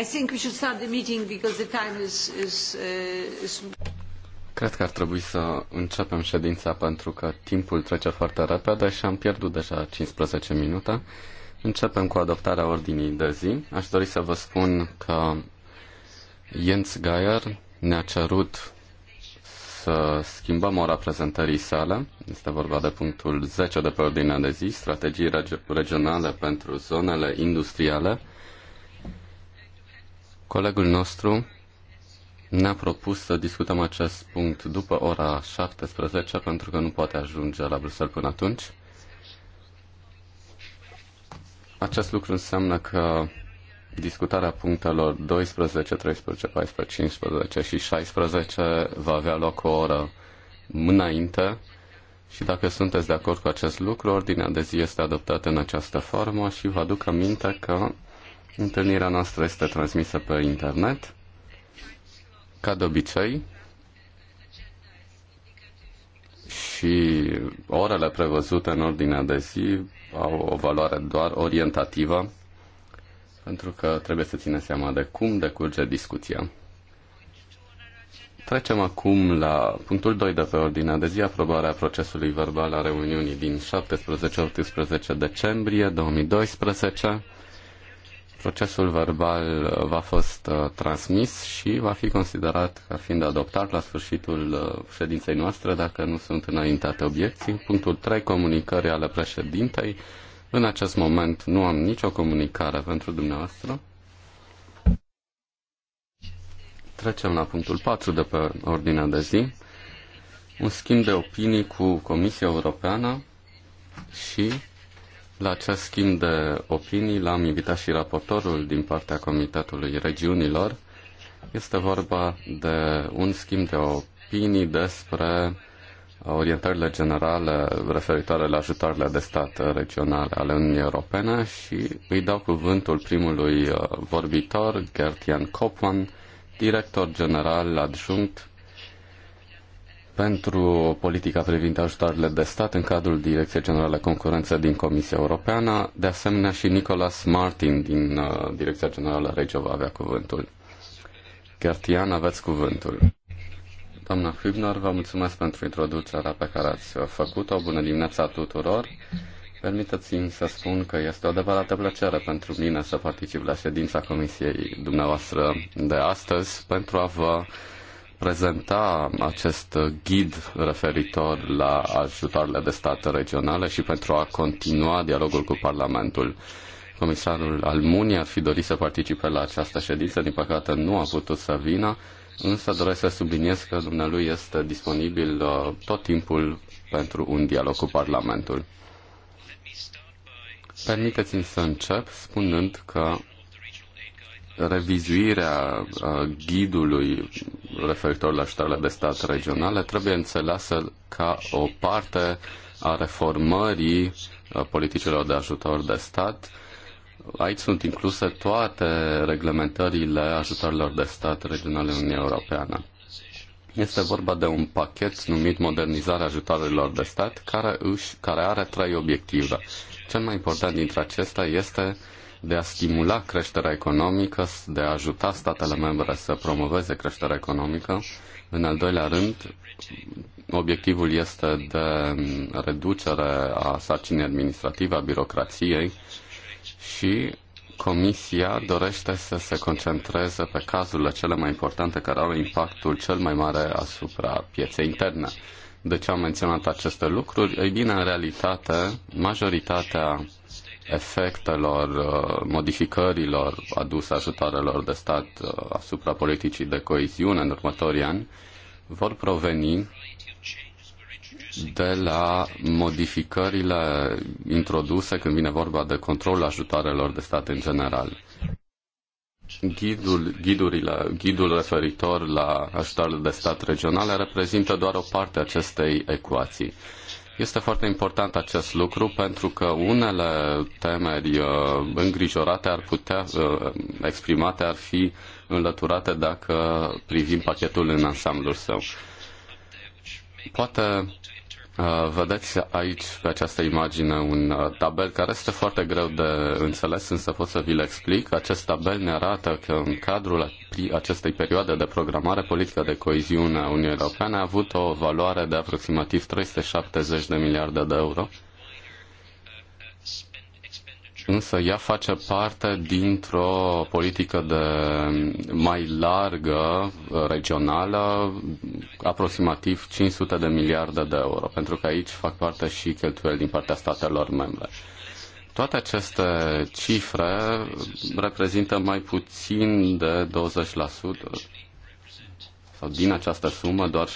I think we should start the meeting because the time is, is, uh, is... Cred că ar trebui să începem ședința pentru că timpul trece foarte repede și am pierdut deja 15 minute. Începem cu adoptarea ordinii de zi. Aș dori să vă spun că Jens Geier ne-a cerut să schimbăm ora prezentării sale. Este vorba de punctul 10 de pe ordinea de zi, strategii regionale pentru zonele industriale Colegul nostru ne-a propus să discutăm acest punct după ora 17, pentru că nu poate ajunge la Bruxelles până atunci. Acest lucru înseamnă că discutarea punctelor 12, 13, 14, 15 și 16 va avea loc o oră înainte și dacă sunteți de acord cu acest lucru, ordinea de zi este adoptată în această formă și vă aduc aminte că Întâlnirea noastră este transmisă pe internet. Ca de obicei, și orele prevăzute în ordinea de zi au o valoare doar orientativă, pentru că trebuie să ține seama de cum decurge discuția. Trecem acum la punctul 2 de pe ordinea de zi, aprobarea procesului verbal a reuniunii din 17-18 decembrie 2012. Procesul verbal uh, va fost uh, transmis și va fi considerat ca fiind adoptat la sfârșitul uh, ședinței noastre dacă nu sunt înaintate obiecții. Punctul 3. Comunicări ale președintei. În acest moment nu am nicio comunicare pentru dumneavoastră. Trecem la punctul 4 de pe ordinea de zi. Un schimb de opinii cu Comisia Europeană și la acest schimb de opinii l-am invitat și raportorul din partea Comitetului Regiunilor. Este vorba de un schimb de opinii despre orientările generale referitoare la ajutoarele de stat regionale ale Uniunii Europene și îi dau cuvântul primului uh, vorbitor, Gertian Copman, director general adjunct pentru politica privind ajutoarele de stat în cadrul Direcției Generale Concurență din Comisia Europeană. De asemenea și Nicolas Martin din uh, Direcția Generală Regio va avea cuvântul. Gertian, aveți cuvântul. Doamna Hübner, vă mulțumesc pentru introducerea pe care ați făcut-o. Bună dimineața tuturor! Permiteți-mi să spun că este o adevărată plăcere pentru mine să particip la ședința Comisiei dumneavoastră de astăzi pentru a vă prezenta acest ghid referitor la ajutoarele de stat regionale și pentru a continua dialogul cu Parlamentul. Comisarul Almuni ar fi dorit să participe la această ședință, din păcate nu a putut să vină, însă doresc să subliniez că dumnealui este disponibil uh, tot timpul pentru un dialog cu Parlamentul. Permiteți-mi să încep spunând că revizuirea ghidului referitor la ajutoarele de stat regionale trebuie înțeleasă ca o parte a reformării politicilor de ajutor de stat. Aici sunt incluse toate reglementările ajutorilor de stat regionale în Uniunea Europeană. Este vorba de un pachet numit Modernizarea ajutoarelor de stat, care, își, care are trei obiective. Cel mai important dintre acestea este uh, de a stimula creșterea economică, de a ajuta statele membre să promoveze creșterea economică. În al doilea rând, obiectivul este de reducere a sarcinii administrative, a birocrației și Comisia dorește să se concentreze pe cazurile cele mai importante care au impactul cel mai mare asupra pieței interne. De ce am menționat aceste lucruri? Ei bine, în realitate, majoritatea efectelor uh, modificărilor aduse ajutoarelor de stat uh, asupra politicii de coeziune în următorii ani vor proveni de la modificările introduse când vine vorba de controlul ajutoarelor de stat în general. Ghidul, ghidurile, ghidul referitor la ajutoarele de stat regionale reprezintă doar o parte a acestei ecuații. Este foarte important acest lucru pentru că unele temeri uh, îngrijorate ar putea, uh, exprimate ar fi înlăturate dacă privim pachetul în ansamblul său. Poate Uh, vedeți aici pe această imagine un uh, tabel care este foarte greu de înțeles, însă pot să vi-l explic. Acest tabel ne arată că în cadrul acestei perioade de programare, politica de coeziune a Uniunii Europene a avut o valoare de aproximativ 370 de miliarde de euro însă ea face parte dintr-o politică de mai largă, regională, aproximativ 500 de miliarde de euro, pentru că aici fac parte și cheltuieli din partea statelor membre. Toate aceste cifre reprezintă mai puțin de 20%, sau din această sumă, doar 70-80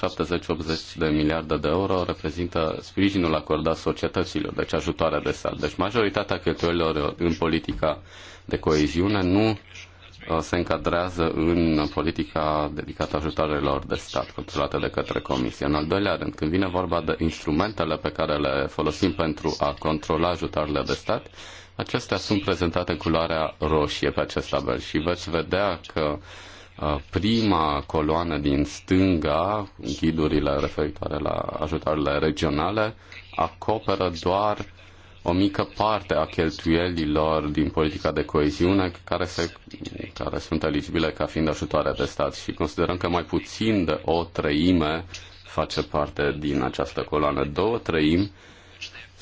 de miliarde de euro reprezintă sprijinul acordat societăților, deci ajutoare de stat. Deci majoritatea cheltuielilor în politica de coeziune nu uh, se încadrează în politica dedicată ajutoarelor de stat controlate de către Comisie. În al doilea rând, când vine vorba de instrumentele pe care le folosim pentru a controla ajutoarele de stat, acestea sunt prezentate în culoarea roșie pe acest tabel și veți vedea că uh, prima coloană din stânga, ghidurile referitoare la ajutoarele regionale, acoperă doar o mică parte a cheltuielilor din politica de coeziune care, se, care sunt eligibile ca fiind ajutoare de stat și considerăm că mai puțin de o treime face parte din această coloană. Două treimi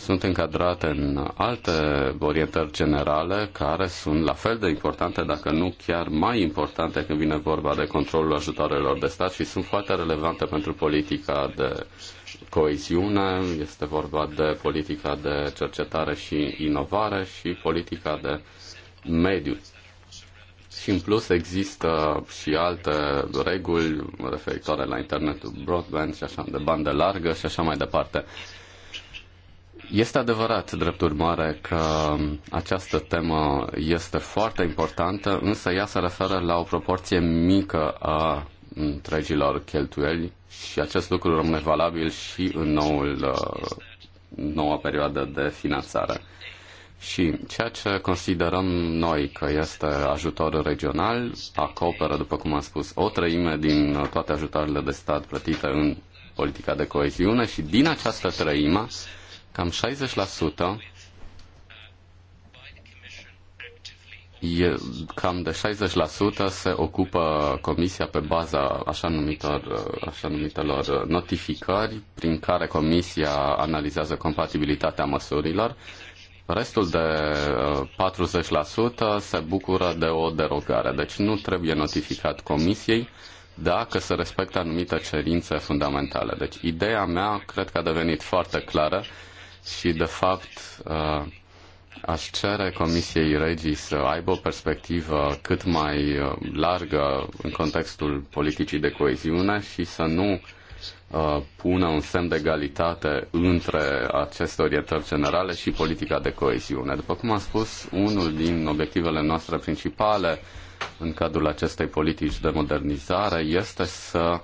sunt încadrate în alte orientări generale care sunt la fel de importante, dacă nu chiar mai importante când vine vorba de controlul ajutoarelor de stat și sunt foarte relevante pentru politica de coeziune, este vorba de politica de cercetare și inovare și politica de mediu. Și în plus există și alte reguli referitoare la internetul broadband și așa, de bandă largă și așa mai departe. Este adevărat, drept urmare, că această temă este foarte importantă, însă ea se referă la o proporție mică a întregilor cheltuieli și acest lucru rămâne valabil și în noul, uh, noua perioadă de finanțare. Și ceea ce considerăm noi că este ajutor regional acoperă, după cum am spus, o treime din toate ajutoarele de stat plătite în politica de coeziune și din această treime cam 60% e, cam de 60% se ocupă comisia pe baza așa, numitor, așa numitelor notificări prin care comisia analizează compatibilitatea măsurilor. Restul de 40% se bucură de o derogare, deci nu trebuie notificat comisiei dacă se respectă anumite cerințe fundamentale. Deci ideea mea cred că a devenit foarte clară și, de fapt, uh, aș cere Comisiei Regii să aibă o perspectivă cât mai uh, largă în contextul politicii de coeziune și să nu uh, pună un semn de egalitate între aceste orientări generale și politica de coeziune. După cum am spus, unul din obiectivele noastre principale în cadrul acestei politici de modernizare este să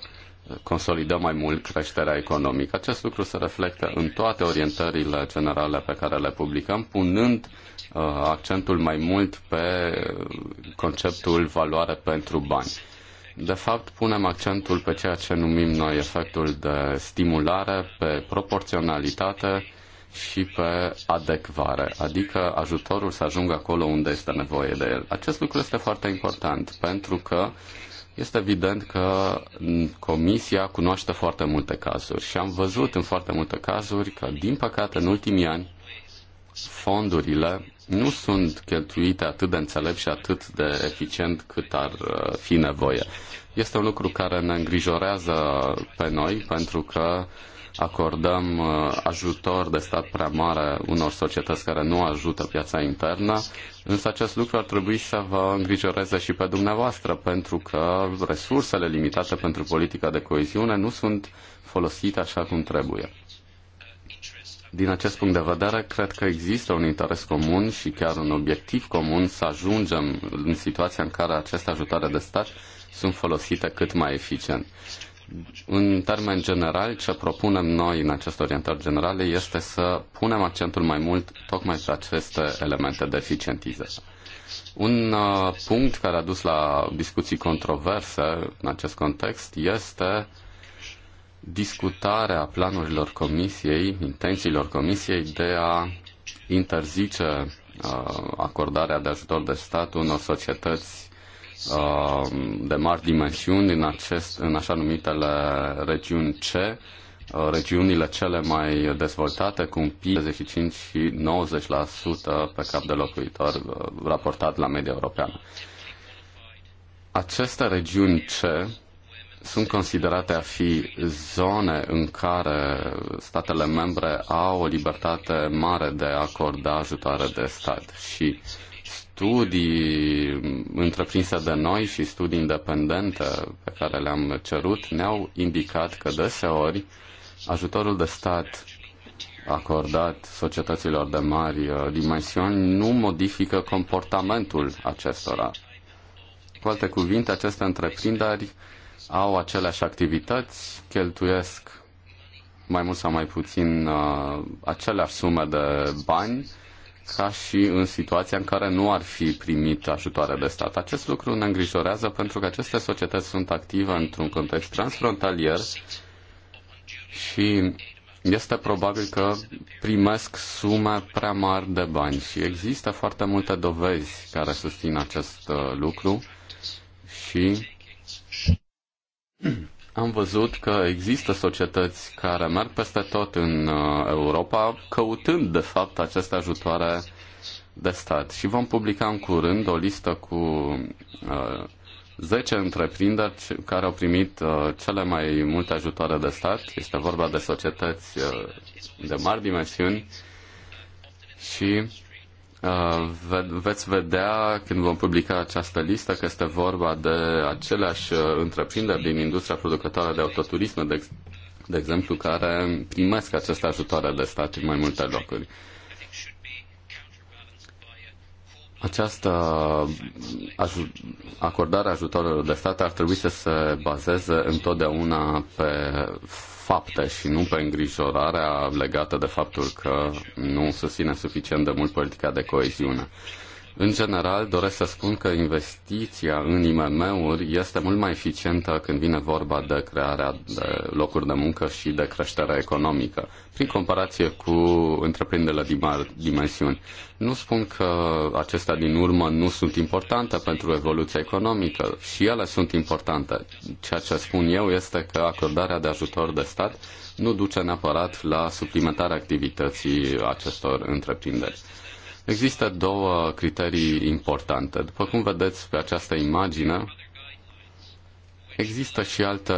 consolidăm mai mult creșterea economică. Acest lucru se reflectă în toate orientările generale pe care le publicăm, punând uh, accentul mai mult pe conceptul valoare pentru bani. De fapt, punem accentul pe ceea ce numim noi efectul de stimulare, pe proporționalitate și pe adecvare, adică ajutorul să ajungă acolo unde este nevoie de el. Acest lucru este foarte important pentru că uh, este evident că Comisia cunoaște foarte multe cazuri și am văzut în foarte multe cazuri că, din păcate, în ultimii ani, fondurile nu sunt cheltuite atât de înțelept și atât de eficient cât ar uh, fi nevoie. Este un lucru care ne îngrijorează pe noi pentru că uh, acordăm uh, ajutor de stat prea mare unor societăți care nu ajută piața internă, însă acest lucru ar trebui să vă îngrijoreze și pe dumneavoastră, pentru că resursele limitate pentru politica de coeziune nu sunt folosite așa cum trebuie. Din acest punct de vedere, cred că există un interes comun și chiar un obiectiv comun să ajungem în situația în care aceste ajutoare de stat sunt folosite cât mai eficient. În termen general, ce propunem noi în aceste orientări generale este să punem accentul mai mult tocmai pe aceste elemente de eficientizare. Un uh, punct care a dus la discuții controverse în acest context este discutarea planurilor comisiei, intențiilor comisiei de a interzice uh, acordarea de ajutor de stat unor societăți Uh, de mari dimensiuni în, acest, în așa numitele regiuni C, uh, regiunile cele mai dezvoltate cu un PIB 35 și 90% pe cap de locuitor uh, raportat la media europeană. Aceste regiuni C sunt considerate a fi zone în care statele membre au o libertate mare de a acorda ajutoare de stat și uh, studii întreprinse de noi și studii independente pe care le-am cerut ne-au indicat că deseori ajutorul de stat acordat societăților de mari uh, dimensiuni nu modifică comportamentul acestora. Cu alte cuvinte, aceste întreprinderi au aceleași activități, cheltuiesc mai mult sau mai puțin uh, aceleași sume de bani, ca și în situația în care nu ar fi primit ajutoare de stat. Acest lucru ne îngrijorează pentru că aceste societăți sunt active într-un context transfrontalier și este probabil că primesc sume prea mari de bani și există foarte multe dovezi care susțin acest uh, lucru și am văzut că există societăți care merg peste tot în uh, Europa căutând, de fapt, aceste ajutoare de stat. Și vom publica în curând o listă cu uh, 10 întreprinderi care au primit uh, cele mai multe ajutoare de stat. Este vorba de societăți uh, de mari dimensiuni și Uh, veți vedea când vom publica această listă că este vorba de aceleași uh, întreprinderi din industria producătoare de autoturisme, de, ex- de exemplu, care primesc aceste ajutoare de stat în mai multe locuri. Această aj- acordare ajutorului de stat ar trebui să se bazeze întotdeauna pe fapte și nu pe îngrijorarea legată de faptul că nu susține suficient de mult politica de coeziune. În general, doresc să spun că investiția în IMM-uri este mult mai eficientă când vine vorba de crearea de locuri de muncă și de creștere economică, prin comparație cu întreprinderile din mari dimensiuni. Nu spun că acestea din urmă nu sunt importante pentru evoluția economică, și ele sunt importante. Ceea ce spun eu este că acordarea de ajutor de stat nu duce neapărat la suplimentarea activității acestor întreprinderi. Există două criterii importante. După cum vedeți pe această imagine, Există și alte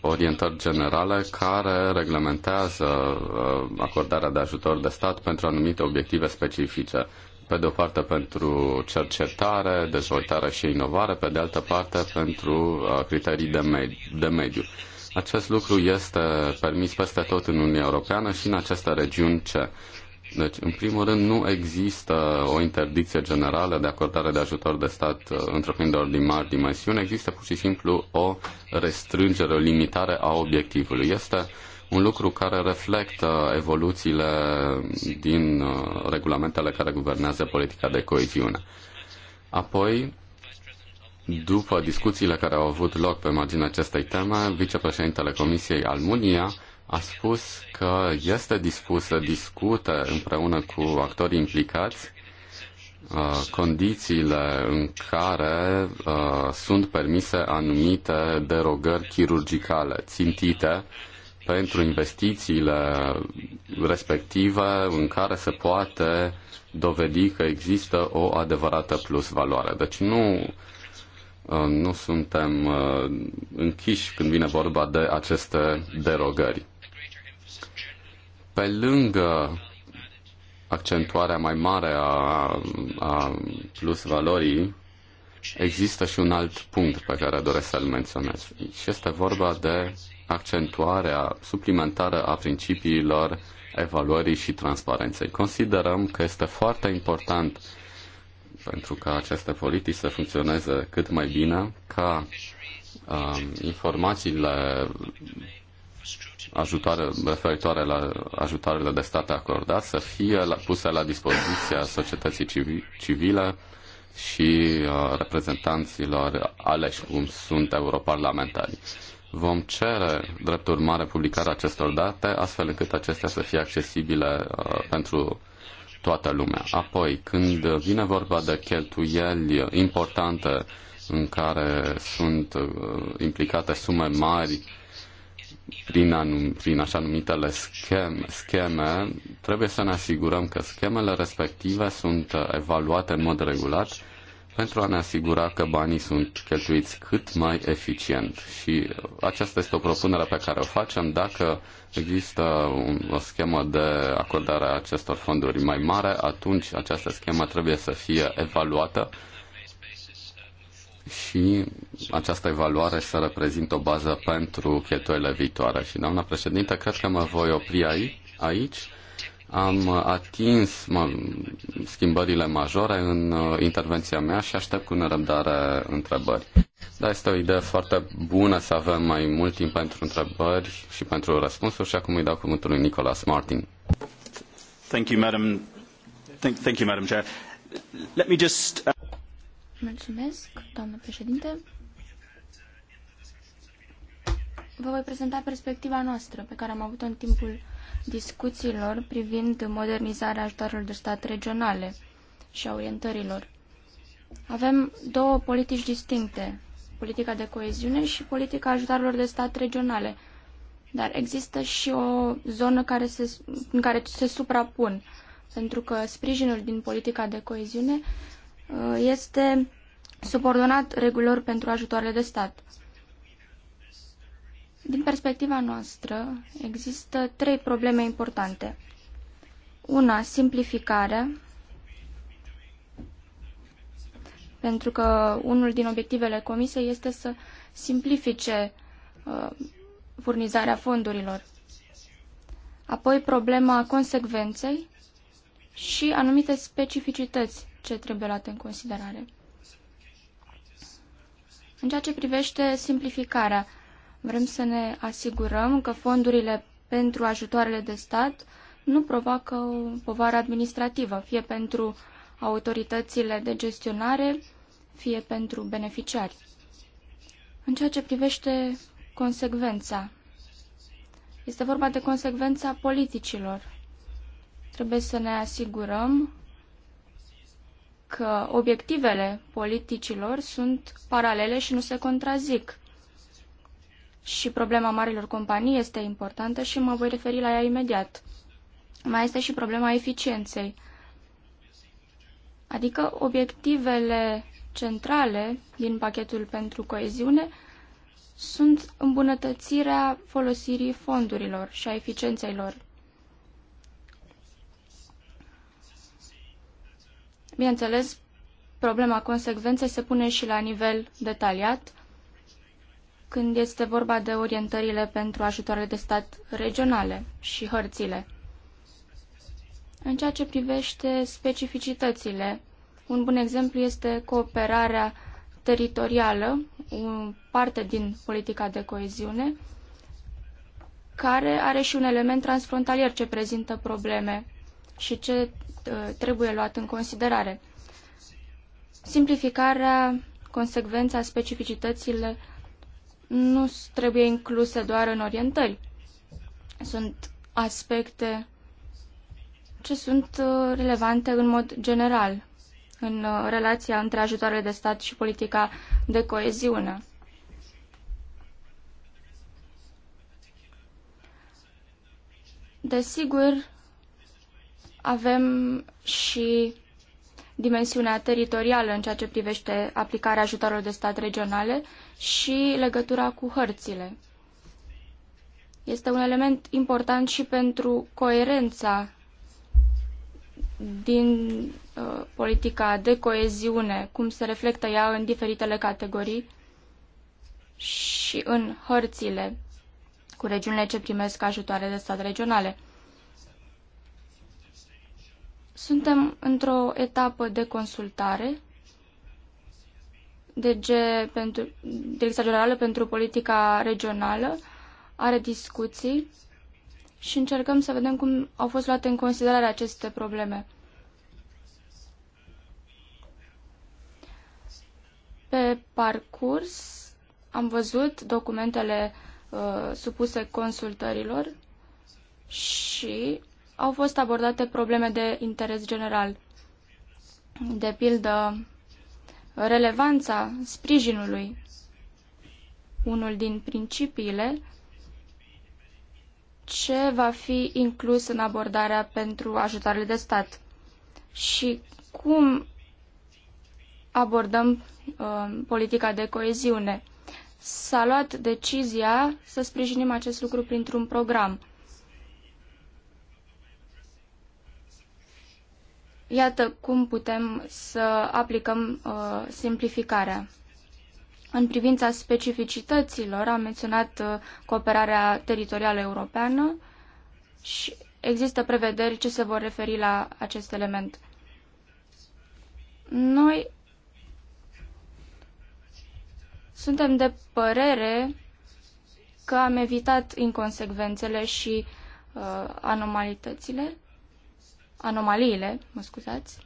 orientări generale care reglementează uh, acordarea de ajutor de stat pentru anumite obiective specifice. Pe de o parte pentru cercetare, dezvoltare și inovare, pe de altă parte pentru uh, criterii de, med- de mediu. Acest lucru este permis peste tot în Uniunea Europeană și în aceste regiuni ce deci, în primul rând, nu există o interdicție generală de acordare de ajutor de stat uh, întreprinderilor din mari dimensiuni, există pur și simplu o restrângere, o limitare a obiectivului. Este un lucru care reflectă evoluțiile din uh, regulamentele care guvernează politica de coeziune. Apoi, după discuțiile care au avut loc pe marginea acestei teme, vicepreședintele Comisiei Almunia a spus că este dispus să discută împreună cu actorii implicați uh, condițiile în care uh, sunt permise anumite derogări chirurgicale țintite pentru investițiile respective în care se poate dovedi că există o adevărată plusvaloare. Deci nu, uh, nu suntem uh, închiși când vine vorba de aceste derogări. Pe lângă accentuarea mai mare a, a plus valorii, există și un alt punct pe care doresc să-l menționez. Și este vorba de accentuarea suplimentară a principiilor evaluării și transparenței. Considerăm că este foarte important pentru ca aceste politici să funcționeze cât mai bine, ca uh, informațiile ajutoare referitoare la ajutoarele de stat acordat să fie puse la dispoziția societății civile și uh, reprezentanților aleși, cum sunt europarlamentari. Vom cere, drept urmare, publicarea acestor date, astfel încât acestea să fie accesibile uh, pentru toată lumea. Apoi, când vine vorba de cheltuieli importante în care sunt uh, implicate sume mari prin, anum, prin așa numitele scheme, scheme, trebuie să ne asigurăm că schemele respective sunt uh, evaluate în mod regulat pentru a ne asigura că banii sunt cheltuiți cât mai eficient. Și uh, aceasta este o propunere pe care o facem. Dacă există o schemă de acordare a acestor fonduri mai mare, atunci această schemă trebuie să fie evaluată și această evaluare să reprezintă o bază pentru cheltuielile viitoare. Și, doamna președinte, cred că mă voi opri aici. Am atins schimbările majore în uh, intervenția mea și aștept cu nerăbdare întrebări. Da, este o idee foarte bună să avem mai mult timp pentru întrebări și pentru răspunsuri și acum îi dau cuvântul lui Nicolas Martin. Thank you, madam. Thank, thank you, madam chair. Let me just... Uh, Mulțumesc, doamnă președinte. Vă voi prezenta perspectiva noastră pe care am avut-o în timpul discuțiilor privind modernizarea ajutoarelor de stat regionale și a orientărilor. Avem două politici distincte, politica de coeziune și politica ajutoarelor de stat regionale, dar există și o zonă care se, în care se suprapun, pentru că sprijinul din politica de coeziune Uh, este subordonat regulilor pentru ajutoarele de stat. Din perspectiva noastră, există trei probleme importante. Una, simplificarea, pentru că unul din obiectivele comisiei este să simplifice uh, furnizarea fondurilor. Apoi, problema consecvenței și anumite specificități ce trebuie luat în considerare. În ceea ce privește simplificarea, vrem să ne asigurăm că fondurile pentru ajutoarele de stat nu provoacă o povară administrativă, fie pentru autoritățile de gestionare, fie pentru beneficiari. În ceea ce privește consecvența, este vorba de consecvența politicilor. Trebuie să ne asigurăm că obiectivele politicilor sunt paralele și nu se contrazic. Și problema marilor companii este importantă și mă voi referi la ea imediat. Mai este și problema eficienței. Adică obiectivele centrale din pachetul pentru coeziune sunt îmbunătățirea folosirii fondurilor și a eficienței lor. Bineînțeles, problema consecvenței se pune și la nivel detaliat, când este vorba de orientările pentru ajutoarele de stat regionale și hărțile. În ceea ce privește specificitățile, un bun exemplu este cooperarea teritorială, o parte din politica de coeziune, care are și un element transfrontalier ce prezintă probleme și ce uh, trebuie luat în considerare. Simplificarea, consecvența, specificitățile nu trebuie incluse doar în orientări. Sunt aspecte ce sunt uh, relevante în mod general în uh, relația între ajutoarele de stat și politica de coeziune. Desigur, avem și dimensiunea teritorială în ceea ce privește aplicarea ajutoarelor de stat regionale și legătura cu hărțile. Este un element important și pentru coerența din uh, politica de coeziune, cum se reflectă ea în diferitele categorii și în hărțile cu regiunile ce primesc ajutoare de stat regionale. Suntem într-o etapă de consultare. DG, pentru, Direcția Generală pentru Politica Regională, are discuții și încercăm să vedem cum au fost luate în considerare aceste probleme. Pe parcurs am văzut documentele uh, supuse consultărilor și au fost abordate probleme de interes general, de pildă relevanța sprijinului. Unul din principiile ce va fi inclus în abordarea pentru ajutoarele de stat și cum abordăm uh, politica de coeziune. S-a luat decizia să sprijinim acest lucru printr-un program. Iată cum putem să aplicăm uh, simplificarea. În privința specificităților, am menționat uh, cooperarea teritorială europeană și există prevederi ce se vor referi la acest element. Noi suntem de părere că am evitat inconsecvențele și uh, anomalitățile anomaliile, mă scuzați,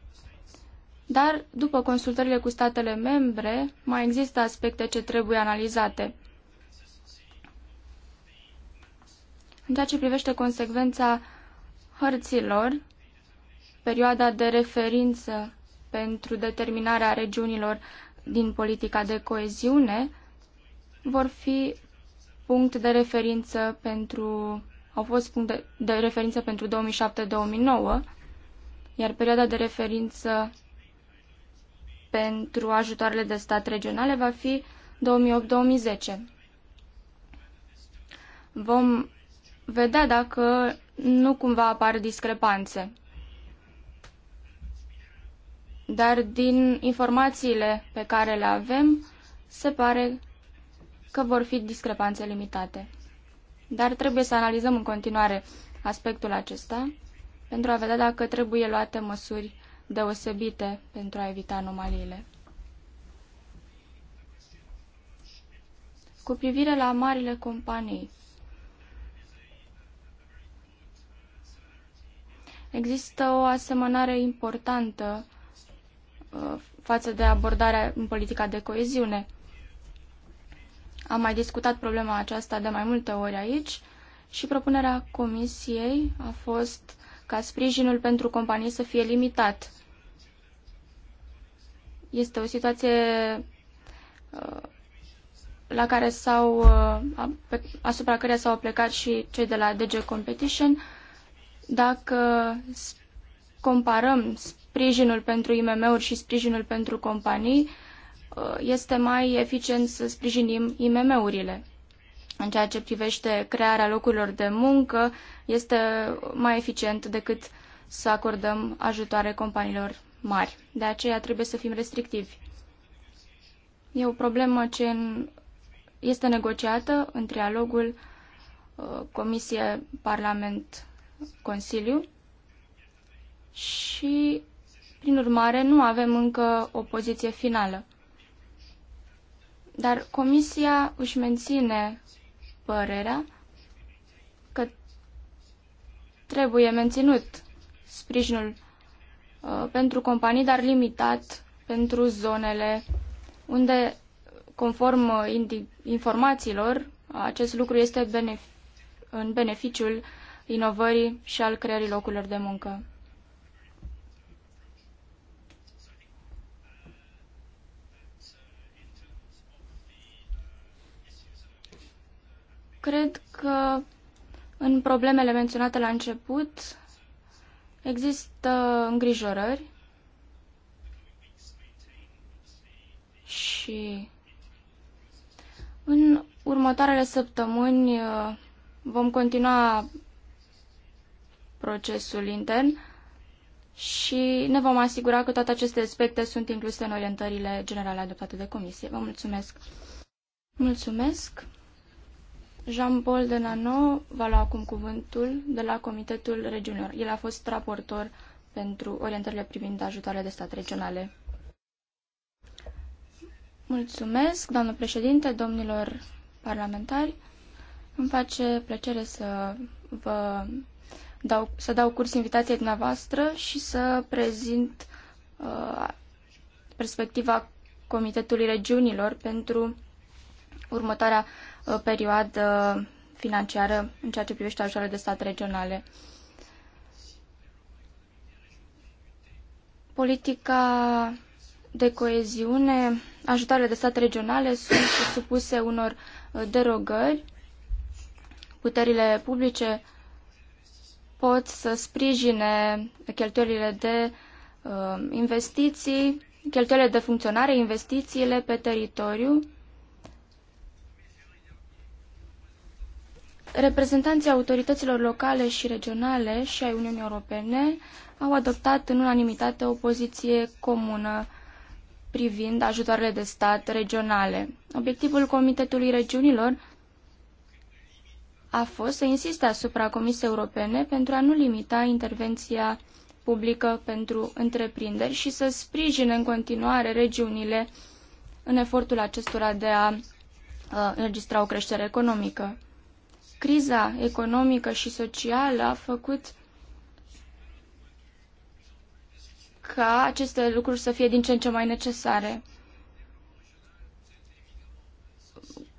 dar după consultările cu statele membre mai există aspecte ce trebuie analizate. În ceea ce privește consecvența hărților, perioada de referință pentru determinarea regiunilor din politica de coeziune vor fi punct de referință pentru au fost punct de, de referință pentru 2007-2009 iar perioada de referință pentru ajutoarele de stat regionale va fi 2008-2010. Vom vedea dacă nu cumva apar discrepanțe. Dar din informațiile pe care le avem, se pare că vor fi discrepanțe limitate. Dar trebuie să analizăm în continuare aspectul acesta pentru a vedea dacă trebuie luate măsuri deosebite pentru a evita anomaliile. Cu privire la marile companii, există o asemănare importantă uh, față de abordarea în politica de coeziune. Am mai discutat problema aceasta de mai multe ori aici și propunerea Comisiei a fost ca sprijinul pentru companii să fie limitat. Este o situație uh, la care s-au, uh, asupra căreia s-au plecat și cei de la DG Competition. Dacă comparăm sprijinul pentru IMM-uri și sprijinul pentru companii, uh, este mai eficient să sprijinim IMM-urile în ceea ce privește crearea locurilor de muncă este mai eficient decât să acordăm ajutoare companiilor mari. De aceea trebuie să fim restrictivi. E o problemă ce este negociată în trialogul uh, Comisie, Parlament, Consiliu și, prin urmare, nu avem încă o poziție finală. Dar Comisia își menține părerea că trebuie menținut sprijinul uh, pentru companii, dar limitat pentru zonele unde, conform uh, informațiilor, acest lucru este benef în beneficiul inovării și al creării locurilor de muncă. Cred că în problemele menționate la început există îngrijorări și în următoarele săptămâni uh, vom continua procesul intern și ne vom asigura că toate aceste aspecte sunt incluse în orientările generale adoptate de comisie. Vă mulțumesc! Mulțumesc! Jean-Paul Denano va lua acum cuvântul de la Comitetul Regiunilor. El a fost raportor pentru orientările privind ajutoarele de stat regionale. Mulțumesc, doamnă președinte, domnilor parlamentari. Îmi face plăcere să vă dau, să dau curs invitației dumneavoastră și să prezint uh, perspectiva Comitetului Regiunilor pentru următoarea Uh, perioadă financiară în ceea ce privește ajutoarele de stat regionale. Politica de coeziune, ajutoarele de stat regionale sunt supuse unor uh, derogări. Puterile publice pot să sprijine cheltuielile de uh, investiții, cheltuielile de funcționare, investițiile pe teritoriu Reprezentanții autorităților locale și regionale și ai Uniunii Europene au adoptat în unanimitate o poziție comună privind ajutoarele de stat regionale. Obiectivul Comitetului Regiunilor a fost să insiste asupra Comisiei Europene pentru a nu limita intervenția publică pentru întreprinderi și să sprijine în continuare regiunile în efortul acestora de a uh, înregistra o creștere economică. Criza economică și socială a făcut ca aceste lucruri să fie din ce în ce mai necesare.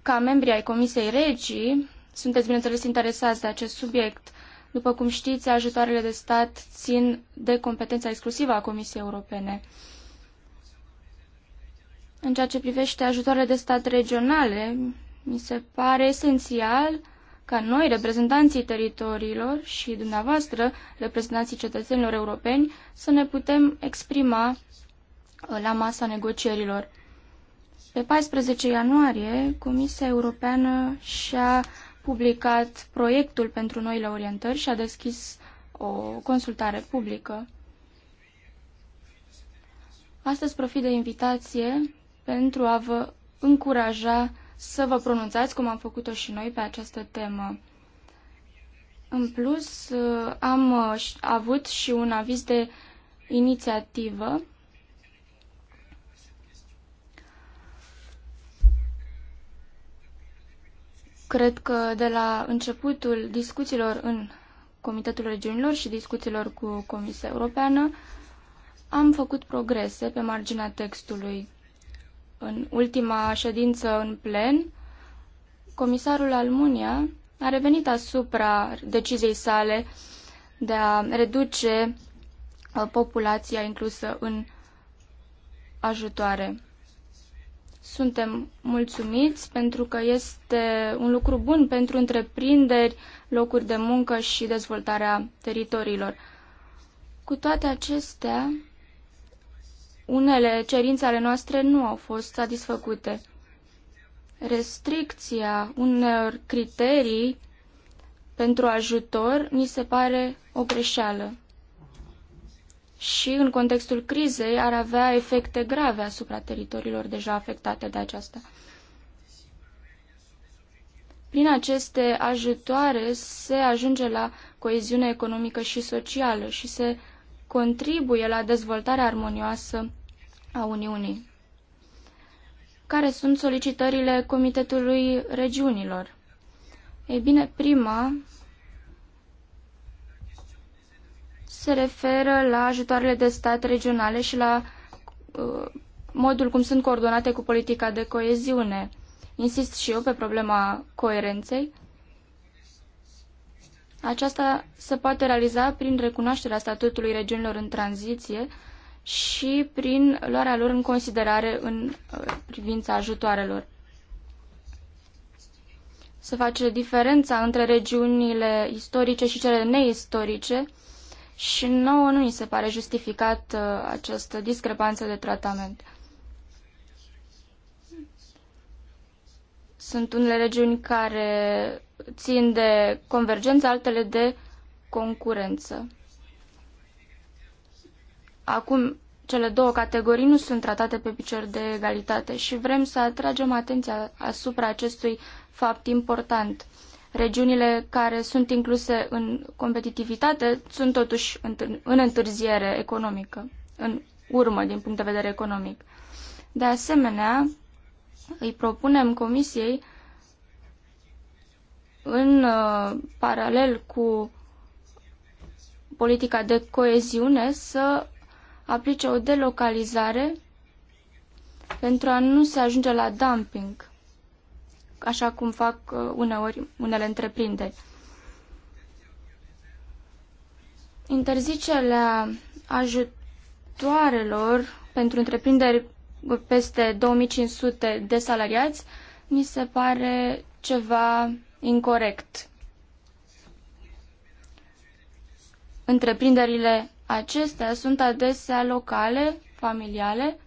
Ca membri ai Comisiei Regii, sunteți bineînțeles interesați de acest subiect. După cum știți, ajutoarele de stat țin de competența exclusivă a Comisiei Europene. În ceea ce privește ajutoarele de stat regionale, mi se pare esențial ca noi, reprezentanții teritoriilor și dumneavoastră, reprezentanții cetățenilor europeni, să ne putem exprima uh, la masa negocierilor. Pe 14 ianuarie, Comisia Europeană și-a publicat proiectul pentru noile orientări și a deschis o consultare publică. Astăzi profit de invitație pentru a vă încuraja să vă pronunțați, cum am făcut-o și noi, pe această temă. În plus, uh, am uh, avut și un aviz de inițiativă Cred că de la începutul discuțiilor în Comitetul Regiunilor și discuțiilor cu Comisia Europeană am făcut progrese pe marginea textului. În ultima ședință în plen, comisarul Almunia a revenit asupra deciziei sale de a reduce uh, populația inclusă în ajutoare. Suntem mulțumiți pentru că este un lucru bun pentru întreprinderi, locuri de muncă și dezvoltarea teritoriilor. Cu toate acestea, unele cerințe ale noastre nu au fost satisfăcute. Restricția unor criterii pentru ajutor mi se pare o greșeală și în contextul crizei ar avea efecte grave asupra teritoriilor deja afectate de aceasta. Prin aceste ajutoare se ajunge la coeziune economică și socială și se contribuie la dezvoltarea armonioasă a Uniunii. Care sunt solicitările Comitetului Regiunilor? Ei bine, prima se referă la ajutoarele de stat regionale și la uh, modul cum sunt coordonate cu politica de coeziune. Insist și eu pe problema coerenței aceasta se poate realiza prin recunoașterea statutului regiunilor în tranziție și prin luarea lor în considerare în uh, privința ajutoarelor. Se face diferența între regiunile istorice și cele neistorice și nouă nu ni se pare justificat uh, această discrepanță de tratament. Sunt unele regiuni care țin de convergență, altele de concurență. Acum, cele două categorii nu sunt tratate pe picior de egalitate și vrem să atragem atenția asupra acestui fapt important. Regiunile care sunt incluse în competitivitate sunt totuși în întârziere economică, în urmă din punct de vedere economic. De asemenea, îi propunem Comisiei în uh, paralel cu politica de coeziune să aplice o delocalizare pentru a nu se ajunge la dumping, așa cum fac uh, uneori unele întreprinderi. Interzicerea ajutoarelor pentru întreprinderi peste 2500 de salariați mi se pare ceva incorrect. Întreprinderile acestea sunt adesea locale, familiale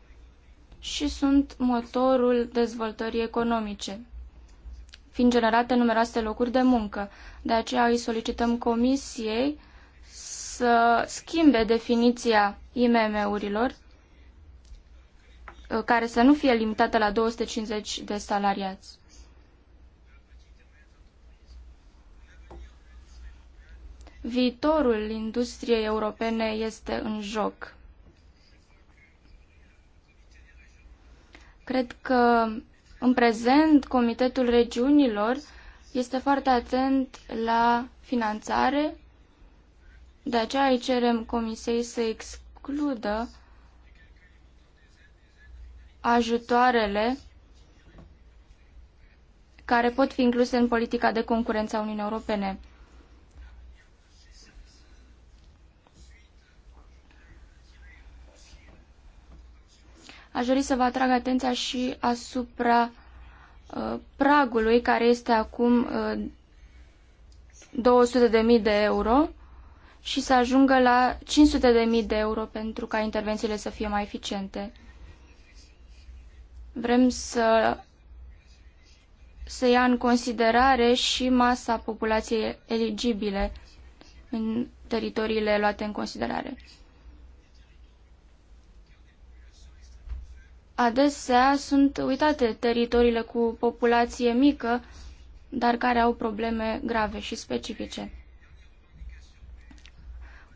și sunt motorul dezvoltării economice, fiind generate numeroase locuri de muncă. De aceea îi solicităm Comisiei să schimbe definiția IMM-urilor, uh, care să nu fie limitată la 250 de salariați. Viitorul industriei europene este în joc. Cred că în prezent Comitetul Regiunilor este foarte atent la finanțare, de aceea îi cerem Comisiei să excludă ajutoarele care pot fi incluse în politica de concurență a Uniunii Europene. Aș dori să vă atrag atenția și asupra uh, pragului care este acum uh, 200.000 de euro și să ajungă la 500.000 de euro pentru ca intervențiile să fie mai eficiente. Vrem să se ia în considerare și masa populației eligibile în teritoriile luate în considerare. adesea sunt uitate teritoriile cu populație mică, dar care au probleme grave și specifice.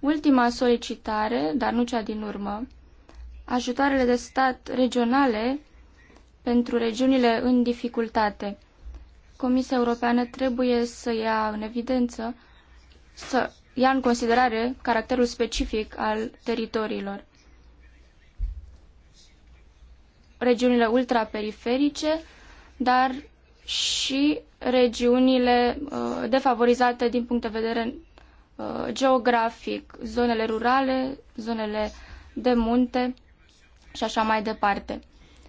Ultima solicitare, dar nu cea din urmă, ajutoarele de stat regionale pentru regiunile în dificultate. Comisia Europeană trebuie să ia în evidență, să ia în considerare caracterul specific al teritoriilor. regiunile ultraperiferice, dar și regiunile uh, defavorizate din punct de vedere uh, geografic, zonele rurale, zonele de munte și așa mai departe.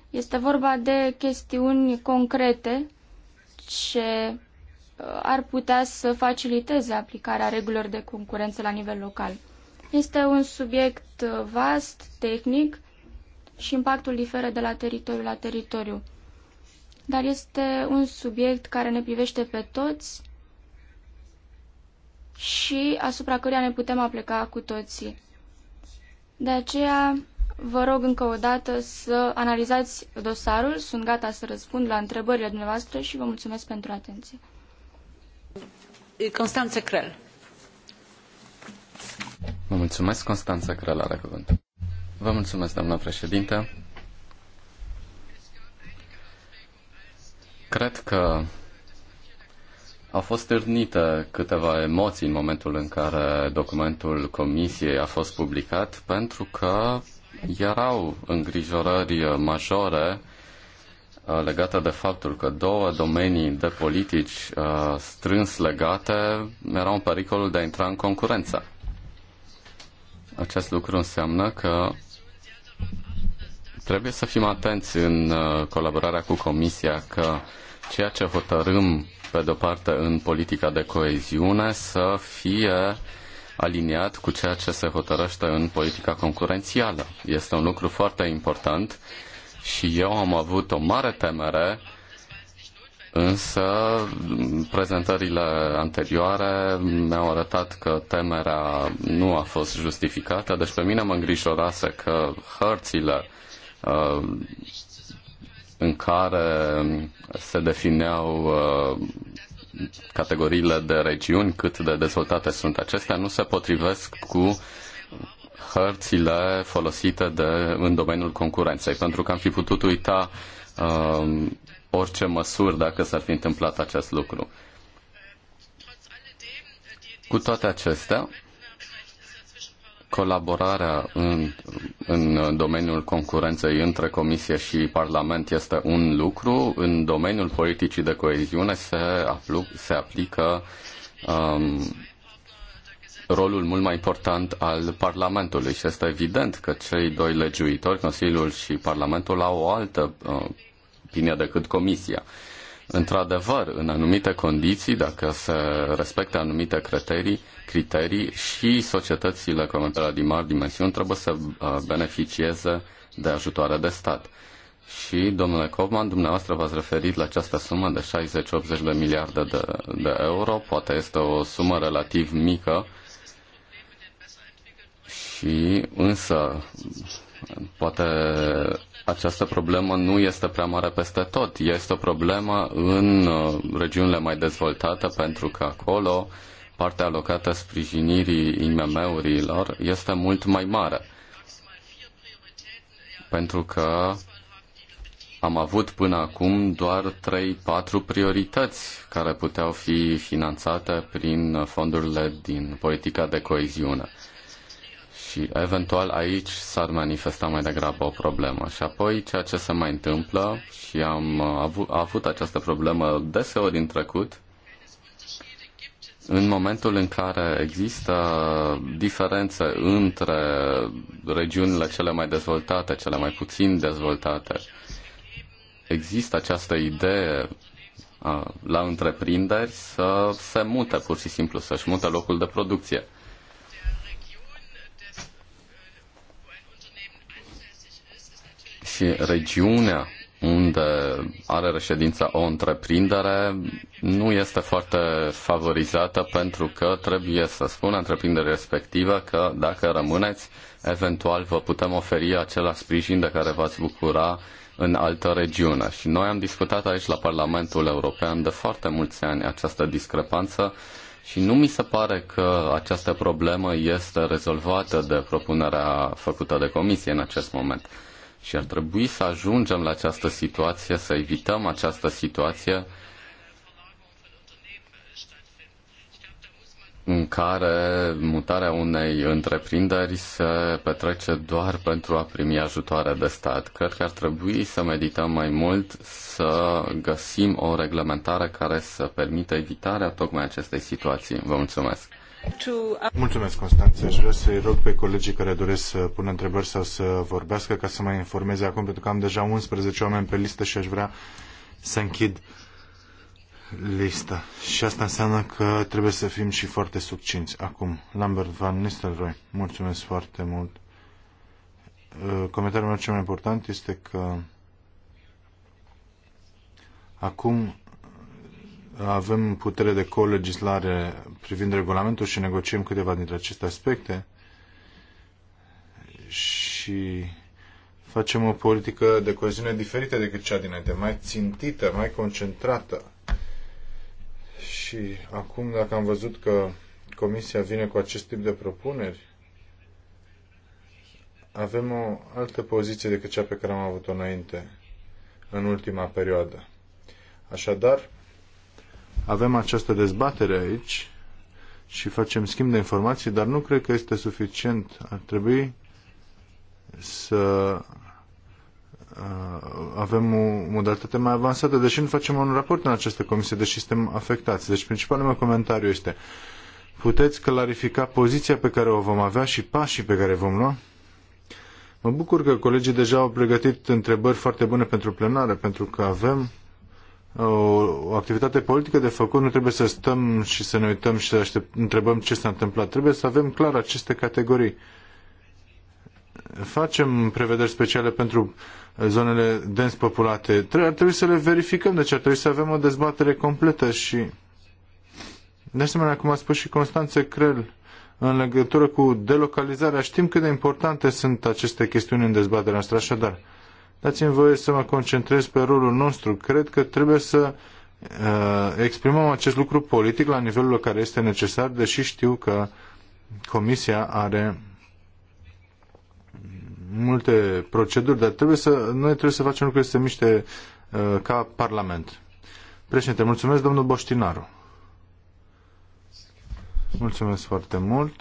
Este vorba de chestiuni concrete ce uh, ar putea să faciliteze aplicarea regulilor de concurență la nivel local. Este un subiect vast, tehnic și impactul diferă de la teritoriu la teritoriu. Dar este un subiect care ne privește pe toți și asupra căruia ne putem apleca cu toții. De aceea vă rog încă o dată să analizați dosarul. Sunt gata să răspund la întrebările dumneavoastră și vă mulțumesc pentru atenție. Constanță Crel. Vă mulțumesc, Constanța Crel are cuvântul. Vă mulțumesc, doamna președinte. Cred că au fost târnite câteva emoții în momentul în care documentul comisiei a fost publicat, pentru că erau îngrijorări majore uh, legate de faptul că două domenii de politici uh, strâns legate erau în pericolul de a intra în concurență. Acest lucru înseamnă că Trebuie să fim atenți în uh, colaborarea cu Comisia că ceea ce hotărâm, pe de-o parte, în politica de coeziune să fie aliniat cu ceea ce se hotărăște în politica concurențială. Este un lucru foarte important și eu am avut o mare temere Însă, prezentările anterioare mi-au arătat că temerea nu a fost justificată, deci pe mine mă îngrijorase că hărțile Uh, în care se defineau uh, categoriile de regiuni, cât de dezvoltate sunt acestea, nu se potrivesc cu hărțile folosite de, în domeniul concurenței, pentru că am fi putut uita uh, orice măsuri dacă s-ar fi întâmplat acest lucru. Cu toate acestea, colaborarea în, în domeniul concurenței între Comisie și Parlament este un lucru, în domeniul politicii de coeziune se, aplu, se aplică um, rolul mult mai important al Parlamentului și este evident că cei doi legiuitori, Consiliul și Parlamentul, au o altă uh, opinie decât Comisia. Uh, Într-adevăr, în anumite condiții, dacă se respectă anumite criterii, criterii și societățile comerciale din mari dimensiuni trebuie să uh, beneficieze de ajutoare de stat. Și, domnule Kovman, dumneavoastră v-ați referit la această sumă de 60-80 de miliarde de, de euro. Poate este o sumă relativ mică, și însă Poate această problemă nu este prea mare peste tot. Este o problemă în uh, regiunile mai dezvoltate pentru că acolo partea alocată sprijinirii IMM-urilor este mult mai mare. Pentru că am avut până acum doar 3-4 priorități care puteau fi finanțate prin fondurile din politica de coeziune și eventual aici s-ar manifesta mai degrabă o problemă. Și apoi ceea ce se mai întâmplă și am uh, avut, avut această problemă deseori în trecut, în momentul în care există diferențe între regiunile cele mai dezvoltate, cele mai puțin dezvoltate, există această idee uh, la întreprinderi să se mute pur și simplu, să-și mute locul de producție. și regiunea unde are reședința o întreprindere nu este foarte favorizată pentru că trebuie să spună întreprinderea respectivă că dacă rămâneți, eventual vă putem oferi același sprijin de care v-ați bucura în altă regiune. Și noi am discutat aici la Parlamentul European de foarte mulți ani această discrepanță și nu mi se pare că această problemă este rezolvată de propunerea făcută de Comisie în acest moment. Și ar trebui să ajungem la această situație, să evităm această situație în care mutarea unei întreprinderi se petrece doar pentru a primi ajutoare de stat. Cred că ar trebui să medităm mai mult, să găsim o reglementare care să permită evitarea tocmai acestei situații. Vă mulțumesc! Uh, mulțumesc, constanța. Aș vrea să-i rog pe colegii care doresc să pună întrebări sau să vorbească ca să mă informeze acum, pentru că am deja 11 oameni pe listă și aș vrea să închid lista. Și asta înseamnă că trebuie să fim și foarte succinți. Acum, Lambert Van Nistelrooy, mulțumesc foarte mult. Uh, comentariul meu cel mai important este că acum avem putere de colegislare privind regulamentul și negociem câteva dintre aceste aspecte și facem o politică de coeziune diferită decât cea dinainte, mai țintită, mai concentrată. Și acum, dacă am văzut că Comisia vine cu acest tip de propuneri, avem o altă poziție decât cea pe care am avut-o înainte, în ultima perioadă. Așadar, avem această dezbatere aici și facem schimb de informații, dar nu cred că este suficient. Ar trebui să uh, avem o modalitate mai avansată, deși nu facem un raport în această comisie, deși suntem afectați. Deci principalul meu comentariu este puteți clarifica poziția pe care o vom avea și pașii pe care vom lua? Mă bucur că colegii deja au pregătit întrebări foarte bune pentru plenară, pentru că avem o activitate politică de făcut, nu trebuie să stăm și să ne uităm și să aștept, întrebăm ce s-a întâmplat. Trebuie să avem clar aceste categorii. Facem prevederi speciale pentru zonele dens populate. Ar trebui să le verificăm, deci ar trebui să avem o dezbatere completă și... De asemenea, cum a spus și Constanțe Crel, în legătură cu delocalizarea, știm cât de importante sunt aceste chestiuni în dezbaterea noastră, așadar Dați-mi voie să mă concentrez pe rolul nostru. Cred că trebuie să uh, exprimăm acest lucru politic la nivelul la care este necesar, deși știu că Comisia are multe proceduri, dar trebuie să, noi trebuie să facem lucrurile să se miște uh, ca Parlament. Președinte, mulțumesc, domnul Boștinaru. Mulțumesc foarte mult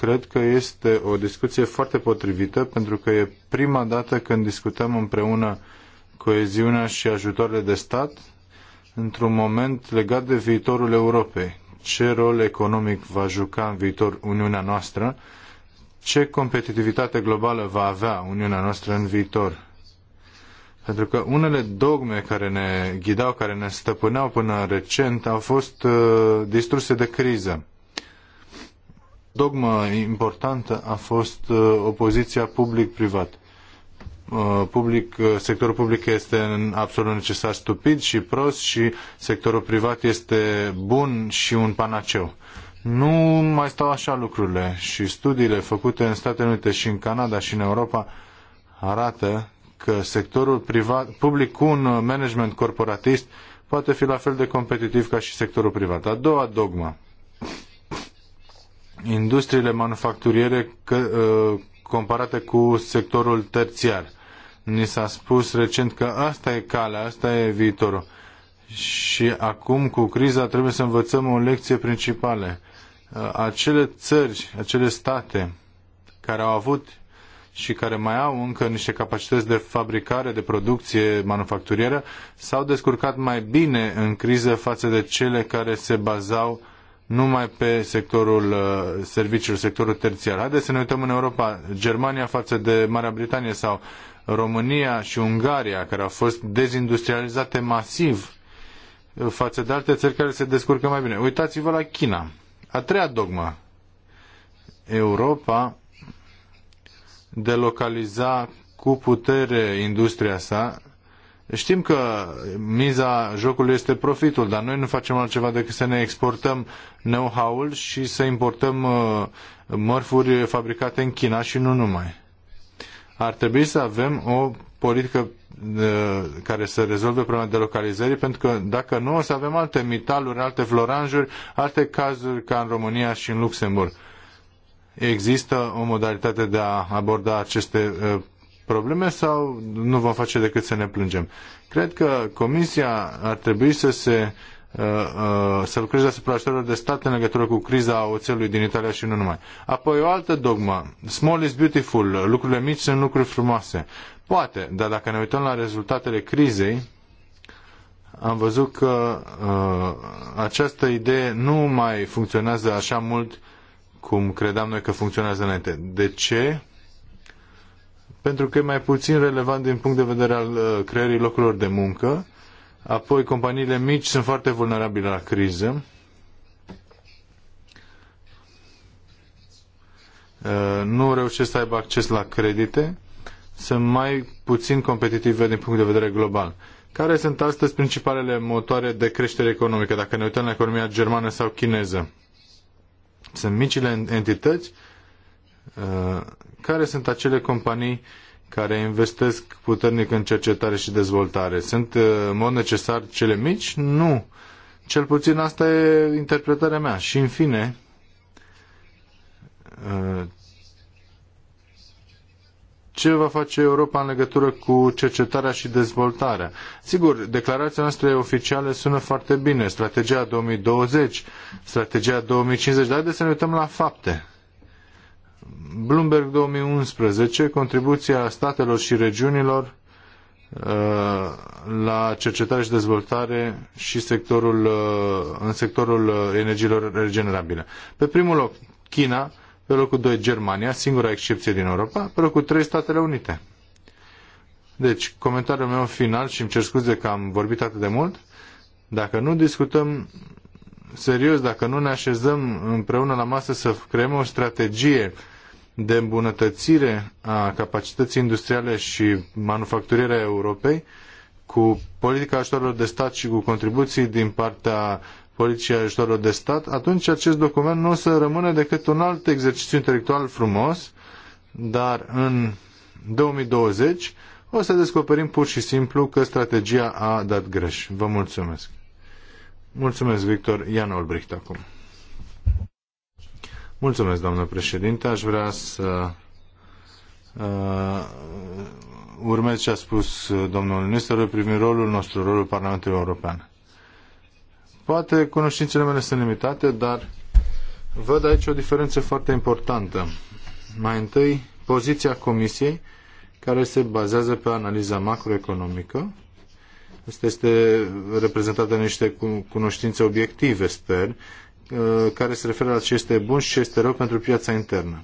cred că este o discuție foarte potrivită pentru că e prima dată când discutăm împreună coeziunea și ajutoarele de stat într-un moment legat de viitorul Europei. Ce rol economic va juca în viitor Uniunea noastră? Ce competitivitate globală va avea Uniunea noastră în viitor? Pentru că unele dogme care ne ghidau, care ne stăpâneau până recent, au fost uh, distruse de criză dogmă importantă a fost uh, opoziția public-privat. Uh, public, uh, sectorul public este absolut necesar stupid și prost și sectorul privat este bun și un panaceu. Nu mai stau așa lucrurile și studiile făcute în Statele Unite și în Canada și în Europa arată că sectorul privat, public cu un management corporatist poate fi la fel de competitiv ca și sectorul privat. A doua dogmă industriile manufacturiere că, uh, comparate cu sectorul terțiar. Ni s-a spus recent că asta e calea, asta e viitorul. Și acum, cu criza, trebuie să învățăm o lecție principală. Uh, acele țări, acele state care au avut și care mai au încă niște capacități de fabricare, de producție manufacturieră, s-au descurcat mai bine în criză față de cele care se bazau numai pe sectorul uh, serviciilor, sectorul terțiar. Haideți să ne uităm în Europa, Germania față de Marea Britanie sau România și Ungaria, care au fost dezindustrializate masiv uh, față de alte țări care se descurcă mai bine. Uitați-vă la China. A treia dogmă. Europa de localiza cu putere industria sa Știm că miza jocului este profitul, dar noi nu facem altceva decât să ne exportăm know-how-ul și să importăm uh, mărfuri fabricate în China și nu numai. Ar trebui să avem o politică uh, care să rezolve problema de localizări, pentru că dacă nu, o să avem alte mitaluri, alte floranjuri, alte cazuri ca în România și în Luxemburg. Există o modalitate de a aborda aceste uh, probleme sau nu vom face decât să ne plângem? Cred că Comisia ar trebui să se uh, uh, să lucreze asupra ajutorilor de stat în legătură cu criza oțelului din Italia și nu numai. Apoi o altă dogmă. Small is beautiful. Lucrurile mici sunt lucruri frumoase. Poate, dar dacă ne uităm la rezultatele crizei, am văzut că uh, această idee nu mai funcționează așa mult cum credeam noi că funcționează înainte. De ce? pentru că e mai puțin relevant din punct de vedere al uh, creării locurilor de muncă. Apoi, companiile mici sunt foarte vulnerabile la criză. Uh, nu reușesc să aibă acces la credite. Sunt mai puțin competitive din punct de vedere global. Care sunt astăzi principalele motoare de creștere economică, dacă ne uităm la economia germană sau chineză? Sunt micile entități uh, care sunt acele companii care investesc puternic în cercetare și dezvoltare. Sunt uh, în mod necesar cele mici? Nu. Cel puțin asta e interpretarea mea. Și în fine, uh, ce va face Europa în legătură cu cercetarea și dezvoltarea. Sigur, declarația noastră oficială sună foarte bine, strategia 2020, strategia 2050, dar haideți să ne uităm la fapte. Bloomberg 2011, contribuția statelor și regiunilor uh, la cercetare și dezvoltare și sectorul, uh, în sectorul uh, energiilor regenerabile. Pe primul loc, China, pe locul 2, Germania, singura excepție din Europa, pe locul 3, Statele Unite. Deci, comentariul meu final și îmi cer scuze că am vorbit atât de mult, dacă nu discutăm serios, dacă nu ne așezăm împreună la masă să creăm o strategie uh, de îmbunătățire a capacității industriale și a Europei cu politica ajutorilor de stat și cu contribuții din partea politicii ajutorilor de stat, atunci acest document nu o să rămână decât un alt exercițiu intelectual frumos, dar în 2020 o să descoperim pur și simplu că strategia a dat greș. Vă mulțumesc. Mulțumesc, Victor. Ian Olbricht acum. Mulțumesc, doamnă președinte. Aș vrea să uh, urmez ce a spus domnul Nistelrooy privind rolul nostru, rolul Parlamentului European. Poate cunoștințele mele sunt limitate, dar văd aici o diferență foarte importantă. Mai întâi, poziția Comisiei, care se bazează pe analiza macroeconomică. Asta este reprezentată de niște cunoștințe obiective, sper, Uh, care se referă la ce este bun și ce este rău pentru piața internă.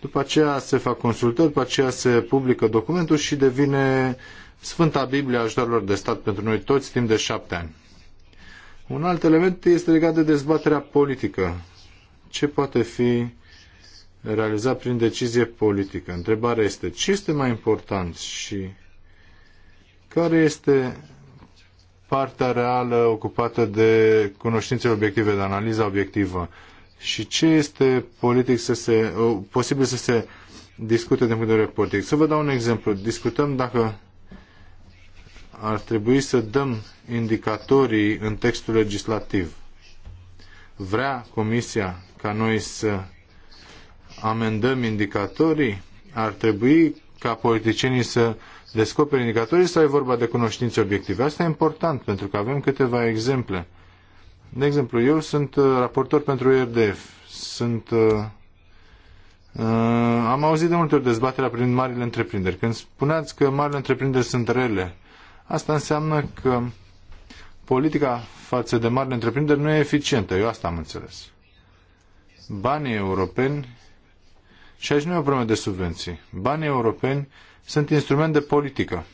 După aceea se fac consultări, după aceea se publică documentul și devine Sfânta Biblie a ajutorilor de stat pentru noi toți timp de șapte ani. Un alt element este legat de dezbaterea politică. Ce poate fi realizat prin decizie politică? Întrebarea este ce este mai important și care este partea reală ocupată de cunoștințele obiective, de analiza obiectivă. Și ce este politic să se, posibil să se discute din punct de vedere politic. Să vă dau un exemplu. Discutăm dacă ar trebui să dăm indicatorii în textul legislativ. Vrea Comisia ca noi să amendăm indicatorii? Ar trebui ca politicienii să descoperi indicatorii sau e vorba de cunoștințe obiective? Asta e important pentru că avem câteva exemple. De exemplu, eu sunt uh, raportor pentru RDF. Sunt, uh, uh, am auzit de multe ori dezbaterea prin marile întreprinderi. Când spuneați că marile întreprinderi sunt rele, asta înseamnă că politica față de marile întreprinderi nu e eficientă. Eu asta am înțeles. Banii europeni, și aici nu e o problemă de subvenții, banii europeni sunt instrument de politică.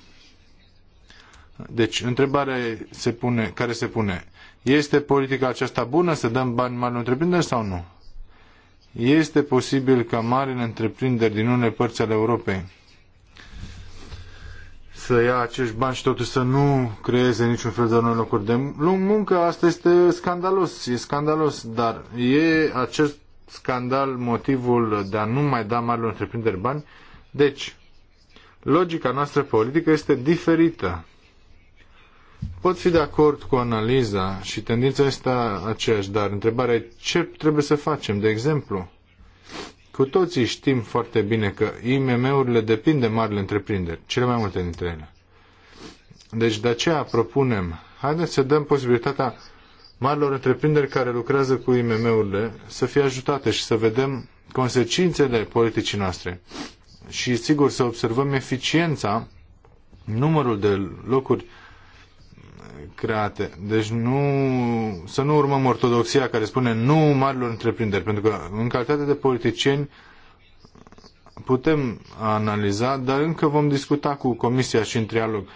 Deci, întrebarea se pune, care se pune, este politica aceasta bună să dăm bani mari întreprinderi sau nu? Este posibil ca marile întreprinderi din unele părți ale Europei să ia acești bani și totuși să nu creeze niciun fel de noi locuri de muncă, asta este scandalos, e scandalos, dar e acest scandal motivul de a nu mai da marilor întreprinderi bani? Deci, logica noastră politică este diferită. Pot fi de acord cu analiza și tendința este aceeași, dar întrebarea e ce trebuie să facem. De exemplu, cu toții știm foarte bine că IMM-urile depind de marile întreprinderi, cele mai multe dintre ele. Deci de aceea propunem, haideți să dăm posibilitatea marilor întreprinderi care lucrează cu IMM-urile să fie ajutate și să vedem consecințele politicii noastre și sigur să observăm eficiența, numărul de locuri create. Deci nu, să nu urmăm ortodoxia care spune nu marilor întreprinderi, pentru că în calitate de politicieni putem analiza, dar încă vom discuta cu Comisia și în trialog.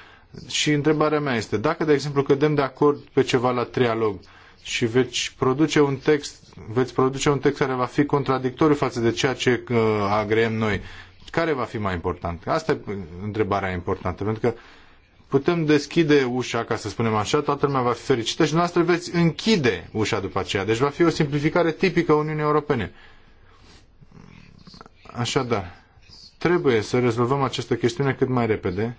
Și întrebarea mea este, dacă, de exemplu, cădem de acord pe ceva la trialog și veți produce un text, veți produce un text care va fi contradictoriu față de ceea ce uh, agreem noi care va fi mai important? Asta e întrebarea importantă, pentru că putem deschide ușa, ca să spunem așa, toată lumea va fi fericită și noastră veți închide ușa după aceea. Deci va fi o simplificare tipică a Uniunii Europene. Așadar, trebuie să rezolvăm această chestiune cât mai repede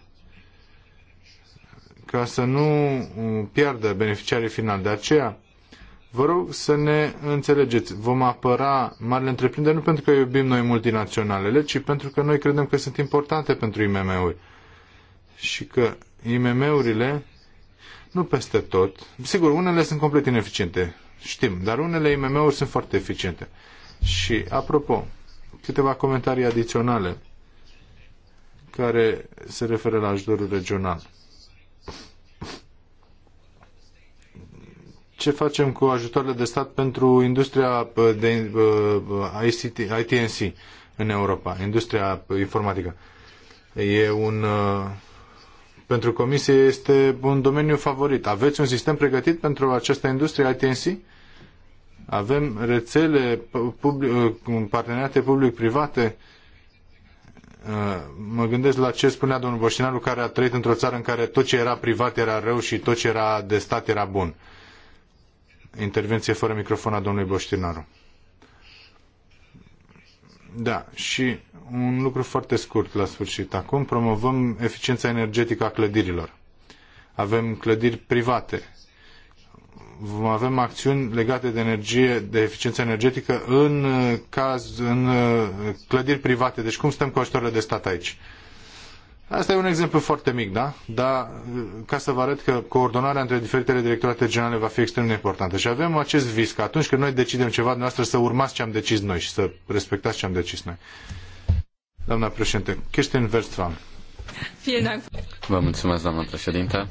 ca să nu pierdă beneficiarii final. De aceea, Vă rog să ne înțelegeți. Vom apăra marile întreprinderi nu pentru că iubim noi multinaționalele, ci pentru că noi credem că sunt importante pentru IMM-uri. Și că IMM-urile, nu peste tot, sigur, unele sunt complet ineficiente, știm, dar unele IMM-uri sunt foarte eficiente. Și, apropo, câteva comentarii adiționale care se referă la ajutorul regional. ce facem cu ajutoarele de stat pentru industria uh, de uh, ICT, ITNC în Europa, industria informatică. E un uh, pentru comisie este un domeniu favorit. Aveți un sistem pregătit pentru această industrie ITNC? Avem rețele public, parteneriate public-private. Mă gândesc la ce spunea domnul Boșinaru, care a trăit într-o țară în care tot ce era privat era rău și tot ce era de stat era bun intervenție fără microfon a domnului Boștinaru. Da, și un lucru foarte scurt la sfârșit. Acum promovăm eficiența energetică a clădirilor. Avem clădiri private. Vom avem acțiuni legate de energie, de eficiență energetică în caz, în clădiri private. Deci cum stăm cu ajutoarele de stat aici? Asta e un exemplu foarte mic, da? Dar ca să vă arăt că coordonarea între diferitele directorate generale va fi extrem de importantă. Și avem acest vis că atunci când noi decidem ceva, noastră să urmați ce am decis noi și să respectați ce am decis noi. Doamna președinte, Kirsten Verstram. Vă mulțumesc, doamna președinte.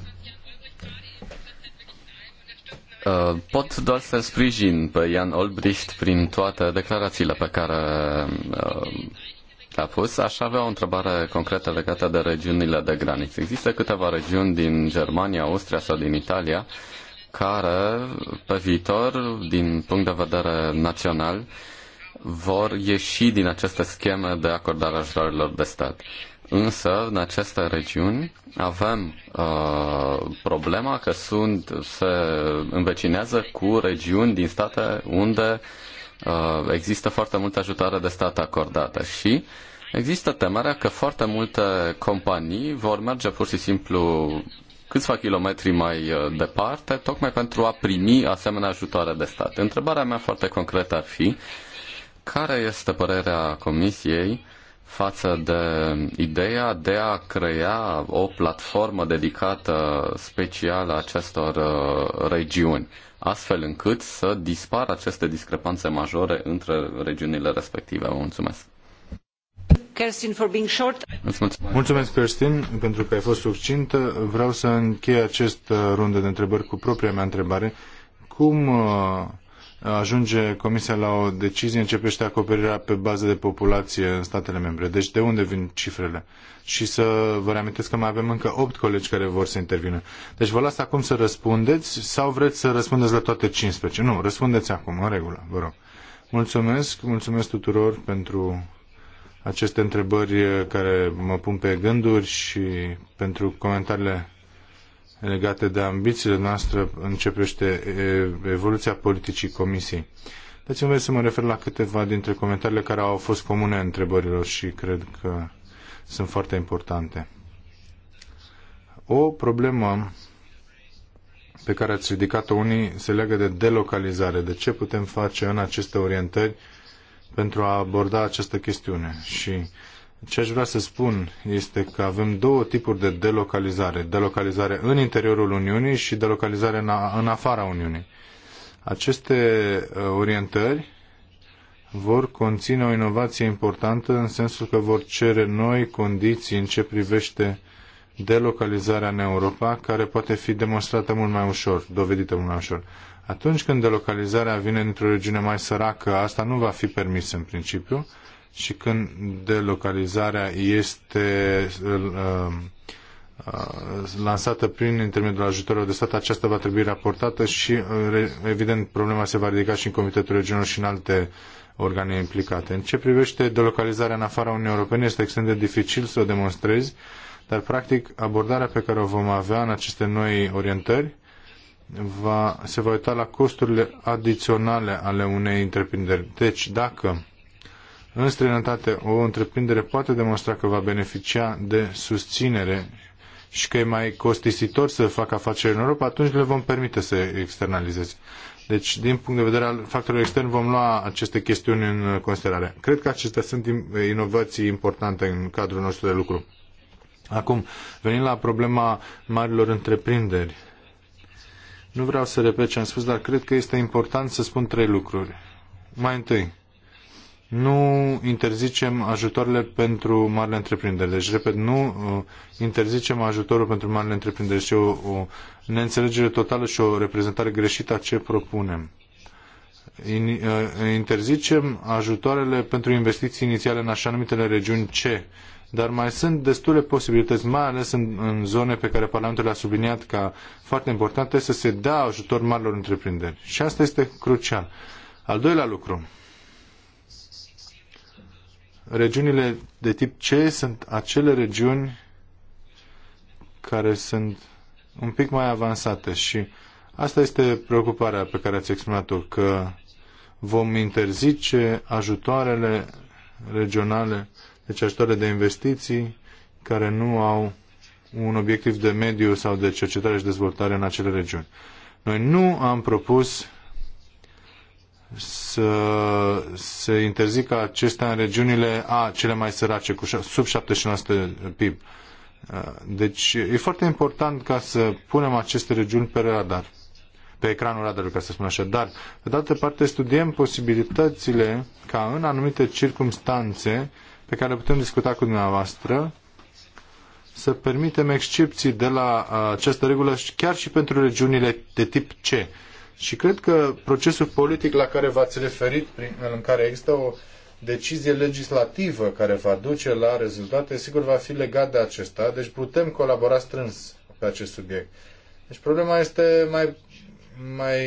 Uh, pot doar să sprijin pe Ian Olbricht prin toate declarațiile pe care uh, a pus, aș avea o întrebare concretă legată de regiunile de graniță. Există câteva regiuni din Germania, Austria sau din Italia care, pe viitor, din punct de vedere național, vor ieși din aceste scheme de acordare ajutorilor de stat. Însă, în aceste regiuni avem uh, problema că sunt, se învecinează cu regiuni din state unde uh, Uh, există foarte multă ajutoare de stat acordată și există temerea că foarte multe companii vor merge pur și simplu câțiva kilometri mai uh, departe, tocmai pentru a primi asemenea ajutoare de stat. Întrebarea mea foarte concretă ar fi, care este părerea Comisiei față de ideea de a crea o platformă dedicată special acestor uh, regiuni, astfel încât să dispară aceste discrepanțe majore între regiunile respective. Vă mulțumesc! Kirsten, for being short. Mulțumesc. Mulțumesc, Kerstin, pentru că ai fost succintă. Vreau să închei acest uh, rundă de întrebări cu propria mea întrebare. Cum uh, ajunge Comisia la o decizie, începește acoperirea pe bază de populație în statele membre. Deci de unde vin cifrele? Și să vă reamintesc că mai avem încă opt colegi care vor să intervină. Deci vă las acum să răspundeți sau vreți să răspundeți la toate 15? Nu, răspundeți acum, în regulă, vă rog. Mulțumesc, mulțumesc tuturor pentru aceste întrebări care mă pun pe gânduri și pentru comentariile legate de ambițiile noastre începește evoluția politicii Comisiei. Dați-mi voie să mă refer la câteva dintre comentariile care au fost comune întrebărilor și cred că sunt foarte importante. O problemă pe care ați ridicat-o unii se leagă de delocalizare. De ce putem face în aceste orientări pentru a aborda această chestiune? Și ce aș vrea să spun este că avem două tipuri de delocalizare. Delocalizare în interiorul Uniunii și delocalizare în, a, în afara Uniunii. Aceste uh, orientări vor conține o inovație importantă în sensul că vor cere noi condiții în ce privește delocalizarea în Europa, care poate fi demonstrată mult mai ușor, dovedită mult mai ușor. Atunci când delocalizarea vine într-o regiune mai săracă, asta nu va fi permis în principiu, și când delocalizarea este uh, uh, lansată prin intermediul ajutorului de stat, aceasta va trebui raportată și, uh, evident, problema se va ridica și în Comitetul Regional și în alte organe implicate. În ce privește delocalizarea în afara Uniunii Europene, este extrem de dificil să o demonstrezi, dar, practic, abordarea pe care o vom avea în aceste noi orientări va, se va uita la costurile adiționale ale unei întreprinderi. Deci, dacă în străinătate o întreprindere poate demonstra că va beneficia de susținere și că e mai costisitor să facă afaceri în Europa, atunci le vom permite să externalizeze. Deci, din punct de vedere al factorilor externi, vom lua aceste chestiuni în considerare. Cred că acestea sunt inovații importante în cadrul nostru de lucru. Acum, venind la problema marilor întreprinderi, nu vreau să repet ce am spus, dar cred că este important să spun trei lucruri. Mai întâi, nu interzicem ajutoarele pentru marile întreprinderi. Deci, repet, nu uh, interzicem ajutorul pentru marile întreprinderi. Este deci, o, o neînțelegere totală și o reprezentare greșită a ce propunem. Uh, interzicem ajutoarele pentru investiții inițiale în așa numitele regiuni C, dar mai sunt destule posibilități, mai ales în, în zone pe care Parlamentul le-a subliniat ca foarte importante, să se dea ajutor marilor întreprinderi. Și asta este crucial. Al doilea lucru Regiunile de tip C sunt acele regiuni care sunt un pic mai avansate și asta este preocuparea pe care ați exprimat-o, că vom interzice ajutoarele regionale, deci ajutoare de investiții care nu au un obiectiv de mediu sau de cercetare și dezvoltare în acele regiuni. Noi nu am propus să se interzică acestea în regiunile A, cele mai sărace, cu sub 70% PIB. Uh, deci e foarte important ca să punem aceste regiuni pe radar, pe ecranul radarului, ca să spun așa. Dar, pe de altă parte, studiem posibilitățile ca în anumite circumstanțe pe care le putem discuta cu dumneavoastră, să permitem excepții de la uh, această regulă chiar și pentru regiunile de tip C și cred că procesul politic la care v-ați referit, în care există o decizie legislativă care va duce la rezultate, sigur va fi legat de acesta, deci putem colabora strâns pe acest subiect. Deci problema este mai, mai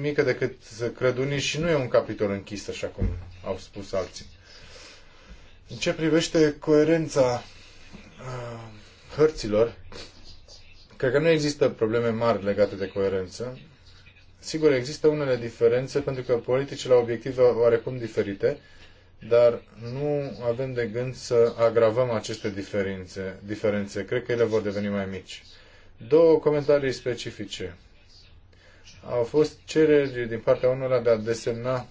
mică decât cred unii și nu e un capitol închis, așa cum au spus alții. În ce privește coerența uh, hărților, cred că nu există probleme mari legate de coerență. Sigur, există unele diferențe pentru că politicile au obiective oarecum diferite, dar nu avem de gând să agravăm aceste diferențe. diferențe. Cred că ele vor deveni mai mici. Două comentarii specifice. Au fost cereri din partea unora de a desemna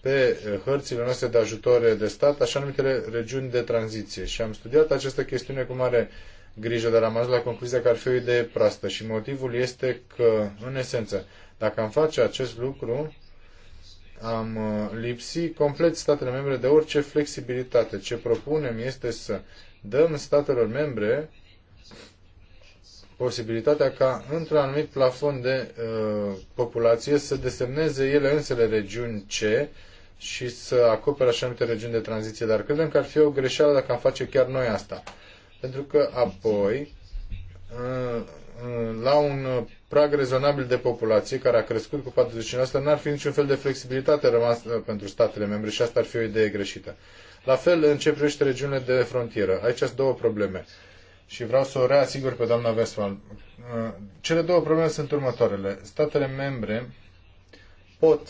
pe hărțile noastre de ajutoare de stat, așa numitele regiuni de tranziție. Și am studiat această chestiune cu mare grijă, dar am ajuns la concluzia că ar fi o idee proastă. Și motivul este că, în esență, dacă am face acest lucru, am uh, lipsi complet statele membre de orice flexibilitate. Ce propunem este să dăm statelor membre posibilitatea ca, într-un anumit plafon de uh, populație, să desemneze ele însele regiuni C și să acopere așa anumite regiuni de tranziție. Dar credem că ar fi o greșeală dacă am face chiar noi asta. Pentru că apoi uh, Mm, la un uh, prag rezonabil de populație, care a crescut cu 49%, n-ar fi niciun fel de flexibilitate rămasă uh, pentru statele membre și asta ar fi o idee greșită. La fel, în ce privește regiunile de frontieră, aici sunt două probleme și vreau să o reasigur pe doamna Westphal. Uh, cele două probleme sunt următoarele. Statele membre pot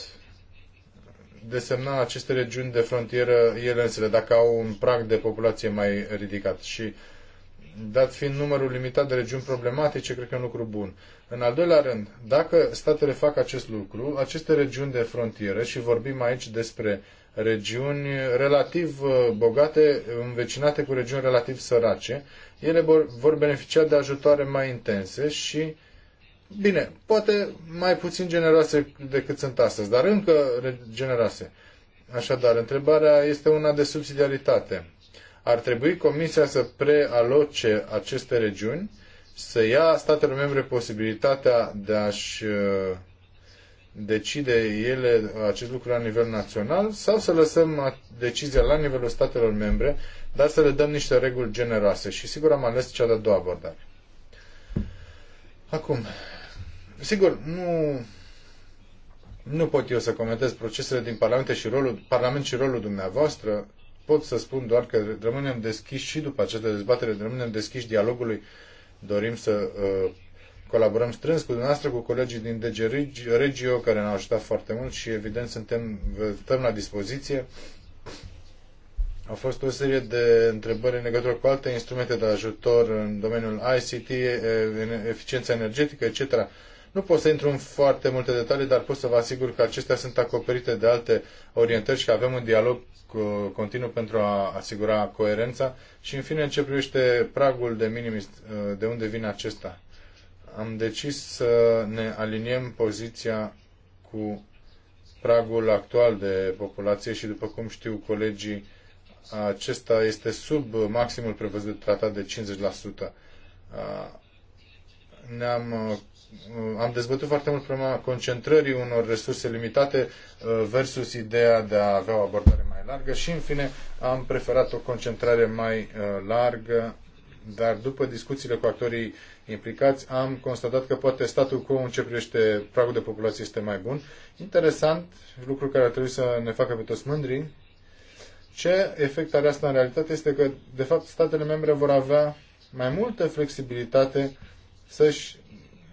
desemna aceste regiuni de frontieră ele însele, dacă au un prag de populație mai ridicat. Și dat fiind numărul limitat de regiuni problematice, cred că e un lucru bun. În al doilea rând, dacă statele fac acest lucru, aceste regiuni de frontieră, și vorbim aici despre regiuni relativ uh, bogate, învecinate cu regiuni relativ sărace, ele vor, beneficia de ajutoare mai intense și, bine, poate mai puțin generoase decât sunt astăzi, dar încă generoase. Așadar, întrebarea este una de subsidiaritate ar trebui Comisia să prealoce aceste regiuni, să ia statelor membre posibilitatea de a-și uh, decide ele acest lucru la nivel național sau să lăsăm decizia la nivelul statelor membre, dar să le dăm niște reguli generoase. Și sigur am ales cea de-a doua abordare. Acum, sigur, nu, nu pot eu să comentez procesele din Parlamente și rolul, Parlament și rolul dumneavoastră pot să spun doar că rămânem deschiși și după această dezbatere, rămânem deschiși dialogului. Dorim să uh, colaborăm strâns cu dumneavoastră, cu colegii din DG Regio, care ne-au ajutat foarte mult și evident suntem, stăm la dispoziție. Au fost o serie de întrebări în legătură cu alte instrumente de ajutor în domeniul ICT, eficiența energetică, etc. Nu pot să intru în foarte multe detalii, dar pot să vă asigur că acestea sunt acoperite de alte orientări și că avem un dialog uh, continuu pentru a asigura coerența. Și în fine, în ce privește pragul de minimis, uh, de unde vine acesta? Am decis să ne aliniem poziția cu pragul actual de populație și, după cum știu colegii, acesta este sub maximul prevăzut tratat de 50%. Uh, ne-am am dezbătut foarte mult problema concentrării unor resurse limitate uh, versus ideea de a avea o abordare mai largă și, în fine, am preferat o concentrare mai uh, largă, dar după discuțiile cu actorii implicați, am constatat că poate statul quo în ce privește pragul de populație este mai bun. Interesant, lucru care ar trebui să ne facă pe toți mândri, ce efect are asta în realitate este că, de fapt, statele membre vor avea mai multă flexibilitate să-și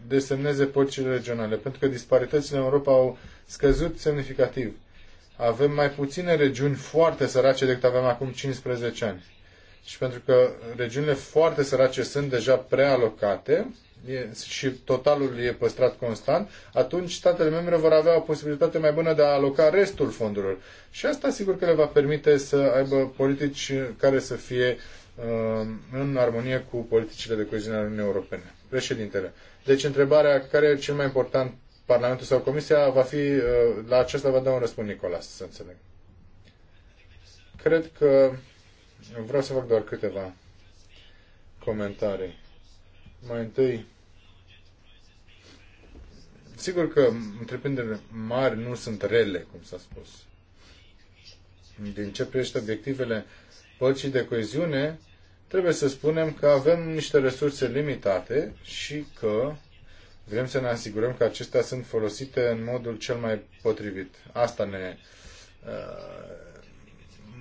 desemneze politicile regionale, pentru că disparitățile în Europa au scăzut semnificativ. Avem mai puține regiuni foarte sărace decât aveam acum 15 ani. Și pentru că regiunile foarte sărace sunt deja prealocate e, și totalul e păstrat constant, atunci statele membre vor avea o posibilitate mai bună de a aloca restul fondurilor. Și asta sigur că le va permite să aibă politici care să fie uh, în armonie cu politicile de coeziune ale Uniunii Europene. Președintele, deci întrebarea care e cel mai important, Parlamentul sau Comisia, va fi, uh, la acesta va da un răspuns Nicolas, să înțeleg. Cred că vreau să fac doar câteva comentarii. Mai întâi, sigur că întreprinderile mari nu sunt rele, cum s-a spus. Din ce privește obiectivele politicii de coeziune, trebuie să spunem că avem niște resurse limitate și că vrem să ne asigurăm că acestea sunt folosite în modul cel mai potrivit. Asta ne uh,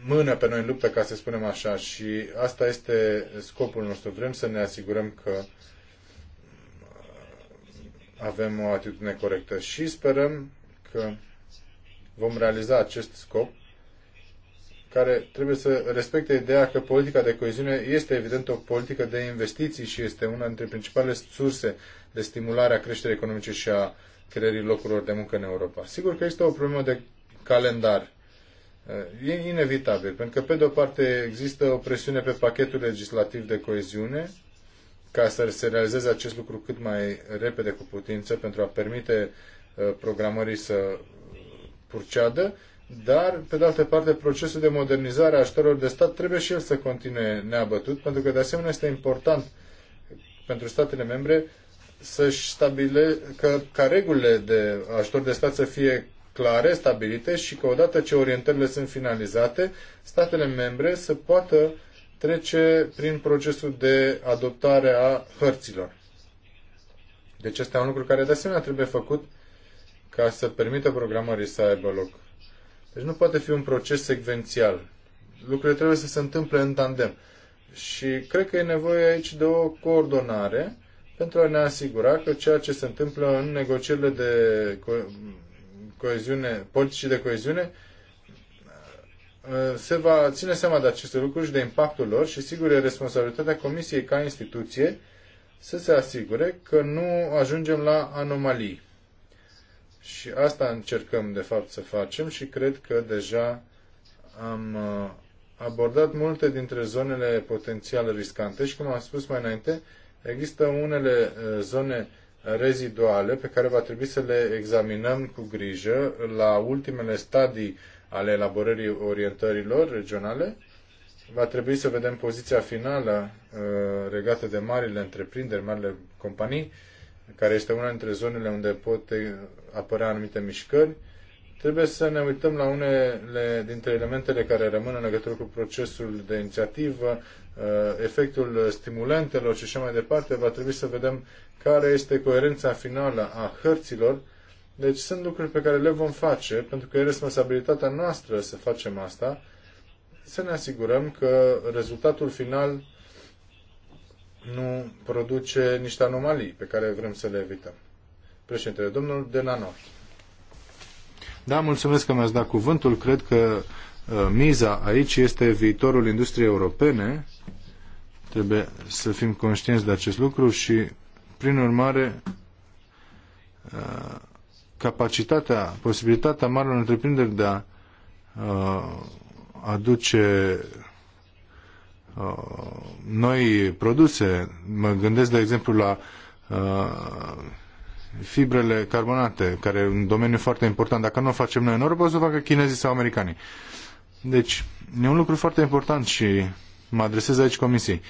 mână pe noi în luptă, ca să spunem așa, și asta este scopul nostru. Vrem să ne asigurăm că uh, avem o atitudine corectă și sperăm că vom realiza acest scop care trebuie să respecte ideea că politica de coeziune este evident o politică de investiții și este una dintre principalele surse de stimulare a creșterii economice și a creării locurilor de muncă în Europa. Sigur că este o problemă de calendar. E inevitabil, pentru că pe de o parte există o presiune pe pachetul legislativ de coeziune ca să se realizeze acest lucru cât mai repede cu putință pentru a permite uh, programării să purceadă dar, pe de altă parte, procesul de modernizare a ajutorilor de stat trebuie și el să continue neabătut, pentru că, de asemenea, este important pentru statele membre să-și stabile că, ca regulile de ajutor de stat să fie clare, stabilite și că odată ce orientările sunt finalizate, statele membre să poată trece prin procesul de adoptare a hărților. Deci este un lucru care de asemenea trebuie făcut ca să permită programării să aibă loc. Deci nu poate fi un proces secvențial. Lucrurile trebuie să se întâmple în tandem. Și cred că e nevoie aici de o coordonare pentru a ne asigura că ceea ce se întâmplă în negocierile de co- coeziune, politicii de coeziune, uh, se va ține seama de aceste lucruri și de impactul lor și sigur e responsabilitatea Comisiei ca instituție să se asigure că nu ajungem la anomalii. Și asta încercăm, de fapt, să facem și cred că deja am uh, abordat multe dintre zonele potențial riscante și, cum am spus mai înainte, există unele uh, zone reziduale pe care va trebui să le examinăm cu grijă la ultimele stadii ale elaborării orientărilor regionale. Va trebui să vedem poziția finală uh, regată de marile întreprinderi, marile companii, care este una dintre zonele unde pot apărea anumite mișcări, trebuie să ne uităm la unele dintre elementele care rămân în legătură cu procesul de inițiativă, uh, efectul stimulentelor și așa mai departe. Va trebui să vedem care este coerența finală a hărților. Deci sunt lucruri pe care le vom face, pentru că e responsabilitatea noastră să facem asta, să ne asigurăm că rezultatul final nu produce niște anomalii pe care vrem să le evităm. Președintele, domnul Denanov. Da, mulțumesc că mi-ați dat cuvântul. Cred că uh, miza aici este viitorul industriei europene. Trebuie să fim conștienți de acest lucru și, prin urmare, uh, capacitatea, posibilitatea marilor întreprinderi de a uh, aduce noi produse. Mă gândesc, de exemplu, la fibrele carbonate, care e un domeniu foarte important. Dacă nu o facem noi în Europa, o să o facă chinezii sau americanii. Deci, e un lucru foarte important și mă adresez aici comisiei.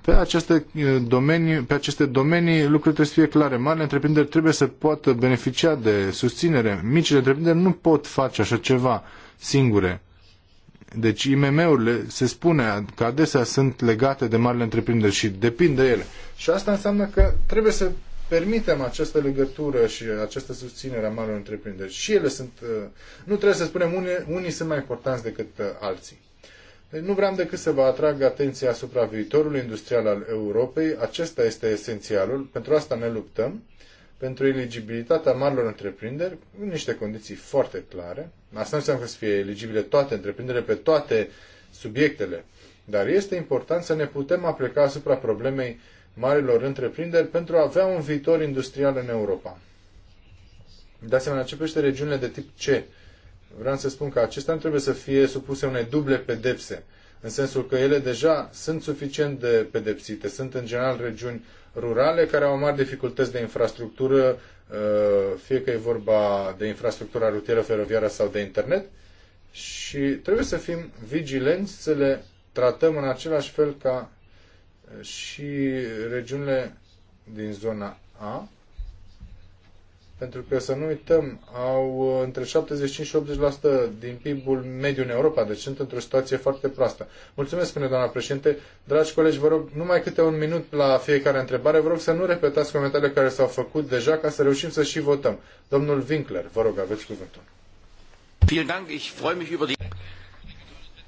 Pe aceste, domenii, pe aceste domenii lucrurile trebuie să fie clare. Marile întreprinderi trebuie să poată beneficia de susținere. Micile întreprinderi nu pot face așa ceva singure. Deci IMM-urile, se spune că adesea sunt legate de marile întreprinderi și depind de ele. Și asta înseamnă că trebuie să permitem această legătură și această susținere a marilor întreprinderi. Și ele sunt, uh, nu trebuie să spunem, unii, unii sunt mai importanți decât uh, alții. Deci nu vreau decât să vă atrag atenția asupra viitorului industrial al Europei. Acesta este esențialul. Pentru asta ne luptăm. Pentru eligibilitatea marilor întreprinderi, în niște condiții foarte clare. Asta nu înseamnă că să fie eligibile toate întreprinderile pe toate subiectele. Dar este important să ne putem apleca asupra problemei marilor întreprinderi pentru a avea un viitor industrial în Europa. De asemenea, ce privește regiunile de tip C, vreau să spun că acestea nu trebuie să fie supuse unei duble pedepse, în sensul că ele deja sunt suficient de pedepsite. Sunt în general regiuni rurale care au mari dificultăți de infrastructură, uh, fie că e vorba de infrastructura rutieră, feroviară sau de internet, și trebuie să fim vigilenți să le tratăm în același fel ca și regiunile din zona A, pentru că, să nu uităm, au între 75 și 80% din PIB-ul mediu în Europa, deci sunt într-o situație foarte proastă. Mulțumesc, spune doamna președinte. Dragi colegi, vă rog numai câte un minut la fiecare întrebare. Vă rog să nu repetați comentariile care s-au făcut deja ca să reușim să și votăm. Domnul Winkler, vă rog, aveți cuvântul.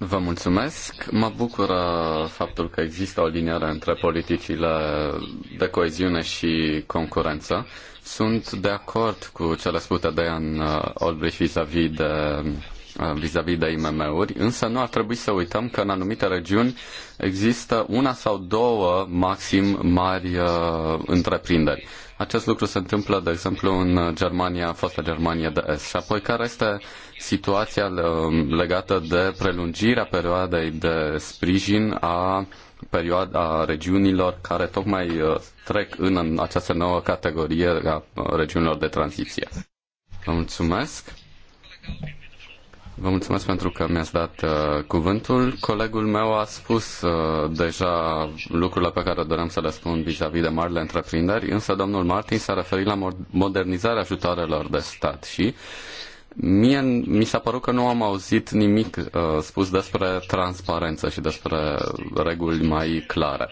Vă mulțumesc. Mă bucură faptul că există o liniere între politicile de coeziune și concurență. Sunt de acord cu cele spuse de Ian uh, Olbrich vis-a-vis de uh, vis-a-vis -vis de IMM-uri, însă nu ar trebui să uităm că în anumite regiuni există una sau două maxim mari uh, întreprinderi. Acest lucru se întâmplă, de exemplu, în Germania, fosta Germania de Est. Și apoi, care este situația uh, legată de prelungirea perioadei de sprijin a perioada regiunilor care tocmai uh, trec în această nouă categorie a uh, regiunilor de tranziție. Vă mulțumesc. Vă mulțumesc pentru că mi-ați dat uh, cuvântul. Colegul meu a spus uh, deja lucrurile pe care doream să le spun vis-a-vis de marile întreprinderi, însă domnul Martin s-a referit la modernizarea ajutoarelor de stat și mie mi s-a părut că nu am auzit nimic uh, spus despre transparență și despre reguli mai clare.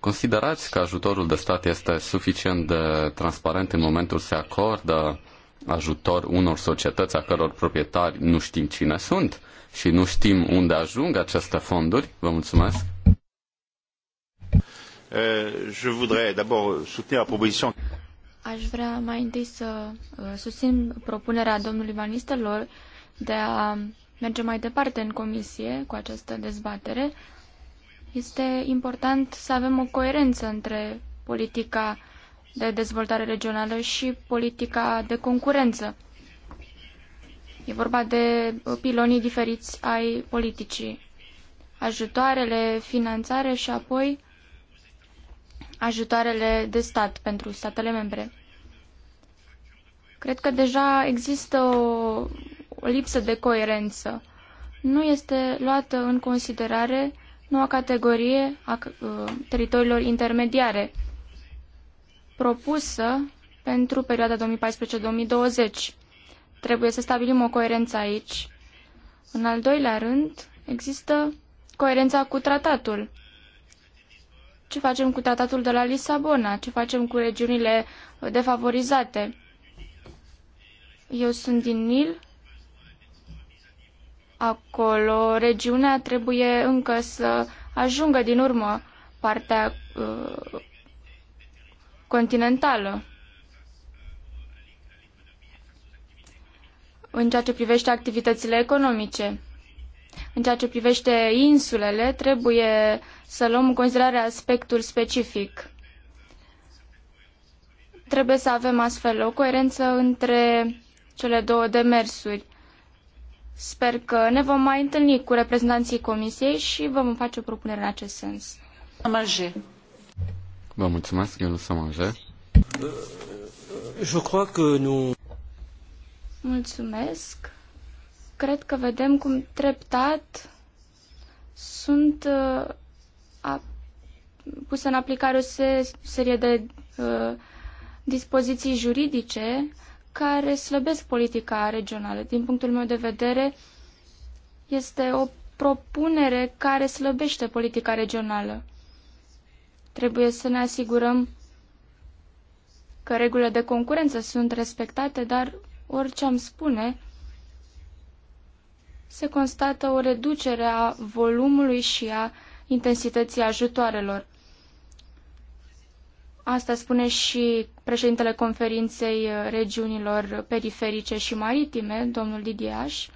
Considerați că ajutorul de stat este suficient de transparent în momentul se acordă ajutor unor societăți a căror proprietari nu știm cine sunt și nu știm unde ajung aceste fonduri. Vă mulțumesc. Eh, je voudrais d'abord soutenir la proposition. Aș vrea mai întâi să eh, susțin propunerea domnului Van Nistelor de a merge mai departe în comisie cu această dezbatere. Este important să avem o coerență între politica de dezvoltare regională și politica de concurență. E vorba de pilonii diferiți ai politicii. Ajutoarele, finanțare și apoi ajutoarele de stat pentru statele membre. Cred că deja există o, o lipsă de coerență. Nu este luată în considerare noua categorie a uh, teritoriilor intermediare – propusă pentru perioada 2014-2020. Trebuie să stabilim o coerență aici. În al doilea rând, există coerența cu tratatul. Ce facem cu tratatul de la Lisabona? Ce facem cu regiunile defavorizate? Eu sunt din Nil. Acolo regiunea trebuie încă să ajungă din urmă partea uh, continentală. În ceea ce privește activitățile economice, în ceea ce privește insulele, trebuie să luăm în considerare aspectul specific. Trebuie să avem astfel o coerență între cele două demersuri. Sper că ne vom mai întâlni cu reprezentanții Comisiei și vă vom face o propunere în acest sens. Amarje. Vă mulțumesc, eu nu să Je crois que nous... Mulțumesc. Cred că vedem cum treptat sunt uh, a, puse în aplicare o se, serie de uh, dispoziții juridice care slăbesc politica regională. Din punctul meu de vedere, este o propunere care slăbește politica regională. Trebuie să ne asigurăm că regulile de concurență sunt respectate, dar orice am spune, se constată o reducere a volumului și a intensității ajutoarelor. Asta spune și președintele conferinței regiunilor periferice și maritime, domnul Didiaș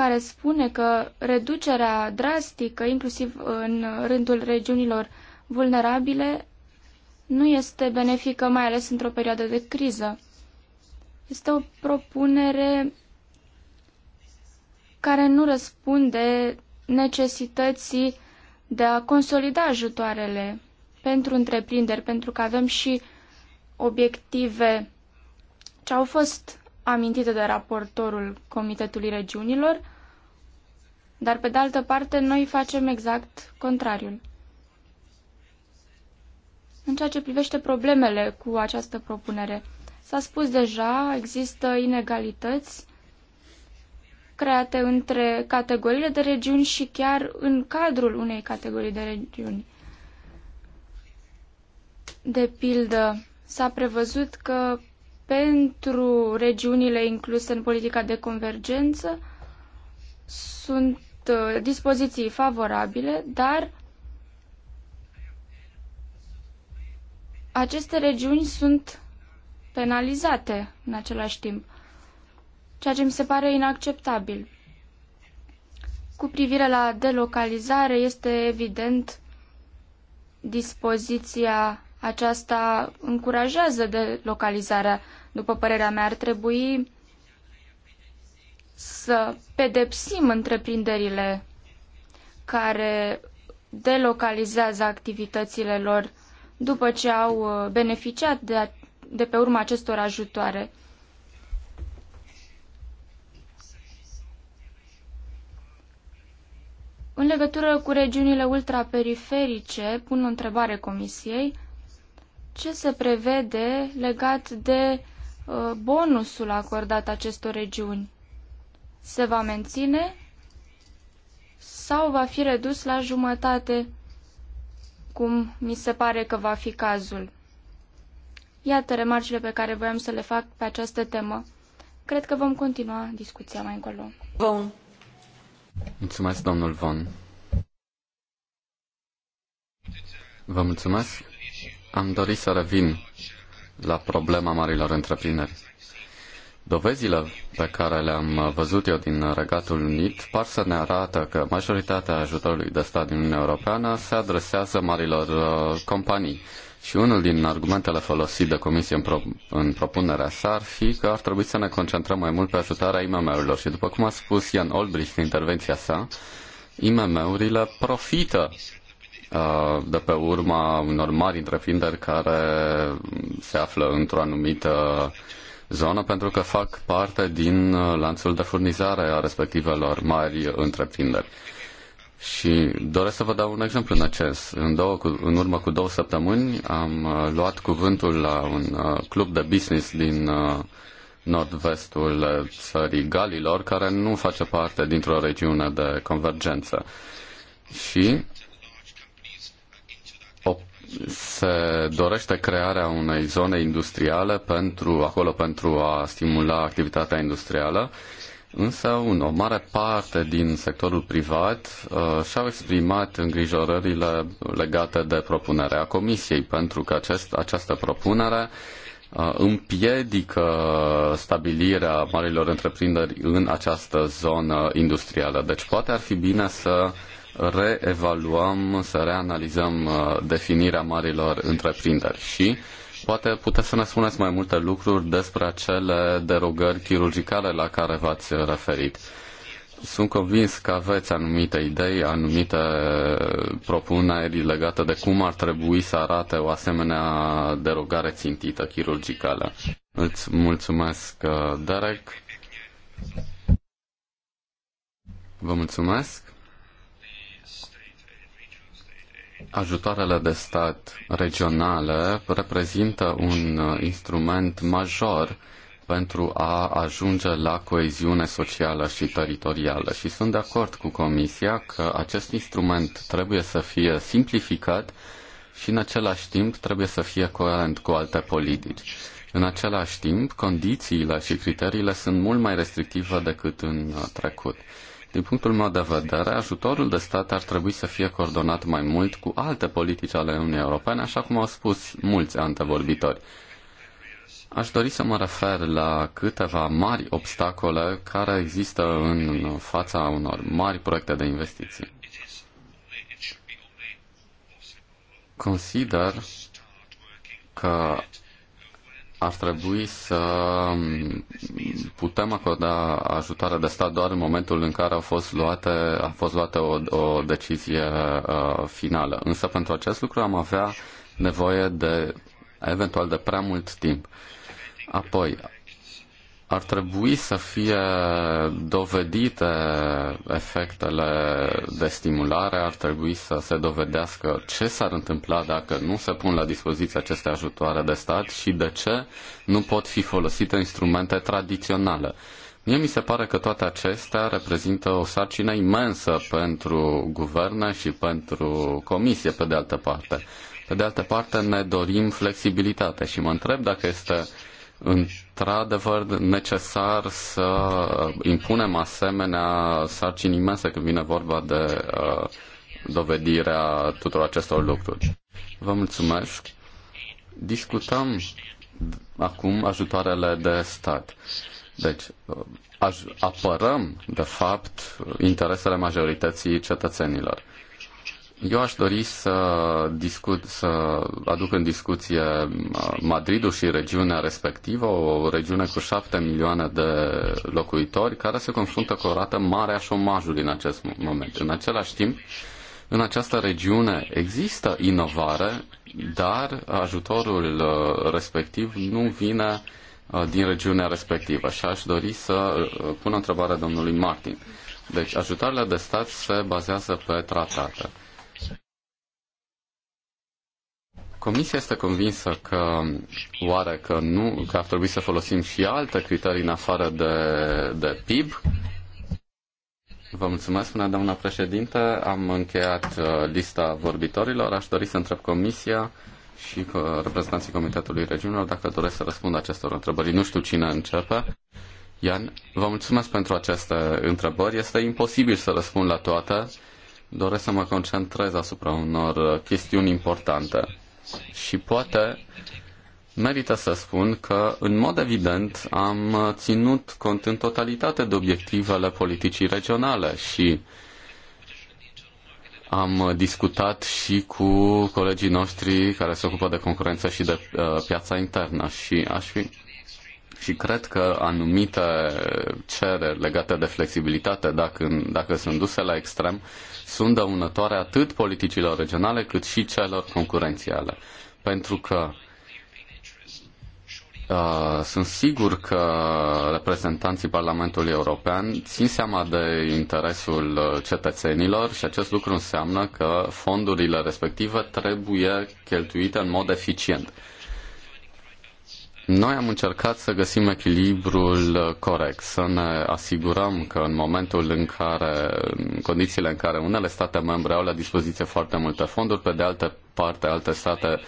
care spune că reducerea drastică, inclusiv în rândul regiunilor vulnerabile, nu este benefică, mai ales într-o perioadă de criză. Este o propunere care nu răspunde necesității de a consolida ajutoarele pentru întreprinderi, pentru că avem și obiective ce au fost amintite de raportorul Comitetului Regiunilor, dar pe de altă parte noi facem exact contrariul. În ceea ce privește problemele cu această propunere, s-a spus deja, există inegalități create între categoriile de regiuni și chiar în cadrul unei categorii de regiuni. De pildă, s-a prevăzut că pentru regiunile incluse în politica de convergență sunt uh, dispoziții favorabile, dar aceste regiuni sunt penalizate în același timp, ceea ce mi se pare inacceptabil. Cu privire la delocalizare, este evident dispoziția aceasta încurajează delocalizarea după părerea mea, ar trebui să pedepsim întreprinderile care delocalizează activitățile lor după ce au uh, beneficiat de, de pe urma acestor ajutoare. În legătură cu regiunile ultraperiferice, pun o întrebare Comisiei. Ce se prevede legat de Uh, bonusul acordat acestor regiuni se va menține sau va fi redus la jumătate, cum mi se pare că va fi cazul. Iată remarcile pe care voiam să le fac pe această temă. Cred că vom continua discuția mai încolo. Bun. Mulțumesc, domnul Von. Vă mulțumesc. Am dorit să revin la problema marilor întreprinderi. Dovezile pe care le-am văzut eu din Regatul Unit par să ne arată că majoritatea ajutorului de stat din Uniunea Europeană se adresează marilor uh, companii. Și unul din argumentele folosite de Comisie în, pro- în propunerea sa ar fi că ar trebui să ne concentrăm mai mult pe ajutarea IMM-urilor. Și după cum a spus Ian Olbrich în intervenția sa, IMM-urile profită Uh, de pe urma unor mari întreprinderi care se află într-o anumită zonă pentru că fac parte din uh, lanțul de furnizare a respectivelor mari întreprinderi. Și doresc să vă dau un exemplu în acest. În, două, în urmă cu două săptămâni am uh, luat cuvântul la un club de business din nord-vestul țării Galilor, care nu face parte dintr-o regiune de convergență. Și se dorește crearea unei zone industriale pentru, acolo pentru a stimula activitatea industrială, însă un, o mare parte din sectorul privat uh, și-au exprimat îngrijorările legate de propunerea Comisiei, pentru că acest, această propunere uh, împiedică stabilirea marilor întreprinderi în această zonă industrială. Deci poate ar fi bine să reevaluăm, să reanalizăm uh, definirea marilor întreprinderi și poate puteți să ne spuneți mai multe lucruri despre acele derogări chirurgicale la care v-ați referit. Sunt convins că aveți anumite idei, anumite propuneri legate de cum ar trebui să arate o asemenea derogare țintită chirurgicală. Îți mulțumesc, uh, Derek. Vă mulțumesc. Ajutoarele de stat regionale reprezintă un uh, instrument major pentru a ajunge la coeziune socială și teritorială și sunt de acord cu Comisia că acest instrument trebuie să fie simplificat și în același timp trebuie să fie coerent cu alte politici. În același timp, condițiile și criteriile sunt mult mai restrictive decât în uh, trecut. Din punctul meu de vedere, ajutorul de stat ar trebui să fie coordonat mai mult cu alte politici ale Uniunii Europene, așa cum au spus mulți antevorbitori. Aș dori să mă refer la câteva mari obstacole care există în fața unor mari proiecte de investiții. Consider că ar trebui să um, putem acorda ajutoare de stat doar în momentul în care a fost luată, a fost luată o, o decizie uh, finală. Însă pentru acest lucru am avea nevoie de eventual de prea mult timp. Apoi, ar trebui să fie dovedite efectele de stimulare, ar trebui să se dovedească ce s-ar întâmpla dacă nu se pun la dispoziție aceste ajutoare de stat și de ce nu pot fi folosite instrumente tradiționale. Mie mi se pare că toate acestea reprezintă o sarcină imensă pentru guverne și pentru comisie, pe de altă parte. Pe de altă parte, ne dorim flexibilitate și mă întreb dacă este într-adevăr necesar să impunem asemenea sarcini imense când vine vorba de uh, dovedirea tuturor acestor lucruri. Vă mulțumesc. Discutăm acum ajutoarele de stat. Deci, uh, apărăm, de fapt, interesele majorității cetățenilor. Eu aș dori să, discut, să aduc în discuție uh, Madridul și regiunea respectivă, o regiune cu șapte milioane de locuitori care se confruntă cu o rată mare a șomajului în acest moment. În același timp, în această regiune există inovare, dar ajutorul uh, respectiv nu vine uh, din regiunea respectivă și aș dori să pun o întrebare domnului Martin. Deci ajutoarele de stat se bazează pe tratate. Comisia este convinsă că oare că nu, că ar trebui să folosim și alte criterii în afară de, de PIB? Vă mulțumesc, până doamna președinte. Am încheiat uh, lista vorbitorilor. Aș dori să întreb Comisia și uh, reprezentanții Comitetului Regiunilor dacă doresc să răspund acestor întrebări. Nu știu cine începe. Ian, vă mulțumesc pentru aceste întrebări. Este imposibil să răspund la toate. Doresc să mă concentrez asupra unor uh, chestiuni importante și poate merită să spun că, în mod evident, am ținut cont în totalitate de obiectivele politicii regionale și am discutat și cu colegii noștri care se ocupă de concurență și de uh, piața internă și aș fi și cred că anumite cereri legate de flexibilitate, dacă, dacă sunt duse la extrem, uh, sunt dăunătoare atât politicilor regionale cât și celor concurențiale. Pentru că uh, sunt sigur că reprezentanții Parlamentului European țin seama de interesul uh, cetățenilor și acest lucru înseamnă că fondurile respective trebuie cheltuite în mod eficient. Noi am încercat să găsim echilibrul corect, să ne asigurăm că în momentul în care, în condițiile în care unele state membre au la dispoziție foarte multe fonduri, pe de altă parte alte state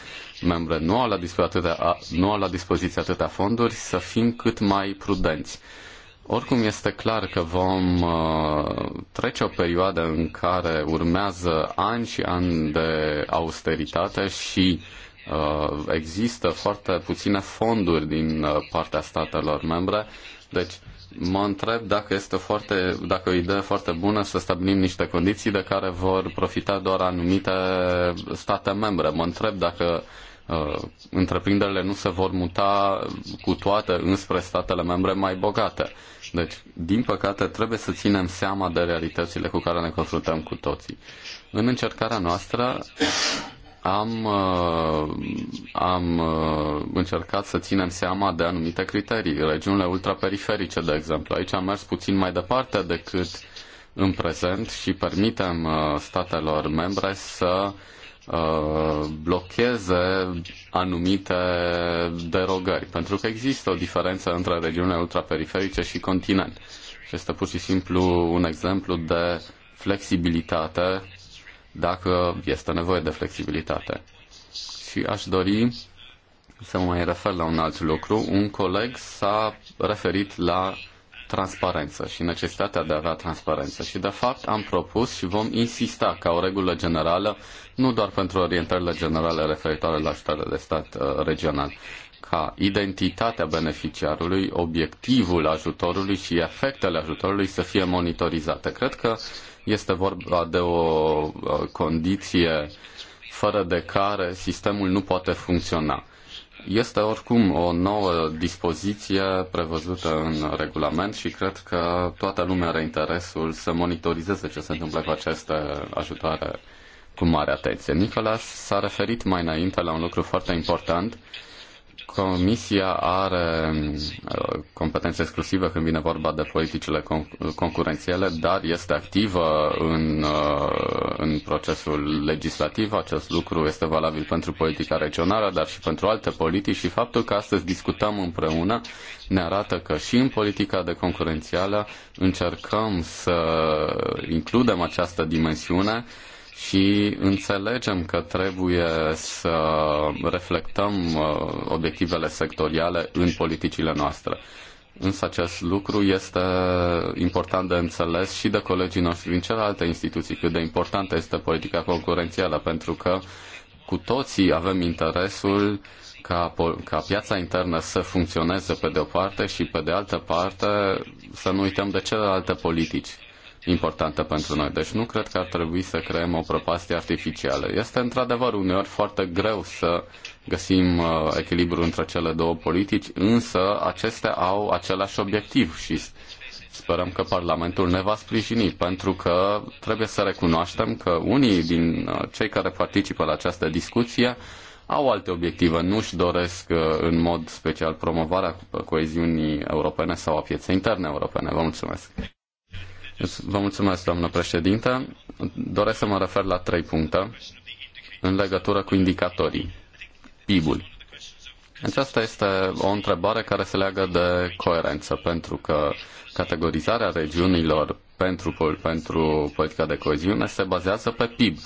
membre nu au la dispoziție atâtea, nu au la dispoziție atâtea fonduri, să fim cât mai prudenți. Oricum este clar că vom uh, trece o perioadă în care urmează ani și ani de austeritate și Uh, există foarte puține fonduri din uh, partea statelor membre, deci mă întreb dacă este foarte, dacă o idee foarte bună să stabilim niște condiții de care vor profita doar anumite state membre. Mă întreb dacă uh, întreprinderile nu se vor muta cu toate înspre statele membre mai bogate. Deci, din păcate, trebuie să ținem seama de realitățile cu care ne confruntăm cu toții. În încercarea noastră am, uh, am uh, încercat să ținem seama de anumite criterii, regiunile ultraperiferice, de exemplu. Aici am mers puțin mai departe decât în prezent și permitem uh, statelor membre să blocheze anumite derogări, pentru că există o diferență între regiunile ultraperiferice și continent. este pur și simplu un exemplu de flexibilitate dacă este nevoie de flexibilitate. Și aș dori să mă mai refer la un alt lucru. Un coleg s-a referit la transparență și necesitatea de a avea transparență. Și, de fapt, am propus și vom insista ca o regulă generală, nu doar pentru orientările generale referitoare la starea de stat uh, regional, ca identitatea beneficiarului, obiectivul ajutorului și efectele ajutorului să fie monitorizate. Cred că uh, este vorba de o condiție fără de care sistemul nu poate funcționa. Este oricum o nouă dispoziție prevăzută în regulament și cred că toată lumea are interesul să monitorizeze ce se întâmplă cu aceste ajutoare cu mare atenție. Nicolas s-a referit mai înainte la un lucru foarte important Comisia are uh, competențe exclusive când vine vorba de politicile concurențiale, dar este activă în, uh, în procesul legislativ. Acest lucru este valabil pentru politica regională, dar și pentru alte politici și faptul că astăzi discutăm împreună ne arată că și în politica de concurențială încercăm să includem această dimensiune și înțelegem că trebuie să reflectăm uh, obiectivele sectoriale în politicile noastre. Însă acest lucru este important de înțeles și de colegii noștri din celelalte instituții, cât de importantă este politica concurențială, pentru că cu toții avem interesul ca, ca piața internă să funcționeze pe de o parte și pe de altă parte să nu uităm de celelalte politici importantă pentru noi. Deci nu cred că ar trebui să creăm o prăpastie artificială. Este într-adevăr uneori foarte greu să găsim uh, echilibru între cele două politici, însă acestea au același obiectiv și sperăm că Parlamentul ne va sprijini, pentru că trebuie să recunoaștem că unii din uh, cei care participă la această discuție au alte obiective, nu își doresc uh, în mod special promovarea coeziunii europene sau a pieței interne europene. Vă mulțumesc! Vă mulțumesc, doamnă președinte. Doresc să mă refer la trei puncte în legătură cu indicatorii. PIB-ul. Aceasta este o întrebare care se leagă de coerență, pentru că categorizarea regiunilor pentru, pentru politica de coeziune se bazează pe PIB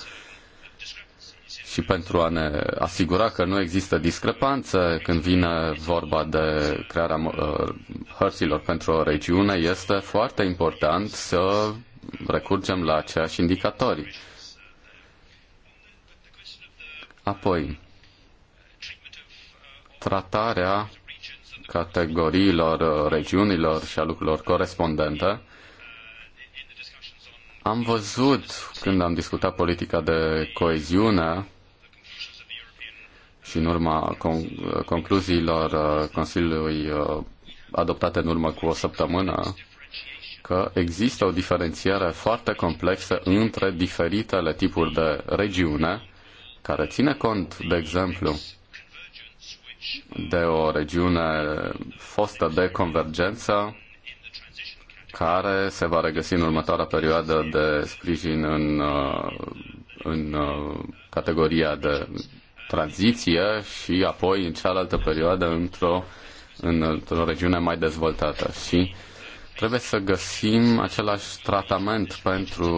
și pentru a ne asigura că nu există discrepanță când vine vorba de crearea uh, hărților pentru o regiune, este foarte important să recurgem la aceiași indicatori. Apoi, tratarea categoriilor, uh, regiunilor și a lucrurilor corespondente. Am văzut când am discutat politica de coeziune și în urma con- concluziilor uh, Consiliului uh, adoptate în urmă cu o săptămână că există o diferențiere foarte complexă între diferitele tipuri de regiune care ține cont, de exemplu, de o regiune fostă de convergență care se va regăsi în următoarea perioadă de sprijin în, uh, în categoria de tranziție și apoi în cealaltă perioadă într-o, într-o regiune mai dezvoltată. Și trebuie să găsim același tratament pentru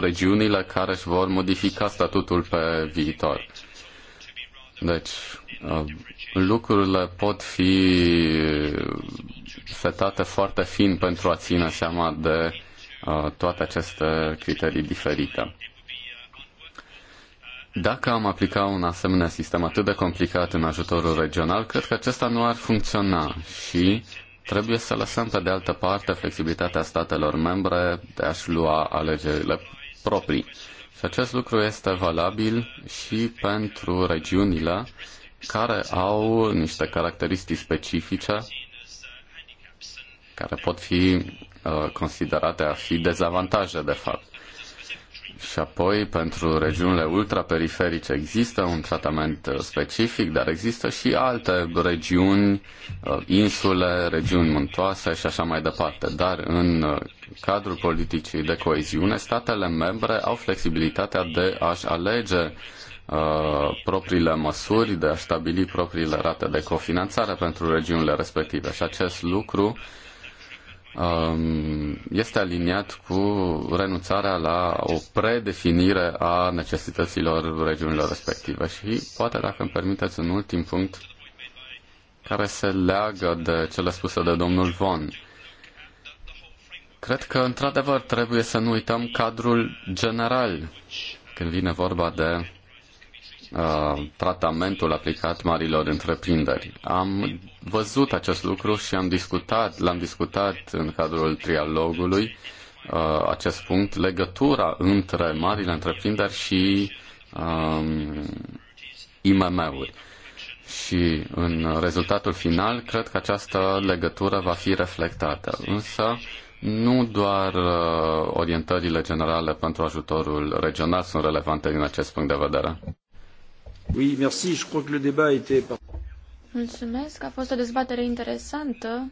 regiunile care își vor modifica statutul pe viitor. Deci, uh, lucrurile pot fi setate foarte fin pentru a ține seama de uh, toate aceste criterii diferite. Dacă am aplica un asemenea sistem atât de complicat în ajutorul regional, cred că acesta nu ar funcționa și trebuie să lăsăm pe de altă parte flexibilitatea statelor membre de a-și lua alegerile proprii. Și acest lucru este valabil și pentru regiunile care au niște caracteristici specifice care pot fi uh, considerate a fi dezavantaje, de fapt. Și apoi, pentru regiunile ultraperiferice există un tratament uh, specific, dar există și alte regiuni, uh, insule, regiuni muntoase și așa mai departe. Dar în uh, cadrul politicii de coeziune, statele membre au flexibilitatea de a-și alege propriile măsuri, de a stabili propriile rate de cofinanțare pentru regiunile respective. Și acest lucru uh, Um, este aliniat cu renunțarea la o predefinire a necesităților regiunilor respective. Și poate, dacă îmi permiteți, un ultim punct care se leagă de cele spuse de domnul Von. Cred că, într-adevăr, trebuie să nu uităm cadrul general când vine vorba de Uh, tratamentul aplicat marilor întreprinderi. Am văzut acest lucru și am discutat, l-am discutat în cadrul trialogului uh, acest punct, legătura între marile întreprinderi și um, IMM-uri. Și în rezultatul final, cred că această legătură va fi reflectată. Însă, nu doar uh, orientările generale pentru ajutorul regional sunt relevante din acest punct de vedere. Oui, merci. Je crois que le débat Mulțumesc, a fost o dezbatere interesantă,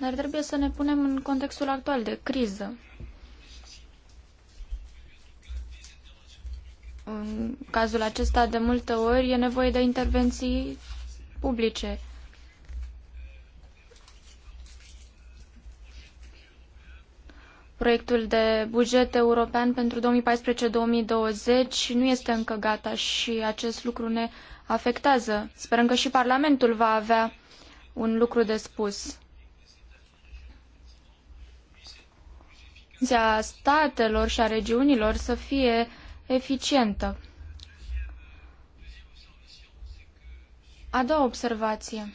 dar trebuie să ne punem în contextul actual de criză. În cazul acesta, de multe ori, e nevoie de intervenții publice. proiectul de buget european pentru 2014-2020 nu este încă gata și acest lucru ne afectează. Sperăm că și Parlamentul va avea un lucru de spus. a statelor și a regiunilor să fie eficientă. A doua observație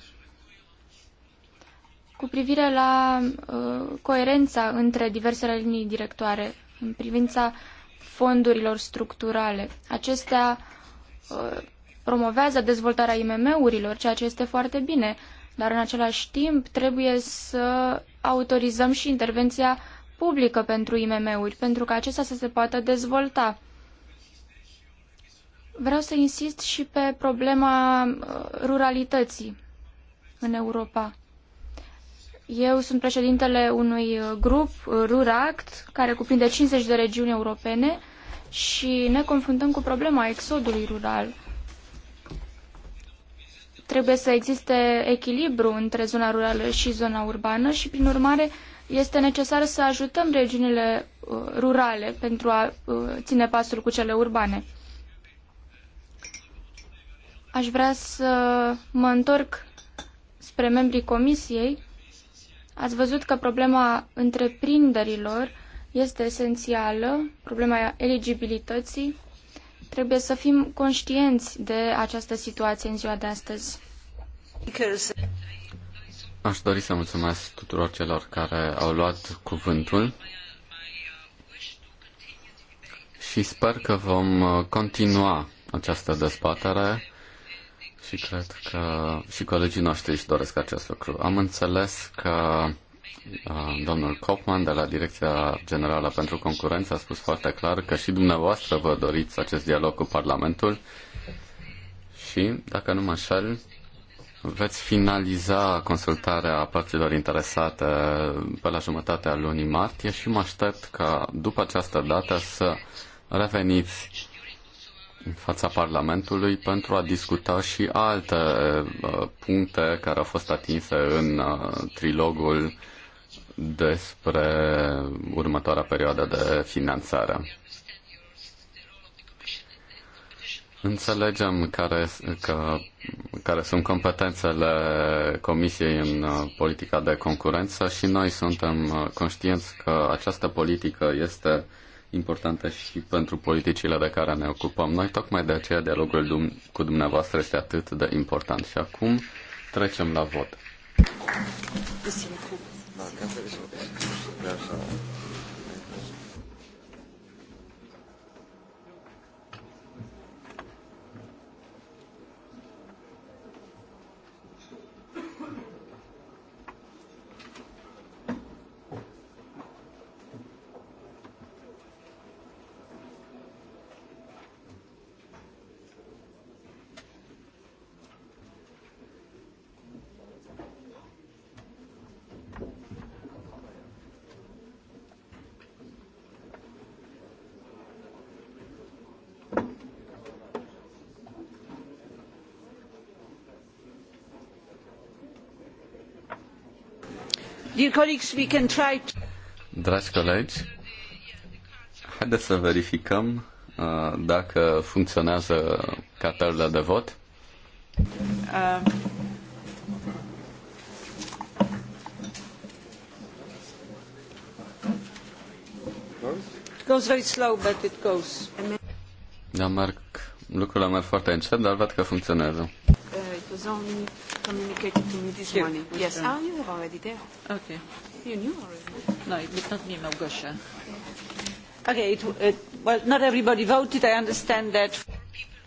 cu privire la uh, coerența între diversele linii directoare în privința fondurilor structurale. Acestea uh, promovează dezvoltarea IMM-urilor, ceea ce este foarte bine, dar în același timp trebuie să autorizăm și intervenția publică pentru IMM-uri, pentru ca acestea să se poată dezvolta. Vreau să insist și pe problema uh, ruralității în Europa. Eu sunt președintele unui uh, grup, uh, RURACT, care cuprinde 50 de regiuni europene și ne confruntăm cu problema exodului rural. Trebuie să existe echilibru între zona rurală și zona urbană și, prin urmare, este necesar să ajutăm regiunile uh, rurale pentru a ține pasul cu cele urbane. Aș vrea să mă întorc spre membrii comisiei Ați văzut că problema întreprinderilor este esențială, problema eligibilității. Trebuie să fim conștienți de această situație în ziua de astăzi. Aș dori să mulțumesc tuturor celor care au luat cuvântul și sper că vom continua această dezbatere și cred că și colegii noștri își doresc acest lucru. Am înțeles că uh, domnul Kaufman de la Direcția Generală pentru Concurență a spus foarte clar că și dumneavoastră vă doriți acest dialog cu Parlamentul și, dacă nu mă înșel, veți finaliza consultarea părților interesate pe la jumătatea lunii martie și mă aștept ca după această dată să reveniți în fața Parlamentului pentru a discuta și alte uh, puncte care au fost atinse în uh, trilogul despre următoarea perioadă de finanțare. Înțelegem care, că, care sunt competențele Comisiei în uh, politica de concurență și noi suntem conștienți că această politică este uh, importantă și pentru politicile de care ne ocupăm noi. Tocmai de aceea dialogul cu dumneavoastră este atât de important. Și acum trecem la vot. Thank you. Da, Dragi colegi, haideți să verificăm uh, dacă funcționează cartela de vot. Uh. It goes very slow, but it goes. Da, merg, lucrurile merg foarte încet, dar văd că funcționează. Uh, it was only communicated to me this Here, morning. Yes. Oh, you were already there. Okay. You knew already. No, it was not me, Małgosia. Okay, it, it, well, not everybody voted. I understand that.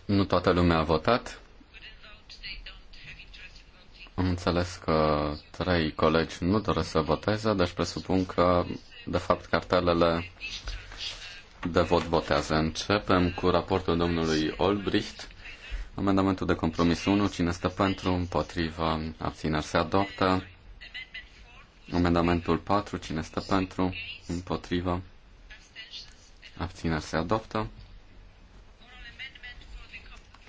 Nu toată lumea a votat. Am înțeles că trei colegi nu doresc să voteze, deci presupun că, de fapt, cartelele de vot votează. Începem cu raportul domnului Olbricht Amendamentul de compromis 1. Cine este pentru? Împotriva. Abțineri se adoptă. Amendamentul 4. Cine este pentru? Împotriva. Abțineri se adoptă.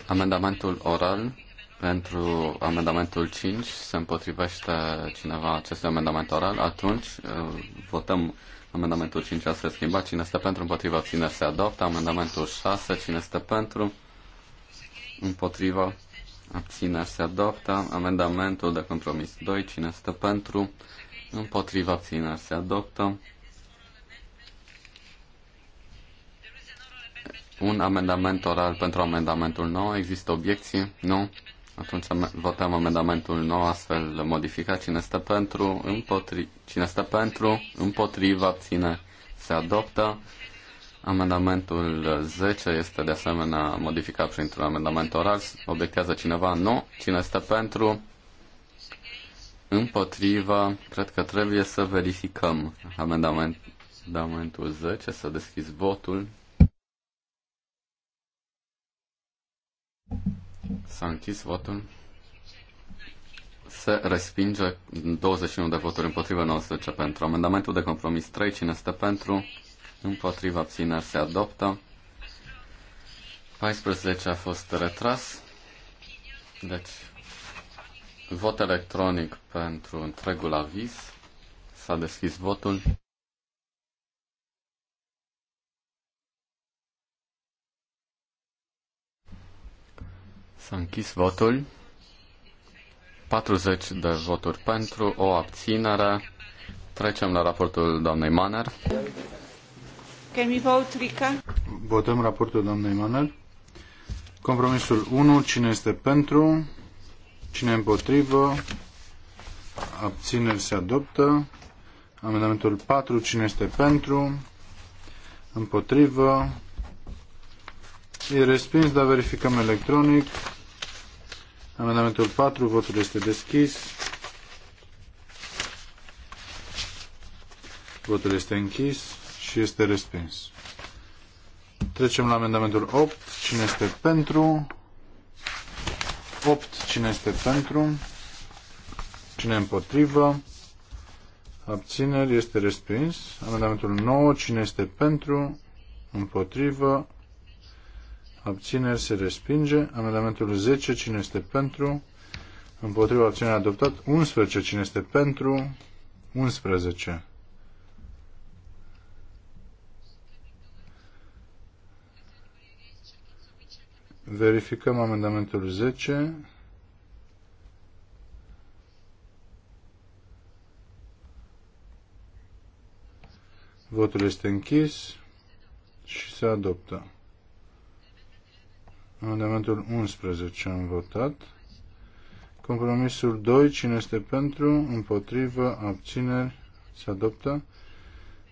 Amendamentul oral pentru amendamentul 5 se împotrivește cineva acest amendament oral, atunci uh, votăm amendamentul 5 astfel schimbat. Cine este pentru împotriva abțineri se adoptă. Amendamentul 6. Cine este pentru? Împotrivă. abțineri se adoptă. Amendamentul de compromis 2, cine stă pentru, Împotrivă. abțineri se adoptă. Un amendament oral pentru amendamentul 9. Există obiecții? Nu? Atunci votăm amendamentul 9 astfel modificat. Cine stă pentru, împotri... Cine stă pentru Împotrivă. abține, se adoptă. Amendamentul 10 este de asemenea modificat printr-un amendament oral. Obiectează cineva? Nu. Cine este pentru? Împotriva, cred că trebuie să verificăm amendament, amendamentul 10, să deschis votul. S-a închis votul. Se respinge 21 de voturi împotriva 19 pentru. Amendamentul de compromis 3, cine este pentru? împotriva abțineri se adoptă. 14 a fost retras. Deci, vot electronic pentru întregul aviz. S-a deschis votul. S-a închis votul. 40 de voturi pentru, o abținere. Trecem la raportul doamnei Maner. Can we vote, Rica? Votăm raportul doamnei Manel. Compromisul 1. Cine este pentru? Cine împotrivă? Abțineri se adoptă. Amendamentul 4. Cine este pentru? Împotrivă? E respins, dar verificăm electronic. Amendamentul 4. Votul este deschis. Votul este închis și este respins. Trecem la amendamentul 8. Cine este pentru? 8. Cine este pentru? Cine împotrivă? Abțineri este respins. Amendamentul 9. Cine este pentru? Împotrivă? Abțineri se respinge. Amendamentul 10. Cine este pentru? Împotrivă Abțineri adoptat. 11. Cine este pentru? 11. Verificăm amendamentul 10. Votul este închis și se adoptă. Amendamentul 11 am votat. Compromisul 2, cine este pentru, împotrivă, abțineri, se adoptă.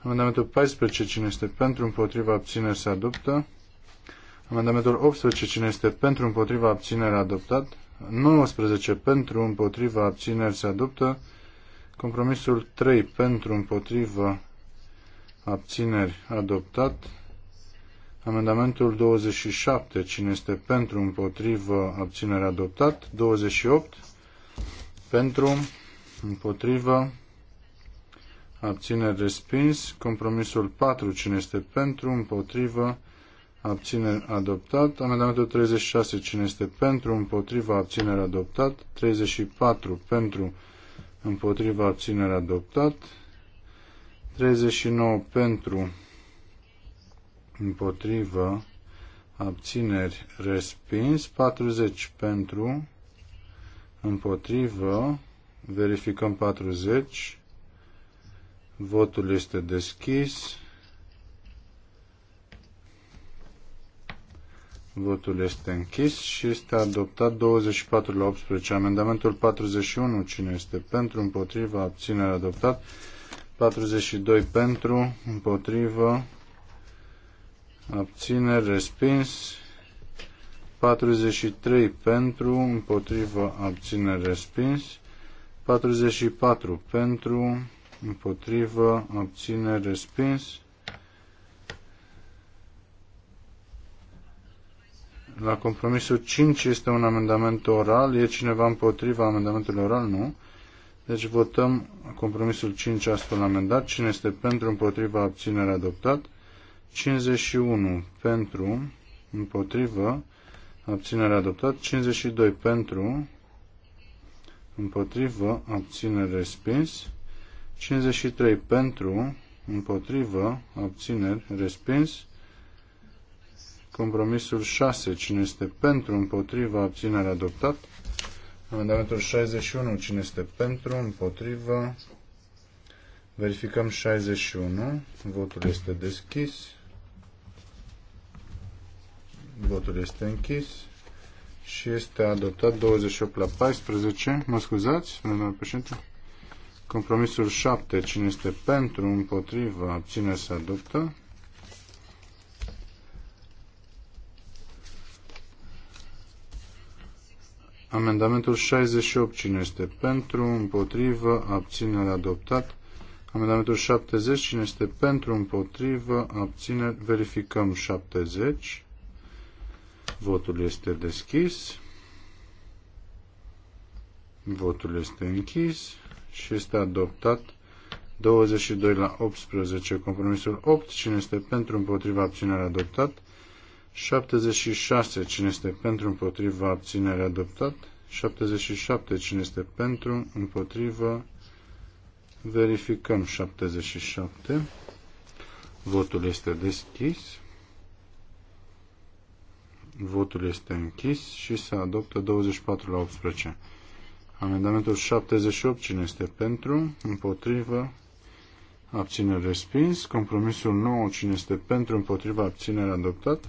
Amendamentul 14, cine este pentru, împotrivă, abțineri, se adoptă. Amendamentul 18, cine este pentru, împotriva, abținere, adoptat. 19, pentru, împotriva, abțineri, se adoptă. Compromisul 3, pentru, împotriva, abțineri, adoptat. Amendamentul 27, cine este pentru, împotriva abțineri adoptat. 28, pentru, împotriva abțineri, respins. Compromisul 4, cine este pentru, împotriva Abține adoptat. Amendamentul 36, cine este pentru, împotriva, abțineri adoptat. 34, pentru, împotriva, abțineri adoptat. 39, pentru, împotriva abțineri respins. 40, pentru, împotrivă, verificăm 40. Votul este deschis. Votul este închis și este adoptat 24 la 18. Amendamentul 41, cine este pentru, împotriva, abținere adoptat. 42 pentru, împotrivă, abțineri, respins. 43 pentru, împotrivă, abțineri, respins. 44 pentru, împotrivă, abțineri, respins. La compromisul 5 este un amendament oral. E cineva împotriva amendamentului oral? Nu. Deci votăm compromisul 5 astfel amendat. Cine este pentru, împotriva, abținere adoptat? 51 pentru, împotrivă, abținere adoptat. 52 pentru, împotrivă, abținere respins. 53 pentru, împotrivă, abțineri respins. Compromisul 6. Cine este pentru, împotriva, abținere adoptat. Amendamentul 61. Cine este pentru, împotriva. Verificăm 61. Votul este deschis. Votul este închis și este adoptat 28 la 14. Mă scuzați, spune președinte. Compromisul 7. Cine este pentru, împotrivă, abține, să adoptă. Amendamentul 68. Cine este pentru? Împotrivă? Abținere? Adoptat. Amendamentul 70. Cine este pentru? Împotrivă? abținere, Verificăm 70. Votul este deschis. Votul este închis și este adoptat 22 la 18. Compromisul 8. Cine este pentru? Împotrivă? Abținere? Adoptat. 76 cine este pentru, împotriva, abținere adoptat. 77 cine este pentru, împotriva, verificăm 77. Votul este deschis. Votul este închis și se adoptă 24 la 18. Amendamentul 78 cine este pentru, împotrivă, abținere respins. Compromisul 9 cine este pentru, împotrivă, abținere adoptat.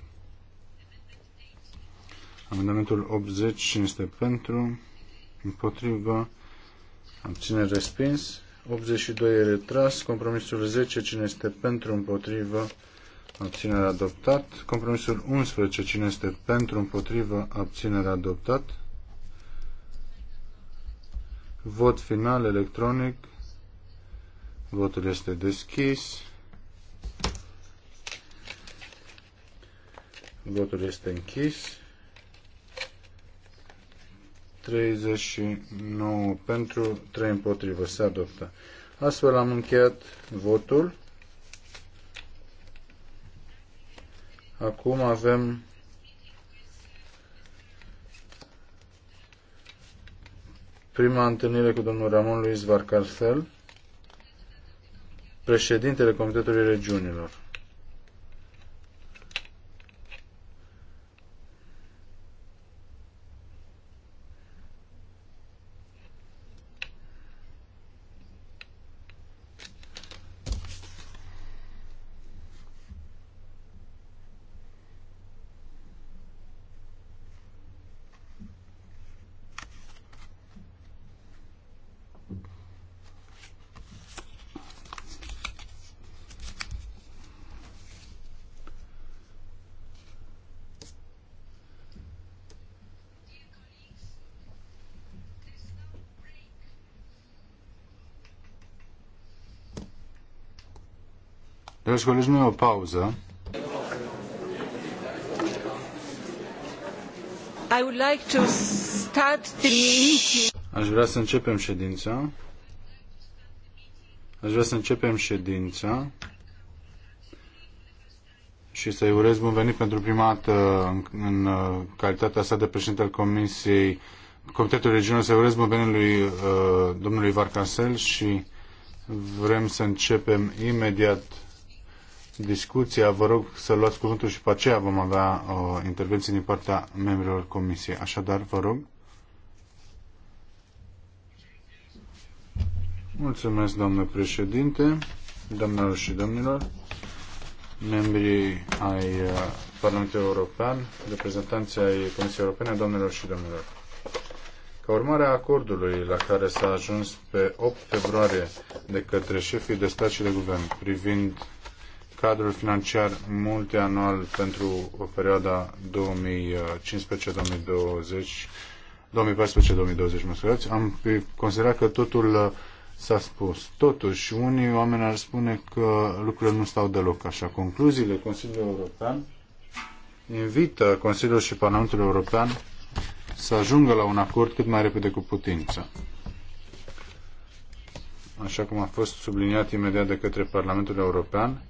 Amendamentul 80 cine este pentru? Împotrivă. Abține respins. 82 e retras. Compromisul 10 cine este pentru? Împotrivă. Abținere adoptat. Compromisul 11 cine este pentru? Împotrivă. Abținere adoptat. Vot final electronic. Votul este deschis. Votul este închis. 39 pentru, 3 împotrivă. Se adoptă. Astfel am încheiat votul. Acum avem prima întâlnire cu domnul Ramon Luis Varcarfel, președintele Comitetului Regiunilor. Dragi colegi, noi e o pauză. I would like to start the meeting. Aș vrea să începem ședința. Aș vrea să începem ședința și să-i urez bun venit pentru prima dată în, în uh, calitatea sa de președinte al Comisiei Comitetului Regional, să-i urez bun venit lui uh, domnului Varcasel și vrem să începem imediat discuția. Vă rog să luați cuvântul și pe aceea vom avea o uh, intervenție din partea membrilor comisiei. Așadar, vă rog. Mulțumesc, domnule președinte, domnilor și domnilor, membrii ai uh, Parlamentului European, reprezentanții ai Comisiei Europene, domnilor și domnilor. Ca urmare a acordului la care s-a ajuns pe 8 februarie de către șefii de stat și de guvern privind cadrul financiar multianual pentru o perioada 2015-2020 2020 mă scuzați, am considerat că totul uh, s-a spus. Totuși, unii oameni ar spune că lucrurile nu stau deloc așa. Concluziile Consiliului European invită Consiliul și Parlamentul European să ajungă la un acord cât mai repede cu putință. Așa cum a fost subliniat imediat de către Parlamentul European,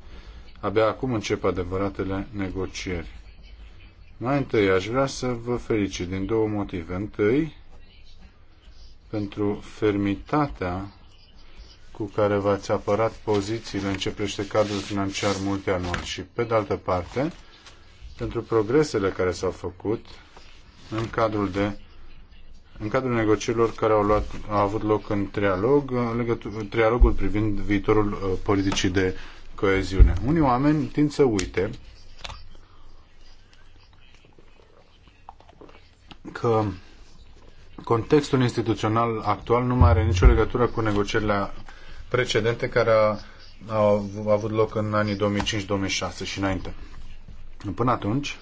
Abia acum încep adevăratele negocieri. Mai întâi aș vrea să vă felicit din două motive. Întâi, pentru fermitatea cu care v-ați apărat pozițiile în ce privește cadrul financiar multianual și, pe de altă parte, pentru progresele care s-au făcut în cadrul de în cadrul negocierilor care au, luat, au avut loc în trialog, în legătură, trialogul privind viitorul uh, politicii de coeziune. Unii oameni tind să uite că contextul instituțional actual nu mai are nicio legătură cu negocierile precedente care au avut loc în anii 2005-2006 și înainte. Până atunci,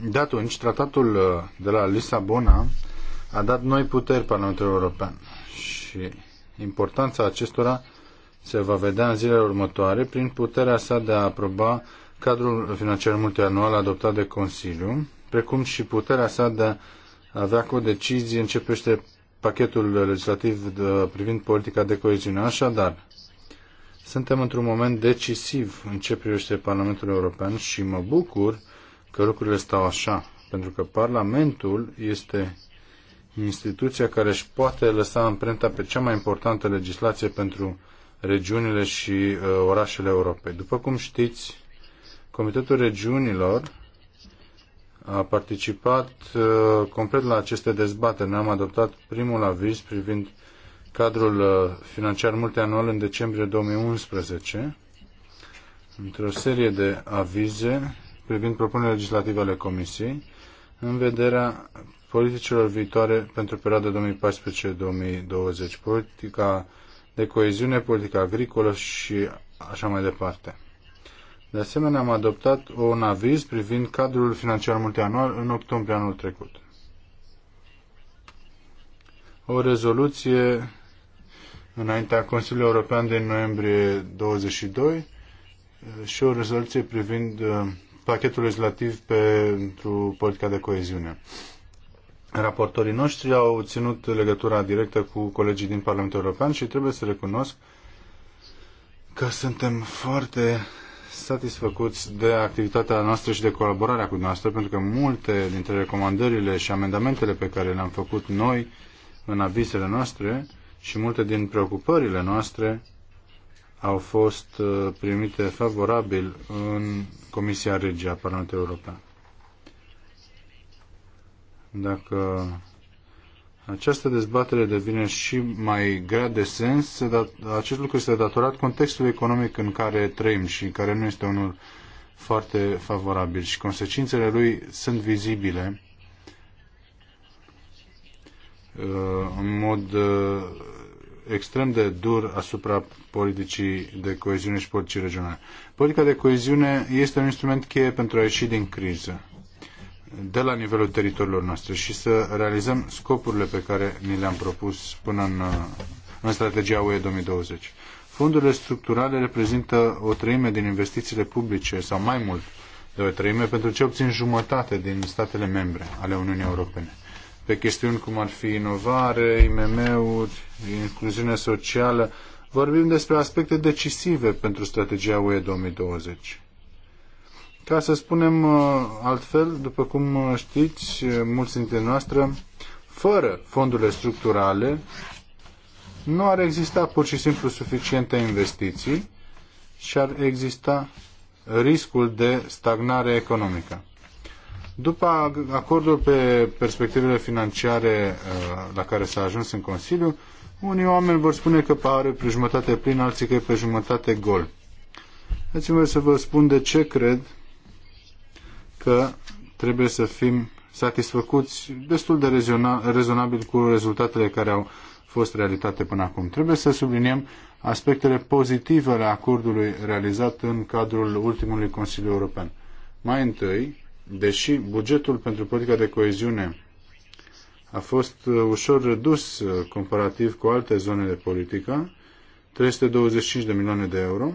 de atunci, tratatul uh, de la Lisabona a dat noi puteri Parlamentului European și importanța acestora se va vedea în zilele următoare prin puterea sa de a aproba cadrul financiar multianual adoptat de Consiliu, precum și puterea sa de a avea cu decizie ce privește pachetul legislativ de, privind politica de coeziune. Așadar, suntem într-un moment decisiv în ce privește Parlamentul European și mă bucur că lucrurile stau așa, pentru că Parlamentul este instituția care își poate lăsa amprenta pe cea mai importantă legislație pentru regiunile și uh, orașele Europei. După cum știți, Comitetul Regiunilor a participat uh, complet la aceste dezbateri. Ne-am adoptat primul aviz privind cadrul uh, financiar multianual în decembrie 2011 într-o serie de avize privind propunerile legislative ale Comisiei în vederea politicilor viitoare pentru perioada 2014-2020, politica de coeziune, politică agricolă și așa mai departe. De asemenea, am adoptat un aviz privind cadrul financiar multianual în octombrie anul trecut. O rezoluție înaintea Consiliului European din noiembrie 22 și o rezoluție privind uh, pachetul legislativ pentru politica de coeziune. Raportorii noștri au ținut legătura directă cu colegii din Parlamentul European și trebuie să recunosc că suntem foarte satisfăcuți de activitatea noastră și de colaborarea cu noastră, pentru că multe dintre recomandările și amendamentele pe care le-am făcut noi în avizele noastre și multe din preocupările noastre au fost uh, primite favorabil în Comisia Regia Parlamentului European. Dacă această dezbatere devine și mai grea de sens, acest lucru este datorat contextului economic în care trăim și care nu este unul foarte favorabil și consecințele lui sunt vizibile uh, în mod uh, extrem de dur asupra politicii de coeziune și politicii regionale. Politica de coeziune este un instrument cheie pentru a ieși din criză de la nivelul teritoriilor noastre și să realizăm scopurile pe care ni le-am propus până în, în strategia UE 2020. Fondurile structurale reprezintă o treime din investițiile publice sau mai mult de o treime pentru ce obțin jumătate din statele membre ale Uniunii Europene. Pe chestiuni cum ar fi inovare, IMM-uri, incluziune socială, vorbim despre aspecte decisive pentru strategia UE 2020. Ca să spunem uh, altfel, după cum uh, știți, uh, mulți dintre noastre, fără fondurile structurale, nu ar exista pur și simplu suficiente investiții și ar exista riscul de stagnare economică. După acordul pe perspectivele financiare la care s-a ajuns în Consiliu, unii oameni vor spune că pare pe jumătate plin, alții că e pe jumătate gol. Dați-mi să vă spun de ce cred că trebuie să fim satisfăcuți destul de rezonabil cu rezultatele care au fost realitate până acum. Trebuie să subliniem aspectele pozitive ale acordului realizat în cadrul ultimului Consiliu European. Mai întâi, deși bugetul pentru politica de coeziune a fost uh, ușor redus uh, comparativ cu alte zone de politică, 325 de milioane de euro,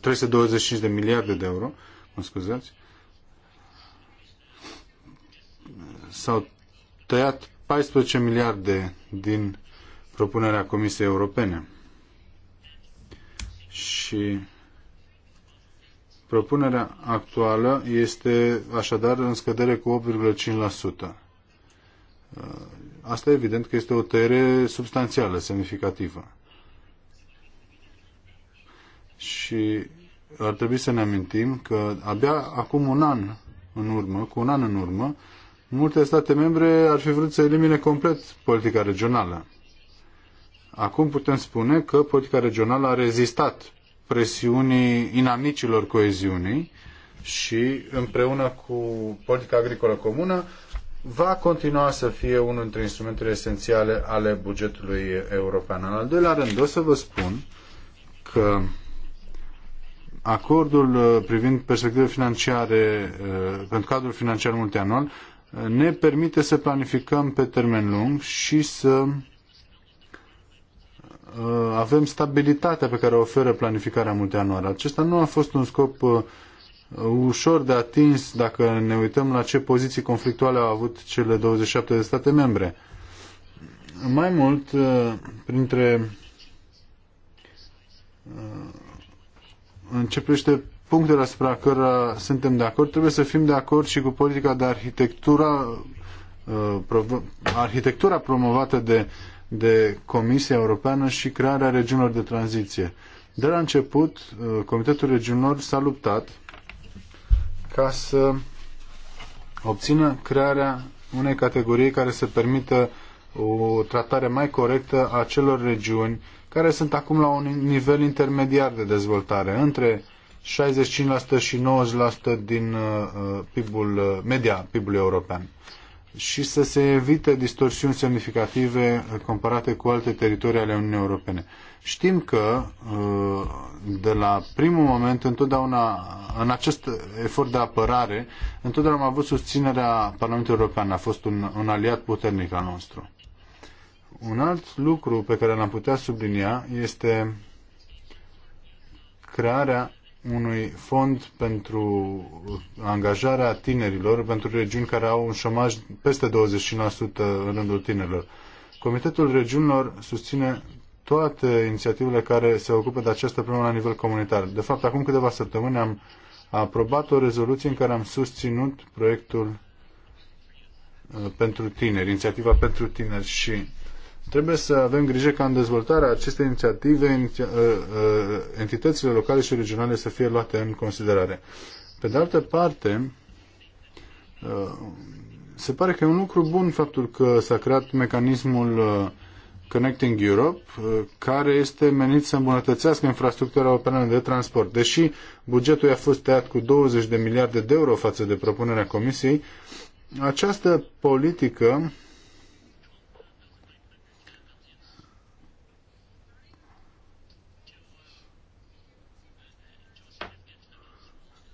325 de miliarde de euro, mă scuzați, s-au tăiat 14 miliarde din propunerea Comisiei Europene. Și propunerea actuală este așadar în scădere cu 8,5%. Asta evident că este o tăiere substanțială, semnificativă. Și ar trebui să ne amintim că abia acum un an în urmă, cu un an în urmă, Multe state membre ar fi vrut să elimine complet politica regională. Acum putem spune că politica regională a rezistat presiunii inamicilor coeziunii și împreună cu politica agricolă comună va continua să fie unul dintre instrumentele esențiale ale bugetului european. În al doilea rând, o să vă spun că acordul uh, privind perspective financiare uh, pentru cadrul financiar multianual ne permite să planificăm pe termen lung și să uh, avem stabilitatea pe care o oferă planificarea multianuală. Acesta nu a fost un scop uh, ușor de atins dacă ne uităm la ce poziții conflictuale au avut cele 27 de state membre. Mai mult, uh, printre începește punctele asupra cărora suntem de acord, trebuie să fim de acord și cu politica de arhitectură, uh, arhitectura promovată de, de Comisia Europeană și crearea regiunilor de tranziție. De la început, uh, Comitetul Regiunilor s-a luptat ca să obțină crearea unei categorii care să permită o tratare mai corectă a celor regiuni care sunt acum la un nivel intermediar de dezvoltare, între 65% și 90% din uh, uh, PIB-ul, uh, media PIB-ului european și să se evite distorsiuni semnificative comparate cu alte teritorii ale Uniunii Europene. Știm că de la primul moment, întotdeauna, în acest efort de apărare, întotdeauna am avut susținerea Parlamentului European. A fost un, un aliat puternic al nostru. Un alt lucru pe care l-am putea sublinia este crearea unui fond pentru angajarea tinerilor pentru regiuni care au un șomaj peste 29% în rândul tinerilor. Comitetul Regiunilor susține toate inițiativele care se ocupă de această problemă la nivel comunitar. De fapt, acum câteva săptămâni am aprobat o rezoluție în care am susținut proiectul uh, pentru tineri, inițiativa pentru tineri și Trebuie să avem grijă ca în dezvoltarea acestei inițiative ă, ă, entitățile locale și regionale să fie luate în considerare. Pe de altă parte, ă, se pare că e un lucru bun faptul că s-a creat mecanismul Connecting Europe, care este menit să îmbunătățească infrastructura europeană de transport. Deși bugetul i-a fost tăiat cu 20 de miliarde de euro față de propunerea Comisiei, această politică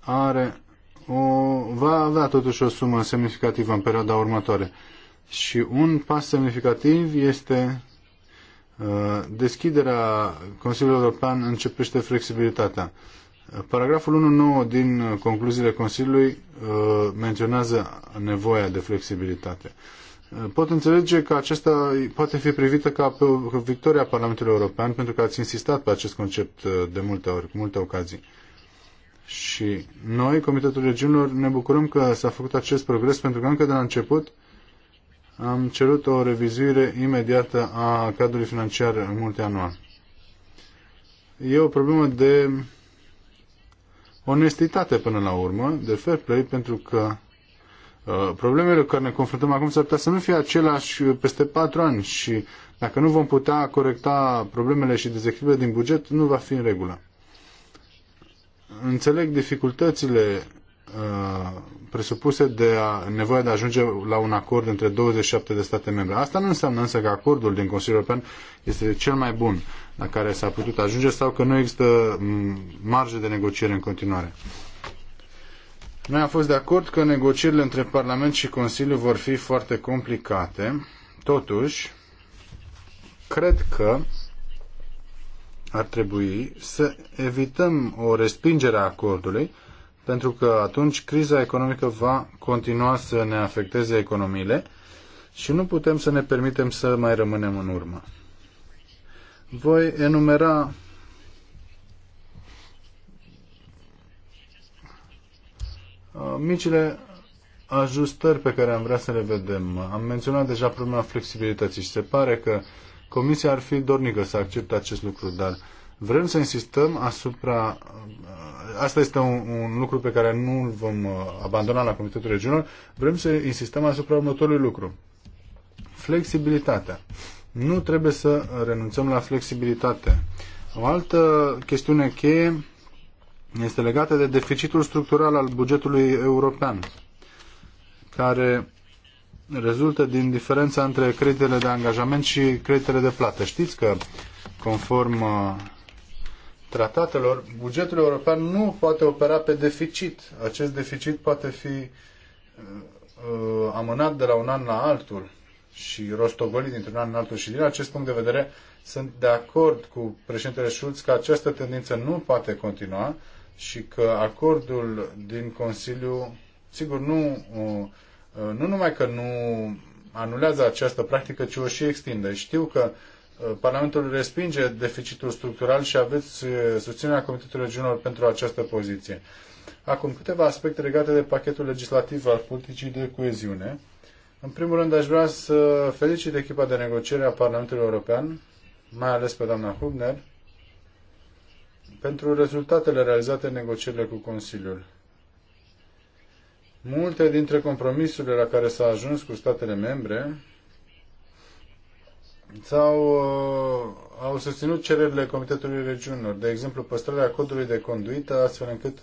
are o, va avea totuși o sumă semnificativă în perioada următoare. Și un pas semnificativ este uh, deschiderea Consiliului European începește flexibilitatea. Paragraful 1.9 din concluziile Consiliului uh, menționează nevoia de flexibilitate. Uh, pot înțelege că aceasta poate fi privită ca pe victoria Parlamentului European, pentru că ați insistat pe acest concept de multe ori, cu multe ocazii. Și noi, Comitetul Regiunilor, ne bucurăm că s-a făcut acest progres pentru că încă de la început am cerut o revizuire imediată a cadrului financiar multianual. E o problemă de onestitate până la urmă, de fair play, pentru că uh, problemele cu care ne confruntăm acum s-ar putea să nu fie același peste patru ani și dacă nu vom putea corecta problemele și dezechilibrele din buget, nu va fi în regulă înțeleg dificultățile uh, presupuse de a, nevoia de a ajunge la un acord între 27 de state membre. Asta nu înseamnă însă că acordul din Consiliul European este cel mai bun la care s-a putut ajunge sau că nu există marge de negociere în continuare. Noi am fost de acord că negocierile între Parlament și Consiliu vor fi foarte complicate. Totuși, cred că ar trebui să evităm o respingere a acordului, pentru că atunci criza economică va continua să ne afecteze economiile și nu putem să ne permitem să mai rămânem în urmă. Voi enumera micile ajustări pe care am vrea să le vedem. Am menționat deja problema flexibilității și se pare că uh, Comisia ar fi dornică să accepte acest lucru, dar vrem să insistăm asupra... Asta este un, un lucru pe care nu îl vom uh, abandona la Comitetul Regional. Vrem să insistăm asupra următorului lucru. Flexibilitatea. Nu trebuie să renunțăm la flexibilitate. O altă chestiune cheie este legată de deficitul structural al bugetului european, care rezultă din diferența între creditele de angajament și creditele de plată. Știți că, conform uh, tratatelor, bugetul european nu poate opera pe deficit. Acest deficit poate fi uh, uh amânat de la un an la altul și rostogolit dintr-un an în altul. Și din acest punct de vedere sunt de acord cu președintele Schulz că această tendință nu poate continua și că acordul din Consiliu, sigur, nu uh, Uh, nu numai că nu anulează această practică, ci o și extinde. Știu că uh, Parlamentul respinge deficitul structural și aveți uh, susținerea Comitetului Regiunilor pentru această poziție. Acum, câteva aspecte legate de pachetul legislativ al politicii de coeziune. În primul rând, aș vrea să felicit echipa de negociere a Parlamentului European, mai ales pe doamna Hubner, pentru rezultatele realizate în negocierile cu Consiliul. Multe dintre compromisurile la care s-a ajuns cu statele membre sau uh, au susținut cererile Comitetului Regiunilor, de exemplu păstrarea codului de conduită, astfel încât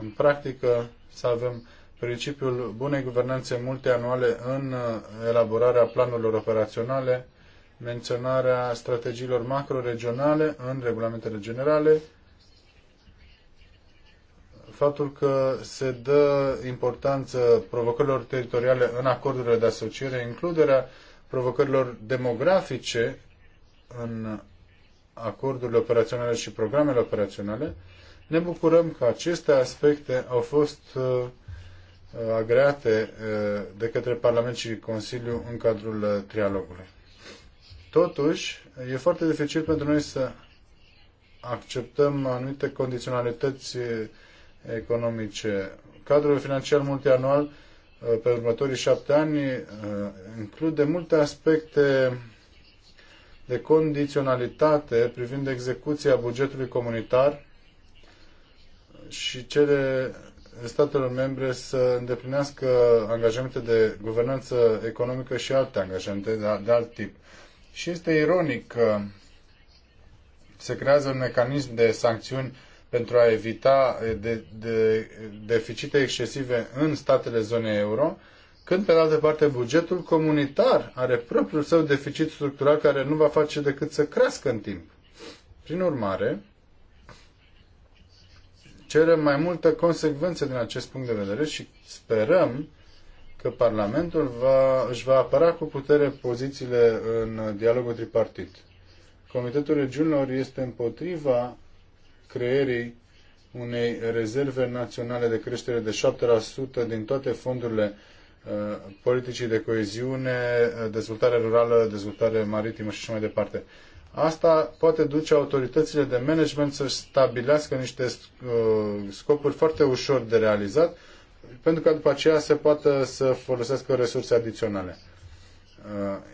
în practică să avem principiul bunei guvernanțe multianuale în uh, elaborarea planurilor operaționale, menționarea strategiilor macroregionale în regulamentele generale faptul că se dă importanță provocărilor teritoriale în acordurile de asociere, includerea provocărilor demografice în acordurile operaționale și programele operaționale, ne bucurăm că aceste aspecte au fost uh, uh, agreate uh, de către Parlament și Consiliu în cadrul trialogului. Totuși, e foarte dificil pentru noi să acceptăm anumite condiționalități economice. Cadrul financiar multianual uh, pe următorii șapte ani uh, include multe aspecte de condiționalitate privind execuția bugetului comunitar și cere statelor membre să îndeplinească angajamente de guvernanță economică și alte angajamente de alt tip. Și este ironic că se creează un mecanism de sancțiuni pentru a evita eh, de, de, deficite excesive în statele zonei euro, când, pe de altă parte, bugetul comunitar are propriul său deficit structural care nu va face decât să crească în timp. Prin urmare, cerem mai multă consecvență din acest punct de vedere și sperăm că Parlamentul va, își va apăra cu putere pozițiile în dialogul tripartit. Comitetul Regiunilor este împotriva creierii unei rezerve naționale de creștere de 7% din toate fondurile uh, politicii de coeziune, uh, dezvoltare rurală, dezvoltare maritimă și așa mai departe. Asta poate duce autoritățile de management să stabilească niște uh, scopuri foarte ușor de realizat, pentru că după aceea se poate să folosească resurse adiționale.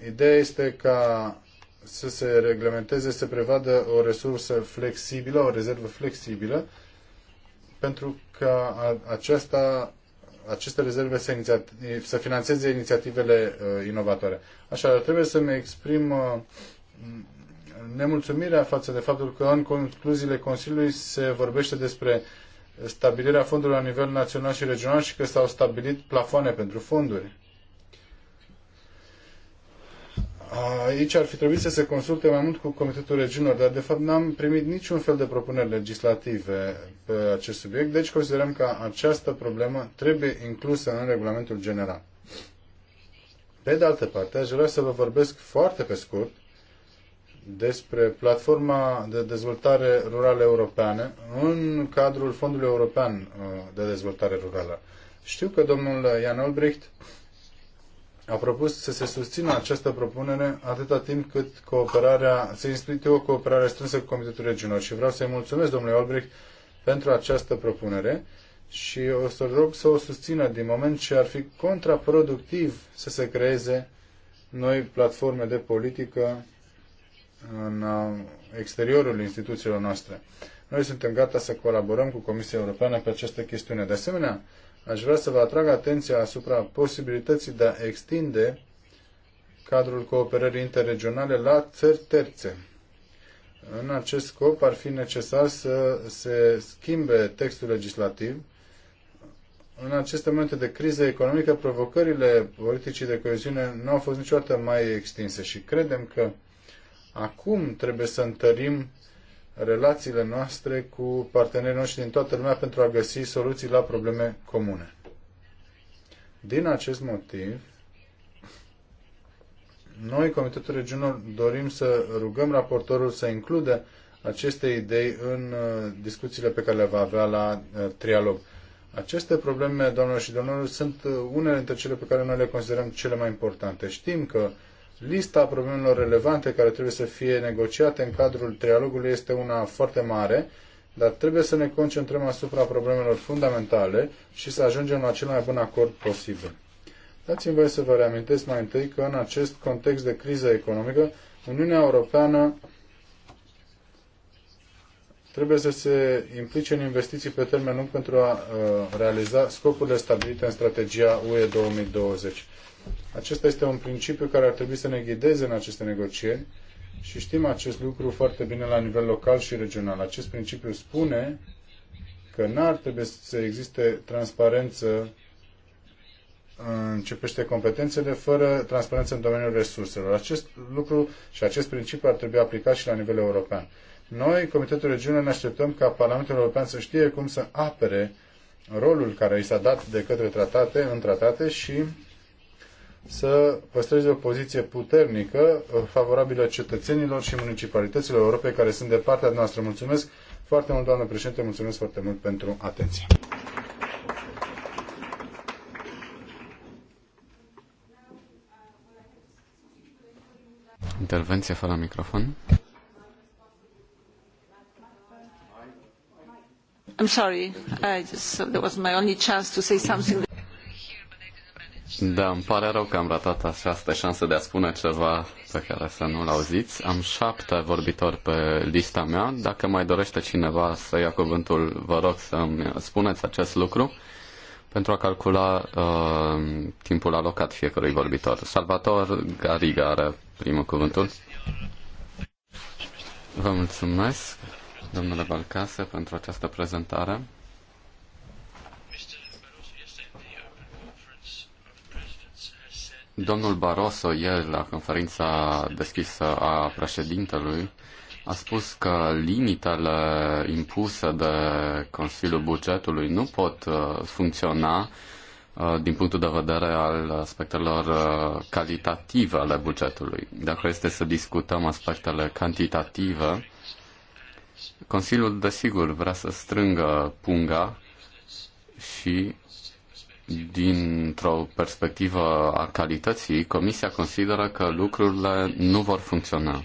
Ideea este ca să se reglementeze, să prevadă o resursă flexibilă, o rezervă flexibilă, pentru că aceasta, aceste rezerve să, inițiat- să financeze inițiativele uh, inovatoare. Așadar, trebuie să-mi exprim uh, nemulțumirea față de faptul că în concluziile Consiliului se vorbește despre stabilirea fondurilor la nivel național și regional și că s-au stabilit plafoane pentru fonduri. Aici ar fi trebuit să se consulte mai mult cu Comitetul Regiunilor, dar de fapt n-am primit niciun fel de propuneri legislative pe acest subiect, deci considerăm că această problemă trebuie inclusă în regulamentul general. Pe de altă parte, aș vrea să vă vorbesc foarte pe scurt despre platforma de dezvoltare rurală europeană în cadrul Fondului European uh, de Dezvoltare Rurală. Știu că domnul Jan Olbricht a propus să se susțină această propunere atâta timp cât cooperarea, se instituie o cooperare strânsă cu Comitetul Regiunilor. Și vreau să-i mulțumesc domnului Albrecht pentru această propunere și o să rog să o susțină din moment ce ar fi contraproductiv să se creeze noi platforme de politică în uh, exteriorul instituțiilor noastre. Noi suntem gata să colaborăm cu Comisia Europeană pe această chestiune. De asemenea, aș vrea să vă atrag atenția asupra posibilității de a extinde cadrul cooperării interregionale la țări terțe. În acest scop ar fi necesar să se schimbe textul legislativ. În aceste momente de criză economică, provocările politicii de coeziune nu au fost niciodată mai extinse și credem că acum trebuie să întărim relațiile noastre cu partenerii noștri din toată lumea pentru a găsi soluții la probleme comune. Din acest motiv, noi, Comitetul Regiunilor, dorim să rugăm raportorul să includă aceste idei în uh, discuțiile pe care le va avea la uh, trialog. Aceste probleme, doamnelor și domnilor, sunt uh, unele dintre cele pe care noi le considerăm cele mai importante. Știm că uh, Lista problemelor relevante care trebuie să fie negociate în cadrul trialogului este una foarte mare, dar trebuie să ne concentrăm asupra problemelor fundamentale și să ajungem la cel mai bun acord posibil. Dați-mi voie să vă reamintesc mai întâi că în acest context de criză economică, Uniunea Europeană trebuie să se implice în investiții pe termen lung pentru a uh, realiza scopurile stabilite în strategia UE 2020. Acesta este un principiu care ar trebui să ne ghideze în aceste negocieri și știm acest lucru foarte bine la nivel local și regional. Acest principiu spune că n-ar trebui să existe transparență începește competențele fără transparență în domeniul resurselor. Acest lucru și acest principiu ar trebui aplicat și la nivel european. Noi, Comitetul Regiunilor, ne așteptăm ca Parlamentul European să știe cum să apere rolul care i s-a dat de către tratate în tratate și să păstreze o poziție puternică uh, favorabilă cetățenilor și municipalităților Europei care sunt de partea noastră. Mulțumesc foarte mult, doamnă președinte, mulțumesc foarte mult pentru atenție. Intervenție fără microfon. I'm sorry, I just, that was my only chance to say something. Da, îmi pare rău că am ratat această șansă de a spune ceva pe care să nu-l auziți. Am șapte vorbitori pe lista mea. Dacă mai dorește cineva să ia cuvântul, vă rog să-mi spuneți acest lucru pentru a calcula uh, timpul alocat fiecărui vorbitor. Salvator Gariga are primul cuvântul. Vă mulțumesc, domnule Balcase, pentru această prezentare. Domnul Barroso ieri la conferința deschisă a președintelui a spus că limitele impuse de Consiliul Bugetului nu pot uh, funcționa uh, din punctul de vedere al aspectelor uh, calitative ale bugetului. Dacă este să discutăm aspectele cantitative, Consiliul, desigur, vrea să strângă punga și Dintr-o perspectivă a calității, Comisia consideră că lucrurile nu vor funcționa.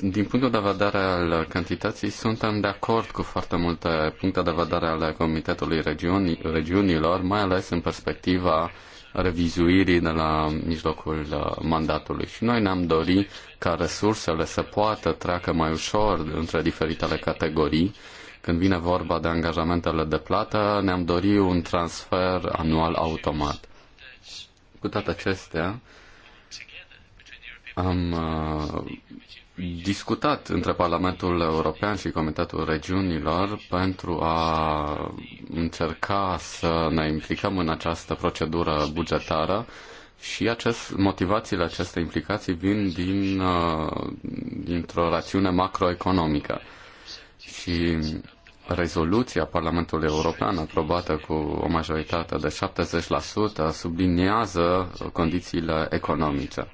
Din punctul de vedere al cantității, suntem de acord cu foarte multe puncte de vedere ale Comitetului regiuni, Regiunilor, mai ales în perspectiva revizuirii de la mijlocul uh, mandatului. Și noi ne-am dorit ca resursele să poată treacă mai ușor între diferitele categorii, când vine vorba de angajamentele de plată, ne-am dorit un transfer anual automat. Cu toate acestea, am uh, discutat între Parlamentul European și Comitetul Regiunilor pentru a încerca să ne implicăm în această procedură bugetară și acest, motivațiile acestei implicații vin din, uh, dintr-o rațiune macroeconomică și rezoluția Parlamentului European aprobată cu o majoritate de 70% subliniază condițiile economice.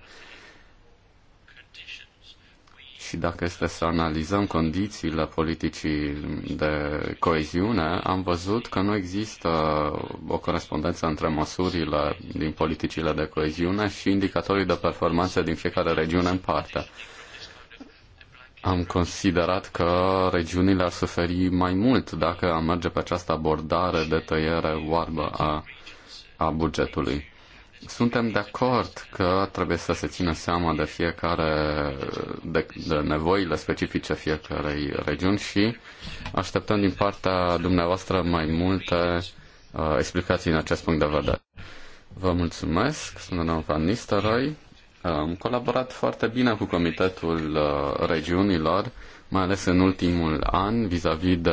Și dacă este să analizăm condițiile politicii de coeziune, am văzut că nu există o corespondență între măsurile din politicile de coeziune și indicatorii de performanță din fiecare regiune în parte. Am considerat că regiunile ar suferi mai mult dacă am merge pe această abordare de tăiere oarbă a, a bugetului. Suntem de acord că trebuie să se țină seama de fiecare, de, de nevoile specifice fiecarei regiuni și așteptăm din partea dumneavoastră mai multe uh, explicații în acest punct de vedere. Vă mulțumesc, sunt Van Nistelrooy am colaborat foarte bine cu Comitetul uh, Regiunilor, mai ales în ultimul an, vis-a-vis -vis de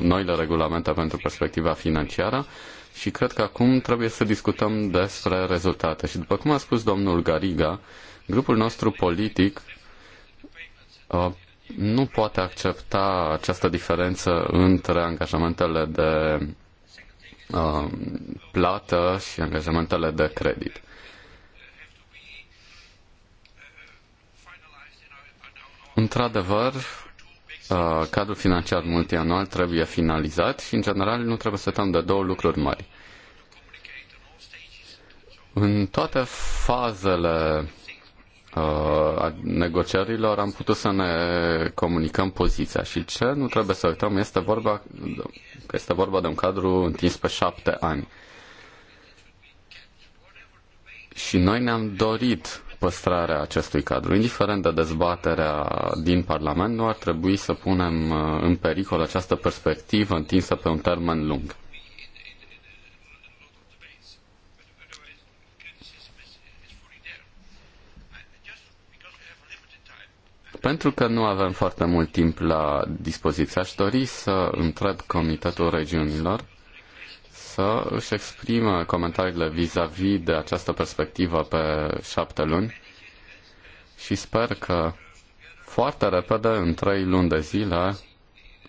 noile regulamente pentru perspectiva financiară și cred că acum trebuie să discutăm despre rezultate. Și după cum a spus domnul Gariga, grupul nostru politic uh, nu poate accepta această diferență între angajamentele de uh, plată și angajamentele de credit. Într-adevăr, uh, cadrul financiar multianual trebuie finalizat și, în general, nu trebuie să stăm de două lucruri mari. În toate fazele uh, a negocierilor am putut să ne comunicăm poziția și ce nu trebuie să uităm este vorba că este vorba de un cadru întins pe șapte ani. Și noi ne-am dorit păstrarea acestui cadru. Indiferent de dezbaterea din Parlament, nu ar trebui să punem uh, în pericol această perspectivă întinsă pe un termen lung. Pentru că nu avem foarte mult timp la dispoziție, aș dori să întreb Comitetul Regiunilor să își exprimă comentariile vis a -vis de această perspectivă pe șapte luni și sper că foarte repede, în trei luni de zile,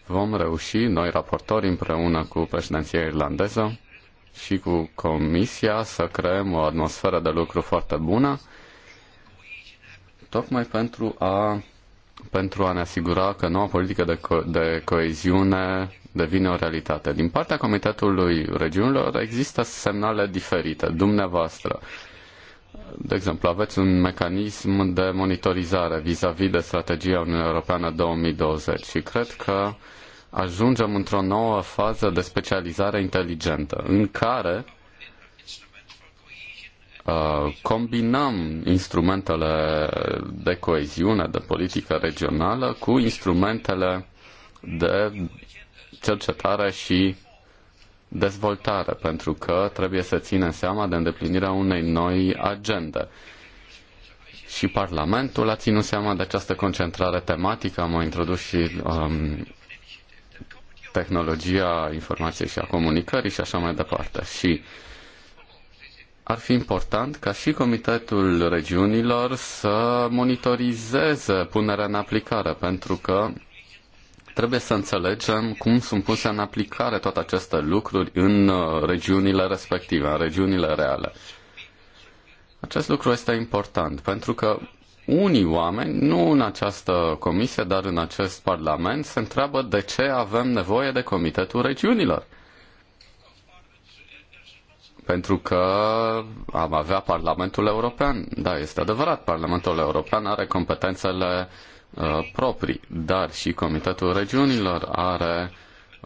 vom reuși, noi raportori împreună cu președinția irlandeză și cu Comisia, să creăm o atmosferă de lucru foarte bună, tocmai pentru a pentru a ne asigura că noua politică de, co- de coeziune devine o realitate. Din partea Comitetului Regiunilor există semnale diferite. Dumneavoastră, de exemplu, aveți un mecanism de monitorizare vis-a-vis -vis de strategia Uniunii Europeană 2020 și cred că ajungem într-o nouă fază de specializare inteligentă în care Uh, combinăm instrumentele de coeziune, de politică regională cu instrumentele de cercetare și dezvoltare, pentru că trebuie să ținem seama de îndeplinirea unei noi agende. Și Parlamentul a ținut seama de această concentrare tematică, am introdus și um, tehnologia informației și a comunicării și așa mai departe. Și uh, ar fi important ca și Comitetul Regiunilor să monitorizeze punerea în aplicare, pentru că trebuie să înțelegem cum sunt puse în aplicare toate aceste lucruri în uh, regiunile respective, în regiunile reale. Acest lucru este important, pentru că unii oameni, nu în această comisie, dar în acest parlament, se întreabă de ce avem nevoie de Comitetul Regiunilor pentru că am avea Parlamentul European. Da, este adevărat, Parlamentul European are competențele uh, proprii, dar și Comitetul Regiunilor are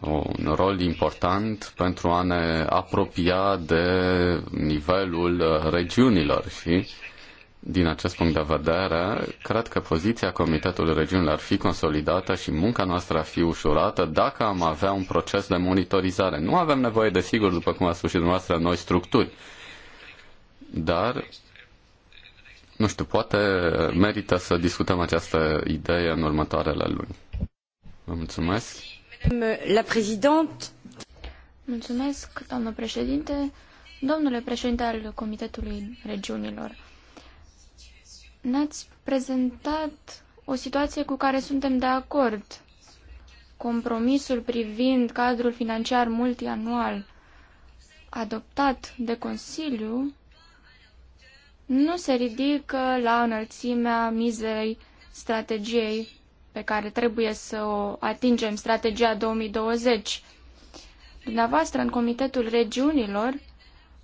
un rol important pentru a ne apropia de nivelul uh, regiunilor și din acest punct de vedere, cred că poziția Comitetului Regiunilor ar fi consolidată și munca noastră ar fi ușurată dacă am avea un proces de monitorizare. Nu avem nevoie, desigur, după cum a spus și dumneavoastră, noi structuri. Dar, nu știu, poate merită să discutăm această idee în următoarele luni. Vă mulțumesc. La președinte. Mulțumesc, doamnă președinte. Domnule președinte al Comitetului Regiunilor. Ne-ați prezentat o situație cu care suntem de acord. Compromisul privind cadrul financiar multianual adoptat de Consiliu nu se ridică la înălțimea mizei strategiei pe care trebuie să o atingem, strategia 2020. Dumneavoastră, în Comitetul Regiunilor,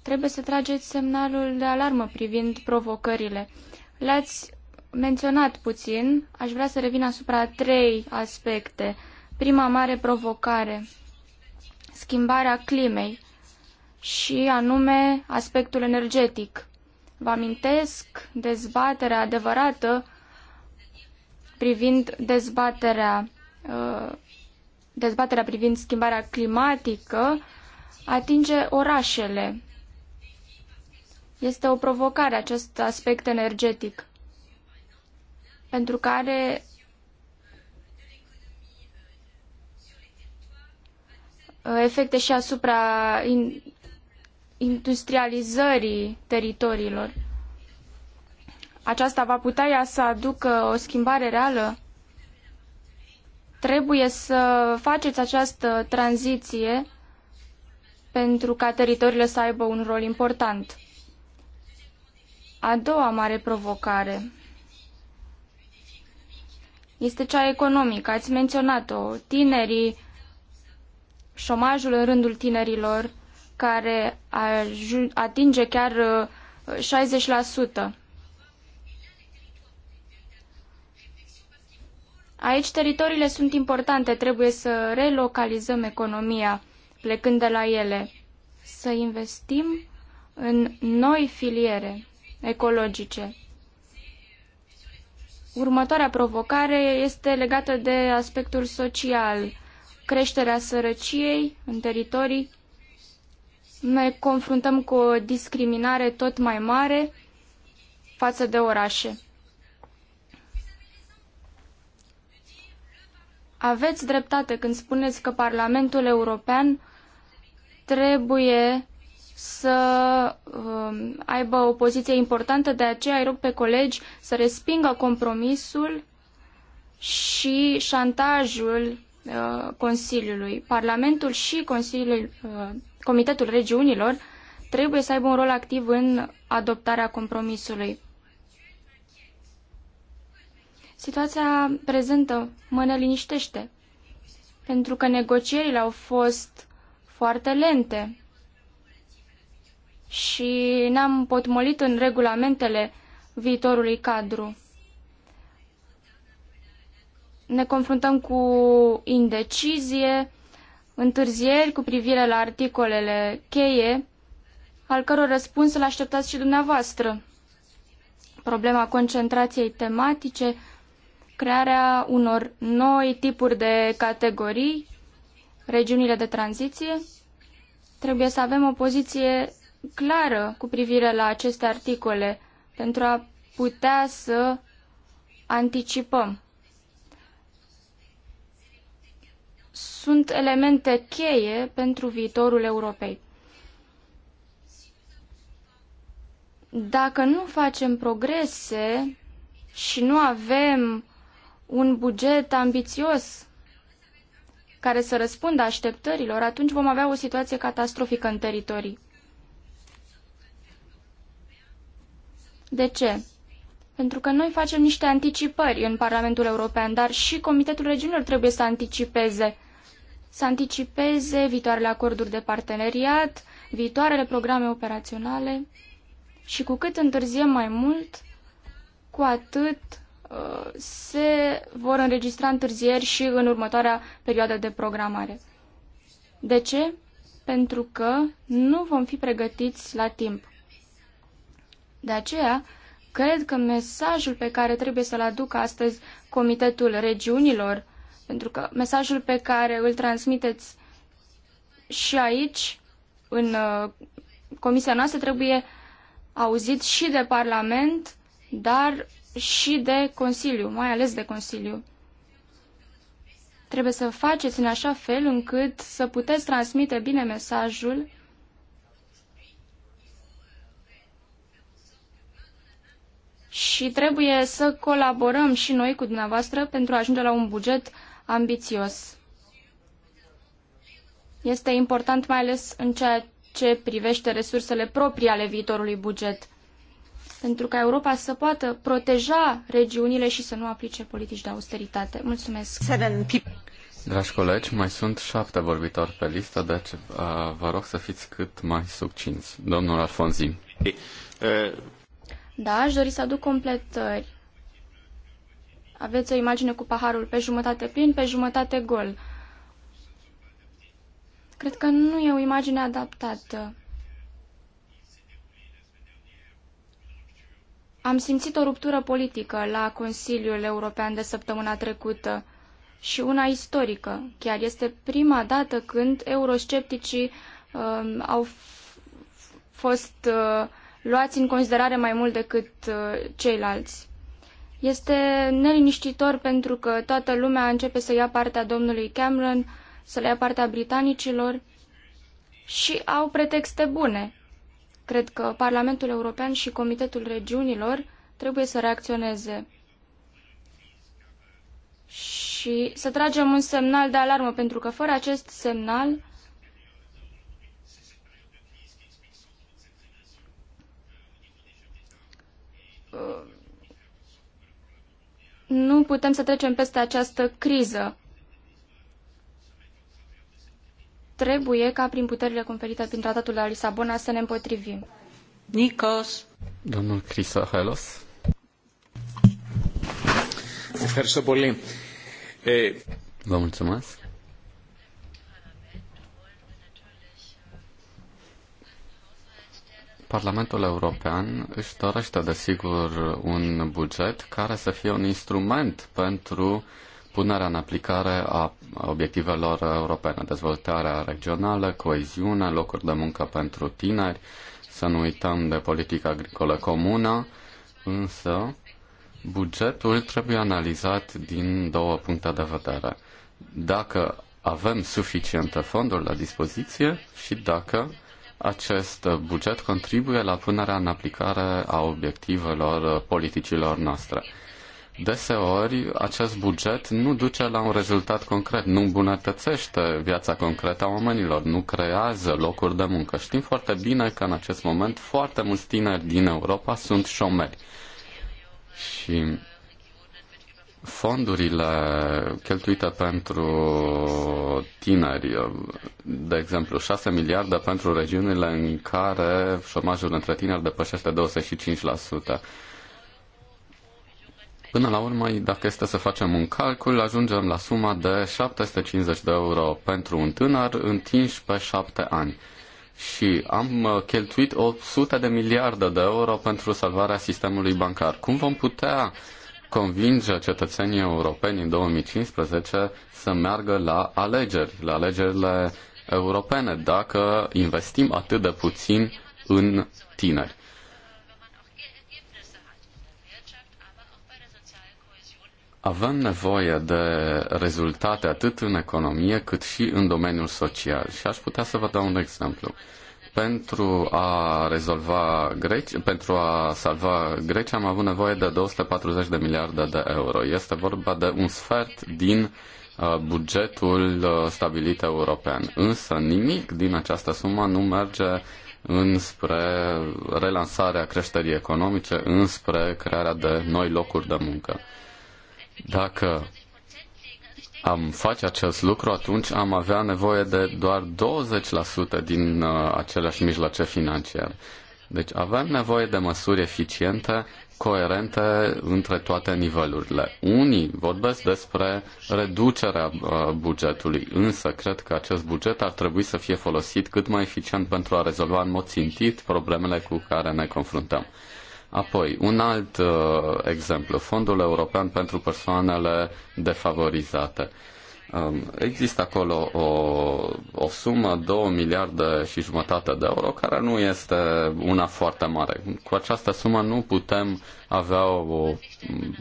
trebuie să trageți semnalul de alarmă privind provocările le-ați menționat puțin, aș vrea să revin asupra trei aspecte. Prima mare provocare, schimbarea climei și anume aspectul energetic. Vă amintesc dezbaterea adevărată privind dezbaterea, uh, dezbaterea privind schimbarea climatică atinge orașele este o provocare acest aspect energetic, pentru care efecte și asupra industrializării teritoriilor. Aceasta va putea ea să aducă o schimbare reală? Trebuie să faceți această tranziție pentru ca teritoriile să aibă un rol important. A doua mare provocare este cea economică. Ați menționat-o. Tinerii, șomajul în rândul tinerilor, care atinge chiar 60%. Uh, Aici teritoriile sunt importante, trebuie să relocalizăm economia plecând de la ele, să investim în noi filiere ecologice. Următoarea provocare este legată de aspectul social, creșterea sărăciei în teritorii. Ne confruntăm cu o discriminare tot mai mare față de orașe. Aveți dreptate când spuneți că Parlamentul European trebuie să um, aibă o poziție importantă, de aceea îi rog pe colegi să respingă compromisul și șantajul uh, Consiliului. Parlamentul și Consiliul, uh, Comitetul Regiunilor trebuie să aibă un rol activ în adoptarea compromisului. Situația prezentă mă neliniștește, pentru că negocierile au fost foarte lente și ne-am potmolit în regulamentele viitorului cadru. Ne confruntăm cu indecizie, întârzieri cu privire la articolele cheie, al căror răspuns îl așteptați și dumneavoastră. Problema concentrației tematice, crearea unor noi tipuri de categorii, regiunile de tranziție. Trebuie să avem o poziție clară cu privire la aceste articole pentru a putea să anticipăm. Sunt elemente cheie pentru viitorul Europei. Dacă nu facem progrese și nu avem un buget ambițios care să răspundă așteptărilor, atunci vom avea o situație catastrofică în teritorii. De ce? Pentru că noi facem niște anticipări în Parlamentul European, dar și Comitetul Regiunilor trebuie să anticipeze. Să anticipeze viitoarele acorduri de parteneriat, viitoarele programe operaționale și cu cât întârziem mai mult, cu atât uh, se vor înregistra întârzieri și în următoarea perioadă de programare. De ce? Pentru că nu vom fi pregătiți la timp. De aceea, cred că mesajul pe care trebuie să-l aduc astăzi Comitetul Regiunilor, pentru că mesajul pe care îl transmiteți și aici, în uh, comisia noastră, trebuie auzit și de Parlament, dar și de Consiliu, mai ales de Consiliu. Trebuie să faceți în așa fel încât să puteți transmite bine mesajul și trebuie să colaborăm și noi cu dumneavoastră pentru a ajunge la un buget ambițios. Este important mai ales în ceea ce privește resursele proprii ale viitorului buget, pentru ca Europa să poată proteja regiunile și să nu aplice politici de austeritate. Mulțumesc! Dragi colegi, mai sunt șapte vorbitori pe listă, deci uh, vă rog să fiți cât mai succinți. Domnul Alfonzi. Eh, da, aș dori să aduc completări. Aveți o imagine cu paharul pe jumătate plin, pe jumătate gol. Cred că nu e o imagine adaptată. Am simțit o ruptură politică la Consiliul European de săptămâna trecută și una istorică. Chiar este prima dată când euroscepticii uh, au fost uh, luați în considerare mai mult decât uh, ceilalți. Este neliniștitor pentru că toată lumea începe să ia partea domnului Cameron, să le ia partea britanicilor și au pretexte bune. Cred că Parlamentul European și Comitetul Regiunilor trebuie să reacționeze și să tragem un semnal de alarmă, pentru că fără acest semnal nu putem să trecem peste această criză. Trebuie ca prin puterile conferite prin tratatul la Lisabona să ne împotrivim. Nikos. Domnul Crisohelos. Vă mulțumesc. Parlamentul European își dorește, desigur, un buget care să fie un instrument pentru punerea în aplicare a obiectivelor europene, dezvoltarea regională, coeziune, locuri de muncă pentru tineri, să nu uităm de politica agricolă comună, însă bugetul trebuie analizat din două puncte de vedere. Dacă avem suficiente fonduri la dispoziție și dacă acest buget contribuie la punerea în aplicare a obiectivelor politicilor noastre. Deseori, acest buget nu duce la un rezultat concret, nu îmbunătățește viața concretă a oamenilor, nu creează locuri de muncă. Știm foarte bine că în acest moment foarte mulți tineri din Europa sunt șomeri. Și fondurile cheltuite pentru tineri, de exemplu 6 miliarde pentru regiunile în care șomajul între tineri depășește 25%. Până la urmă, dacă este să facem un calcul, ajungem la suma de 750 de euro pentru un tânăr întinși pe 7 ani. Și am uh, cheltuit 800 de miliarde de euro pentru salvarea sistemului bancar. Cum vom putea uh, convinge cetățenii europeni în 2015 să meargă la alegeri, la alegerile europene, dacă investim atât de puțin în tineri. Avem nevoie de rezultate atât în economie cât și în domeniul social și aș putea să vă dau un exemplu pentru a rezolva Greci, pentru a salva Grecia am avut nevoie de 240 de miliarde de euro. Este vorba de un sfert din uh, bugetul uh, stabilit european. Însă nimic din această sumă nu merge înspre relansarea creșterii economice, înspre crearea de noi locuri de muncă. Dacă am face acest lucru, atunci am avea nevoie de doar 20% din uh, aceleași mijloace financiare. Deci avem nevoie de măsuri eficiente, coerente între toate nivelurile. Unii vorbesc despre reducerea uh, bugetului, însă cred că acest buget ar trebui să fie folosit cât mai eficient pentru a rezolva în mod țintit problemele cu care ne confruntăm. Apoi, un alt uh, exemplu, Fondul European pentru Persoanele Defavorizate. Um, există acolo o, o sumă, 2 miliarde și jumătate de euro, care nu este una foarte mare. Cu această sumă nu putem avea o,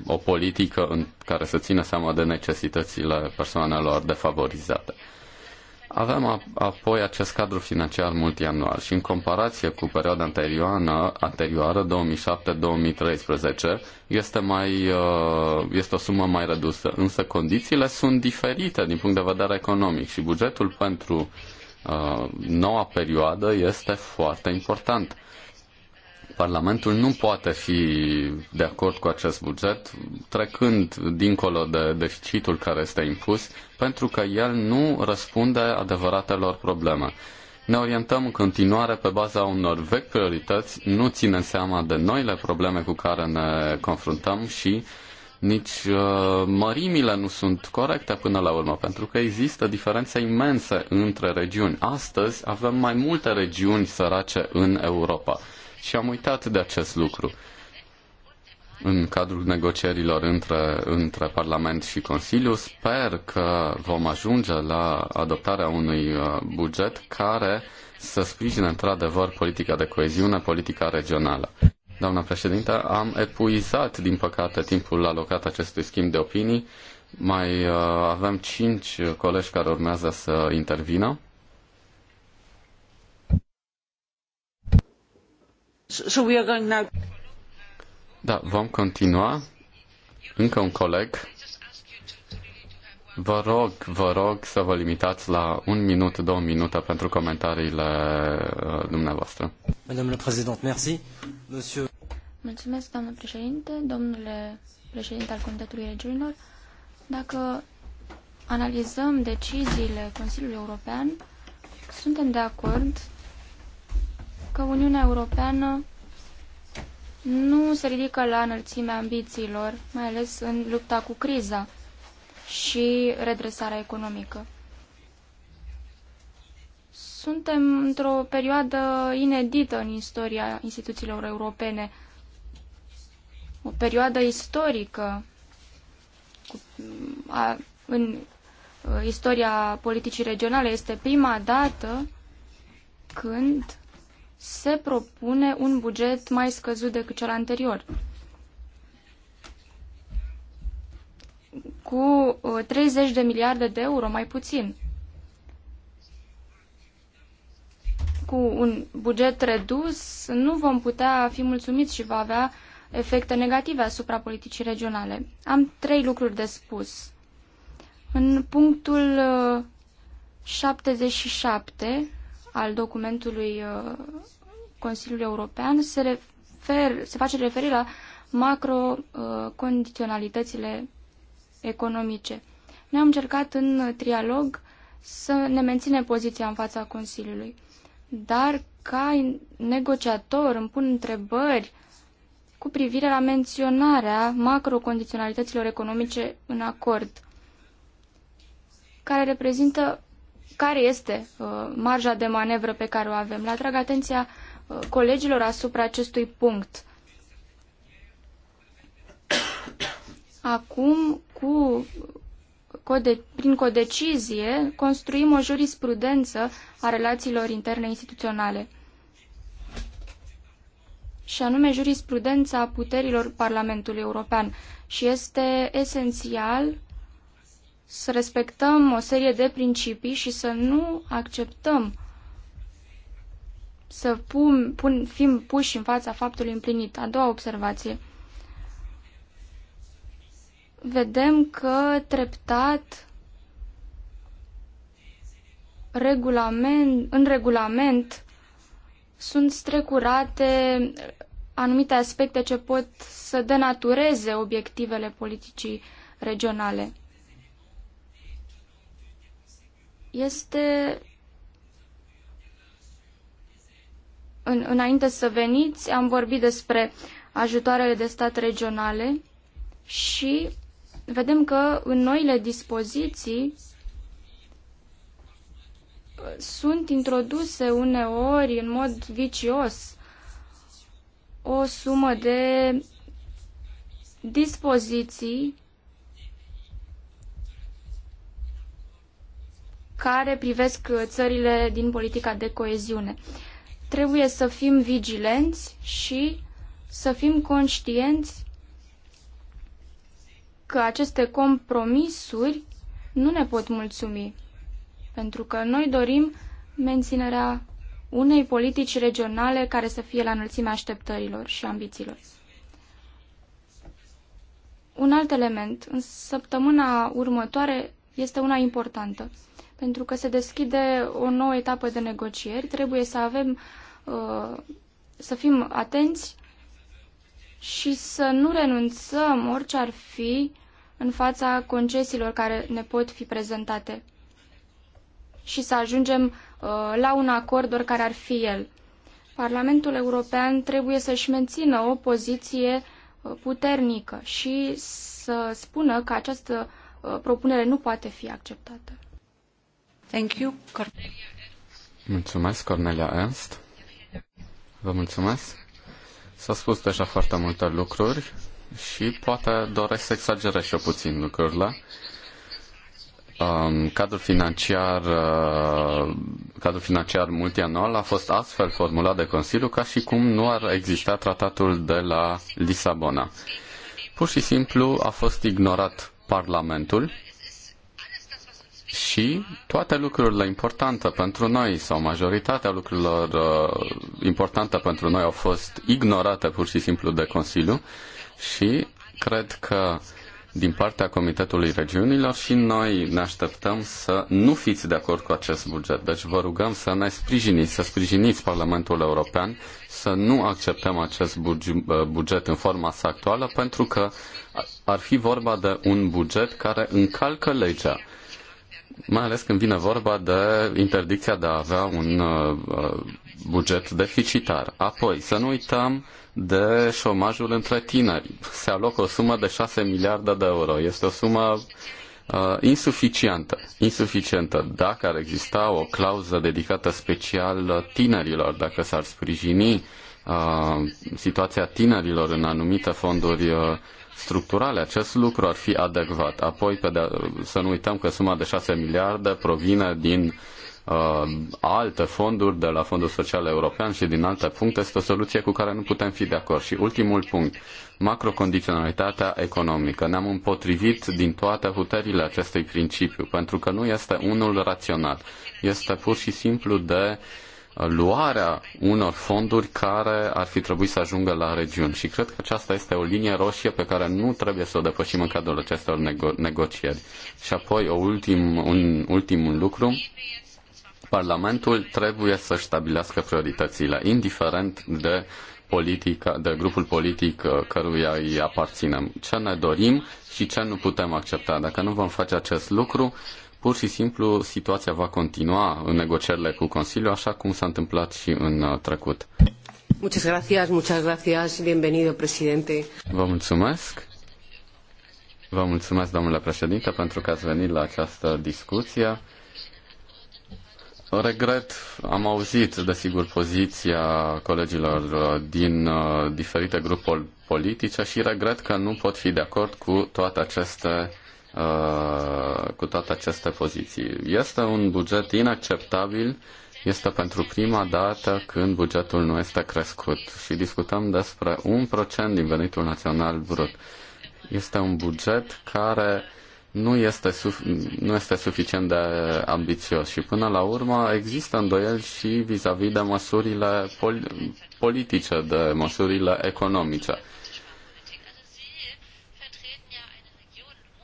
o politică în care să țină seama de necesitățile persoanelor defavorizate. Avem apoi acest cadru financiar multianual și în comparație cu perioada anterioară, anterioară 2007-2013, este, mai, uh, este o sumă mai redusă, însă condițiile sunt diferite din punct de vedere economic și bugetul pentru uh, noua perioadă este foarte important. Parlamentul nu poate fi de acord cu acest buget, trecând dincolo de deficitul care este impus, pentru că el nu răspunde adevăratelor probleme. Ne orientăm în continuare pe baza unor vechi priorități, nu ținem seama de noile probleme cu care ne confruntăm și nici uh, mărimile nu sunt corecte până la urmă, pentru că există diferențe imense între regiuni. Astăzi avem mai multe regiuni sărace în Europa și am uitat de acest lucru. În cadrul negocierilor între, între Parlament și Consiliu, sper că vom ajunge la adoptarea unui uh, buget care să sprijine într-adevăr politica de coeziune, politica regională. Doamna președinte, am epuizat, din păcate, timpul alocat acestui schimb de opinii. Mai uh, avem cinci colegi care urmează să intervină. So we are going now... Da, vom continua. Încă un coleg. Vă rog, vă rog să vă limitați la un minut, două minute pentru comentariile uh, dumneavoastră. Madame la merci. Monsieur... Mulțumesc, doamnă președinte, domnule președinte al Comitetului Regiunilor. Dacă analizăm deciziile Consiliului European, suntem de acord că Uniunea Europeană nu se ridică la înălțimea ambițiilor, mai ales în lupta cu criza și redresarea economică. Suntem într-o perioadă inedită în istoria instituțiilor europene, o perioadă istorică cu, a, în uh, istoria politicii regionale. Este prima dată când se propune un buget mai scăzut decât cel anterior. cu 30 uh, de miliarde de euro, mai puțin. Cu un buget redus nu vom putea fi mulțumiți și va avea efecte negative asupra politicii regionale. Am trei lucruri de spus. În punctul 77 uh, al documentului uh, Consiliul European se, refer, se face referire la macrocondiționalitățile uh, economice. Noi am încercat în trialog să ne menținem poziția în fața Consiliului, dar ca negociator îmi pun întrebări cu privire la menționarea macrocondiționalităților economice în acord, care reprezintă care este uh, marja de manevră pe care o avem. Le atrag atenția colegilor asupra acestui punct. Acum, cu, code, prin codecizie, construim o jurisprudență a relațiilor interne instituționale și anume jurisprudența puterilor Parlamentului European și este esențial să respectăm o serie de principii și să nu acceptăm să pun, pun, fim puși în fața faptului împlinit. A doua observație. Vedem că treptat regulament, în regulament sunt strecurate anumite aspecte ce pot să denatureze obiectivele politicii regionale. Este în, înainte să veniți, am vorbit despre ajutoarele de stat regionale și vedem că în noile dispoziții sunt introduse uneori în mod vicios o sumă de dispoziții care privesc țările din politica de coeziune. Uh, trebuie să fim vigilenți și să fim conștienți că aceste compromisuri nu ne pot mulțumi, pentru că noi dorim menținerea unei politici regionale care să fie la înălțimea așteptărilor și ambițiilor. Un alt element, în săptămâna următoare, este una importantă, pentru că se deschide o nouă etapă de negocieri. Trebuie să avem Uh, să fim atenți și să nu renunțăm orice ar fi în fața concesiilor care ne pot fi prezentate și să ajungem uh, la un acord oricare ar fi el. Parlamentul European trebuie să-și mențină o poziție uh, puternică și să spună că această propunere nu poate fi acceptată. Thank you, Cornelia Ernst. Mulțumesc, Cornelia Ernst. Vă mulțumesc. S-a spus deja foarte multe lucruri și poate doresc să exagerez și eu puțin lucrurile. Um, cadrul financiar uh, cadrul financiar multianual a fost astfel formulat de Consiliu ca și cum nu ar exista tratatul de la Lisabona. Pur și simplu a fost ignorat Parlamentul și toate lucrurile importante pentru noi sau majoritatea lucrurilor uh, importante pentru noi au fost ignorate pur și simplu de Consiliu și cred că din partea Comitetului Regiunilor și noi ne așteptăm să nu fiți de acord cu acest buget. Deci vă rugăm să ne sprijiniți, să sprijiniți Parlamentul European, să nu acceptăm acest uh, buget în forma sa actuală, pentru că ar fi vorba de un buget care încalcă legea mai ales când vine vorba de interdicția de a avea un uh, uh, buget deficitar. Apoi, să nu uităm de șomajul între tineri. Se alocă o sumă de 6 miliarde de euro. Este o sumă uh, insuficientă. Insuficientă. Dacă ar exista o clauză dedicată special tinerilor, dacă s-ar sprijini uh, situația tinerilor în anumite fonduri uh, structurale, acest lucru ar fi adecvat. Apoi, pe de, să nu uităm că suma de 6 miliarde provine din uh, alte fonduri, de la Fondul Social European și din alte puncte. Este o soluție cu care nu putem fi de acord. Și ultimul punct, macrocondiționalitatea economică. Ne-am împotrivit din toate puterile acestui principiu, pentru că nu este unul rațional. Este pur și simplu de uh, luarea unor fonduri care ar fi trebuit să ajungă la regiuni. Și cred că aceasta este o linie roșie pe care nu trebuie să o depășim în cadrul acestor nego- negocieri. Și apoi, o ultim, un ultim lucru, Parlamentul trebuie să stabilească prioritățile, indiferent de politica, de grupul politic uh, căruia îi aparținem. Ce ne dorim și ce nu putem accepta. Dacă nu vom face acest lucru, Pur și simplu, situația va continua în negocierile cu Consiliul, așa cum s-a întâmplat și în uh, trecut. Muchas gracias, muchas gracias. Bienvenido, presidente. Vă mulțumesc. Vă mulțumesc, domnule președinte, pentru că ați venit la această discuție. Regret, am auzit, desigur, poziția colegilor uh, din uh, diferite grupuri politice și regret că nu pot fi de acord cu toate aceste Uh, cu toate aceste poziții. Este un buget inacceptabil, este pentru prima dată când bugetul nu este crescut și discutăm despre un procent din venitul național brut. Este un buget care nu este, nu este suficient de ambițios și până la urmă există îndoieli și vis-a-vis -vis de măsurile pol- politice, de măsurile economice.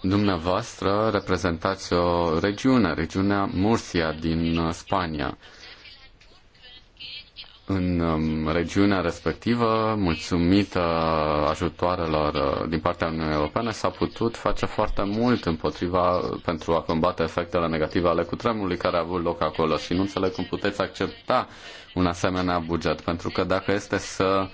Dumneavoastră reprezentați o regiune, regiunea Murcia din uh, Spania. În um, regiunea respectivă, mulțumită ajutoarelor uh, din partea Uniunii Europene, s-a putut face foarte mult împotriva pentru a combate efectele negative ale cutremurului care a avut loc acolo și nu înțeleg cum puteți accepta un asemenea buget, pentru că dacă este să uh,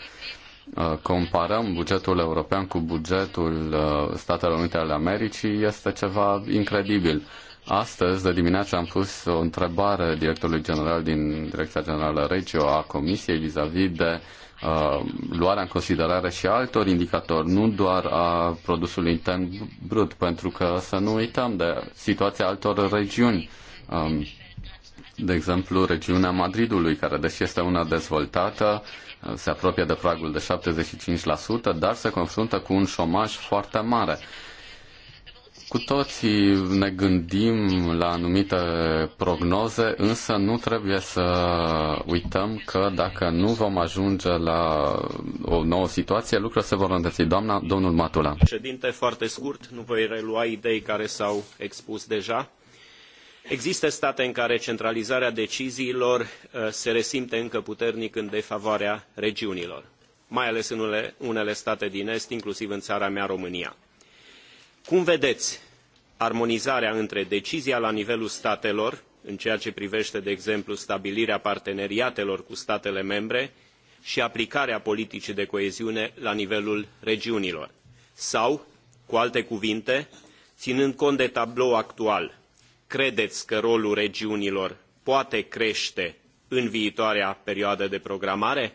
Uh, comparăm bugetul european cu bugetul uh, Statelor Unite ale Americii este ceva incredibil. Astăzi, de dimineață, am pus o întrebare directorului general din Direcția Generală Regio a Comisiei vis-a-vis -vis de uh, luarea în considerare și altor indicatori, nu doar a produsului intern brut, pentru că să nu uităm de situația altor regiuni. Um, de exemplu, regiunea Madridului, care, deși este una dezvoltată, uh, se apropie de pragul de 75%, dar se confruntă cu un șomaj foarte mare. Cu toții ne gândim la anumite prognoze, însă nu trebuie să uităm că dacă nu vom ajunge la o nouă situație, lucrurile se vor îndrepti. Doamna, domnul Matula. Președinte, foarte scurt, nu voi relua idei care s-au expus deja Există state în care centralizarea deciziilor uh, se resimte încă puternic în defavoarea regiunilor, mai ales în unele, state din Est, inclusiv în țara mea, România. Cum vedei armonizarea între decizia la nivelul statelor, în ceea ce privete de exemplu, stabilirea parteneriatelor cu statele membre și aplicarea politicii de coeziune la nivelul regiunilor? Sau, cu alte cuvinte, inând cont de tabloul actual, credeți că rolul regiunilor poate crește în viitoarea perioadă de programare?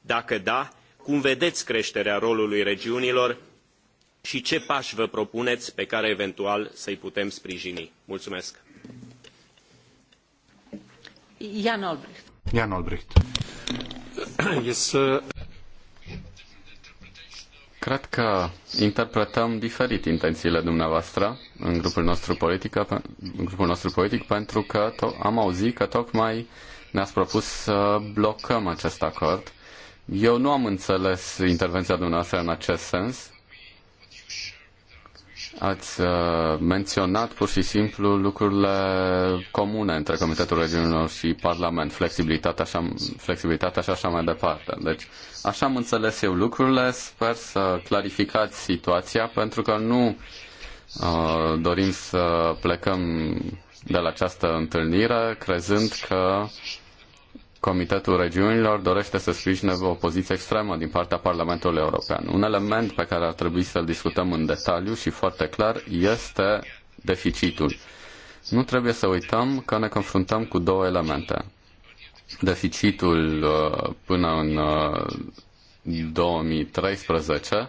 Dacă da, cum vedeți creșterea rolului regiunilor și ce pași vă propuneți pe care eventual să-i putem sprijini? Mulțumesc! Jan Olbricht. Jan Olbricht. yes, Cred că interpretăm diferit intențiile dumneavoastră în grupul nostru politic, în grupul nostru politic pentru că am auzit că tocmai ne-ați propus să blocăm acest acord. Eu nu am înțeles intervenția dumneavoastră în acest sens Ați uh, menționat pur și simplu lucrurile comune între Comitetul Regiunilor și Parlament, flexibilitatea, așa, flexibilitatea și așa mai departe. Deci, așa am înțeles eu lucrurile, sper să clarificați situația, pentru că nu uh, dorim să plecăm de la această întâlnire crezând că uh, Comitetul Regiunilor dorește să sprijine o poziție extremă din partea Parlamentului European. Un element pe care ar trebui să-l discutăm în detaliu și foarte clar este deficitul. Nu trebuie să uităm că ne confruntăm cu două elemente. Deficitul uh, până în 2013 uh,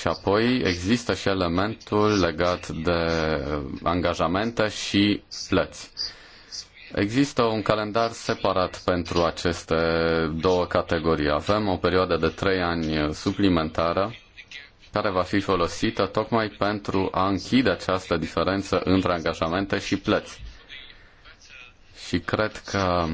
și apoi există și elementul legat de angajamente și plăți. Există un calendar separat pentru aceste două categorii. Avem o perioadă de trei ani suplimentară care va fi folosită tocmai pentru a închide această diferență între angajamente și plăți. Și cred că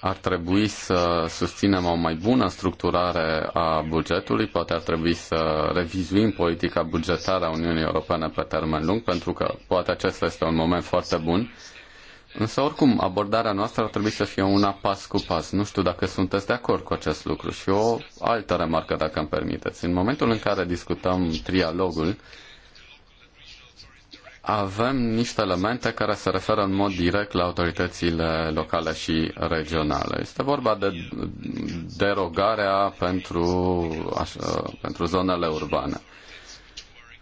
ar trebui să susținem o mai bună structurare a bugetului, poate ar trebui să revizuim politica bugetară a Uniunii Europene pe termen lung, pentru că poate acesta este un moment foarte bun Însă, oricum, abordarea noastră ar trebui să fie una pas cu pas. Nu știu dacă sunteți de acord cu acest lucru. Și o altă remarcă, dacă îmi permiteți. În momentul în care discutăm trialogul, avem niște elemente care se referă în mod direct la autoritățile locale și regionale. Este vorba de derogarea pentru, așa, pentru zonele urbane.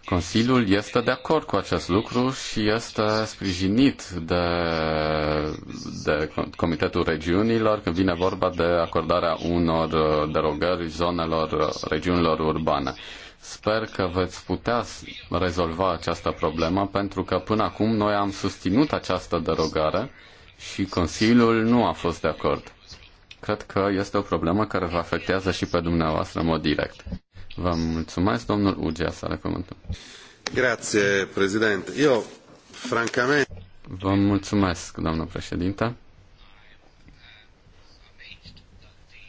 Consiliul este de acord cu acest lucru și este sprijinit de, de Comitetul Regiunilor când vine vorba de acordarea unor uh, derogări zonelor, uh, regiunilor urbane. Sper că veți putea rezolva această problemă pentru că până acum noi am susținut această derogare și Consiliul nu a fost de acord. Cred că este o problemă care vă afectează și pe dumneavoastră în mod direct. Vă mulțumesc, domnul Ugea, să le cuvântul. Grazie, președinte. Eu, francamente... Vă mulțumesc, domnul președinte.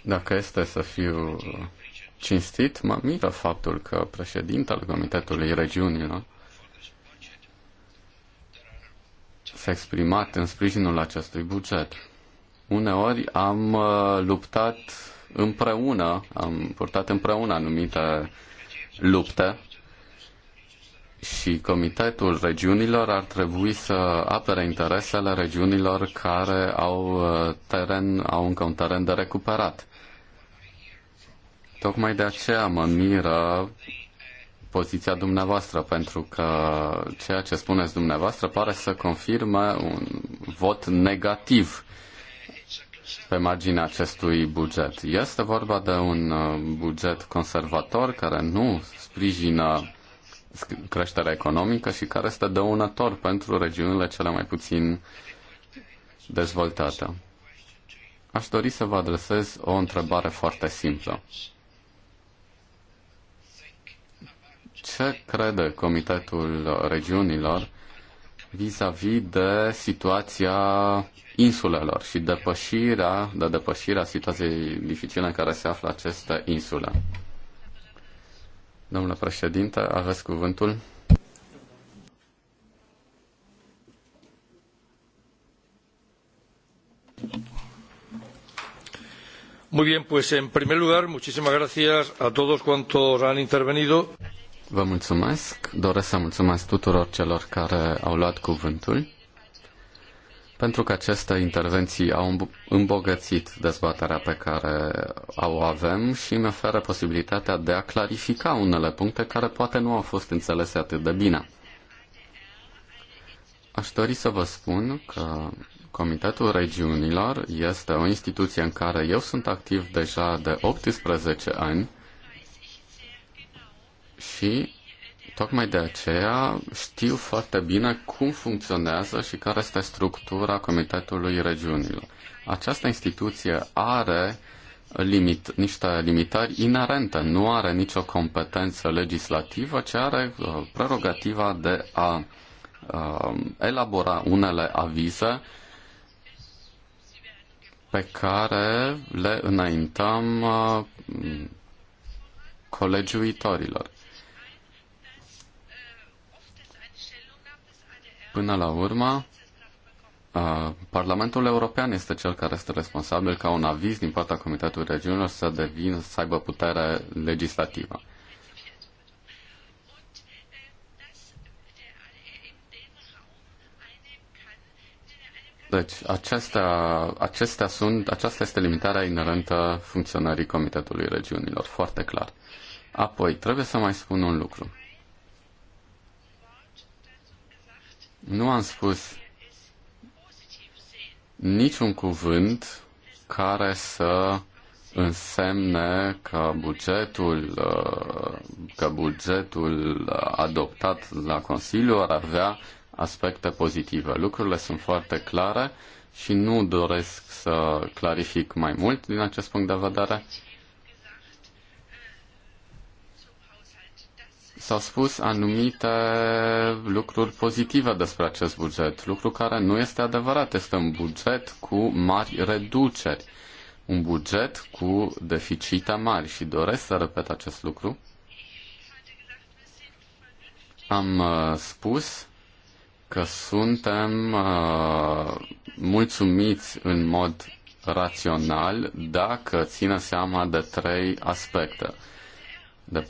Dacă este să fiu cinstit, mă miră faptul că președintele Comitetului Regiunilor s-a exprimat în sprijinul acestui buget. Uneori am uh, luptat împreună, am purtat împreună anumite lupte și Comitetul Regiunilor ar trebui să apere interesele regiunilor care au, uh, teren, au încă un teren de recuperat. Tocmai de aceea mă miră poziția dumneavoastră, pentru că ceea ce spuneți dumneavoastră pare să confirme un vot negativ pe marginea acestui buget. Este vorba de un uh, buget conservator care nu sprijină creșterea economică și care este dăunător pentru regiunile cele mai puțin dezvoltate. Aș dori să vă adresez o întrebare foarte simplă. Ce crede Comitetul Regiunilor vis-a-vis -vis de situația insulelor și depășirea, de depășirea situației dificile în care se află această insulă. Domnule președinte, aveți cuvântul. Muy bien, pues en primer lugar, muchísimas gracias a todos cuantos han intervenido. Vă mulțumesc. Doresc să mulțumesc tuturor celor care au luat cuvântul pentru că aceste intervenții au îmbogățit dezbaterea pe care o avem și îmi oferă posibilitatea de a clarifica unele puncte care poate nu au fost înțelese atât de bine. Aș dori să vă spun că Comitetul Regiunilor este o instituție în care eu sunt activ deja de 18 ani și Tocmai de aceea știu foarte bine cum funcționează și care este structura Comitetului Regiunilor. Această instituție are limit, niște limitări inerente, nu are nicio competență legislativă, ci are uh, prerogativa de a um, elabora unele avize pe care le înaintăm uh, colegiuitorilor. Până la urmă, Parlamentul European este cel care este responsabil ca un aviz din partea Comitetului Regiunilor să devină, să aibă putere legislativă. Deci, acestea, acestea sunt, aceasta este limitarea inerentă funcționării Comitetului Regiunilor, foarte clar. Apoi, trebuie să mai spun un lucru. Nu am spus niciun cuvânt care să însemne că bugetul, uh, că bugetul adoptat la Consiliu ar avea aspecte pozitive. Lucrurile sunt foarte clare și nu doresc să clarific mai mult din acest punct de vedere. s-au spus anumite lucruri pozitive despre acest buget, lucru care nu este adevărat. Este un buget cu mari reduceri, un buget cu deficite mari și doresc să repet acest lucru. Am uh, spus că suntem uh, mulțumiți în mod rațional dacă ține seama de trei aspecte de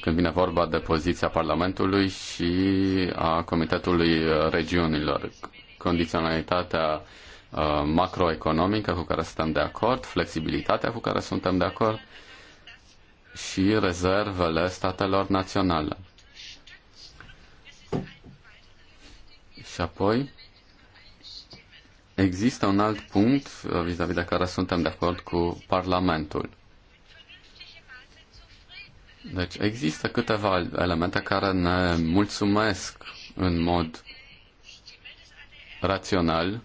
când vine vorba de poziția Parlamentului și a Comitetului Regiunilor. Condiționalitatea uh, macroeconomică cu care suntem de acord, flexibilitatea cu care suntem de acord și rezervele statelor naționale. Și apoi există un alt punct uh, vis-a-vis -vis de care suntem de acord cu Parlamentul deci există câteva elemente care ne mulțumesc în mod rațional,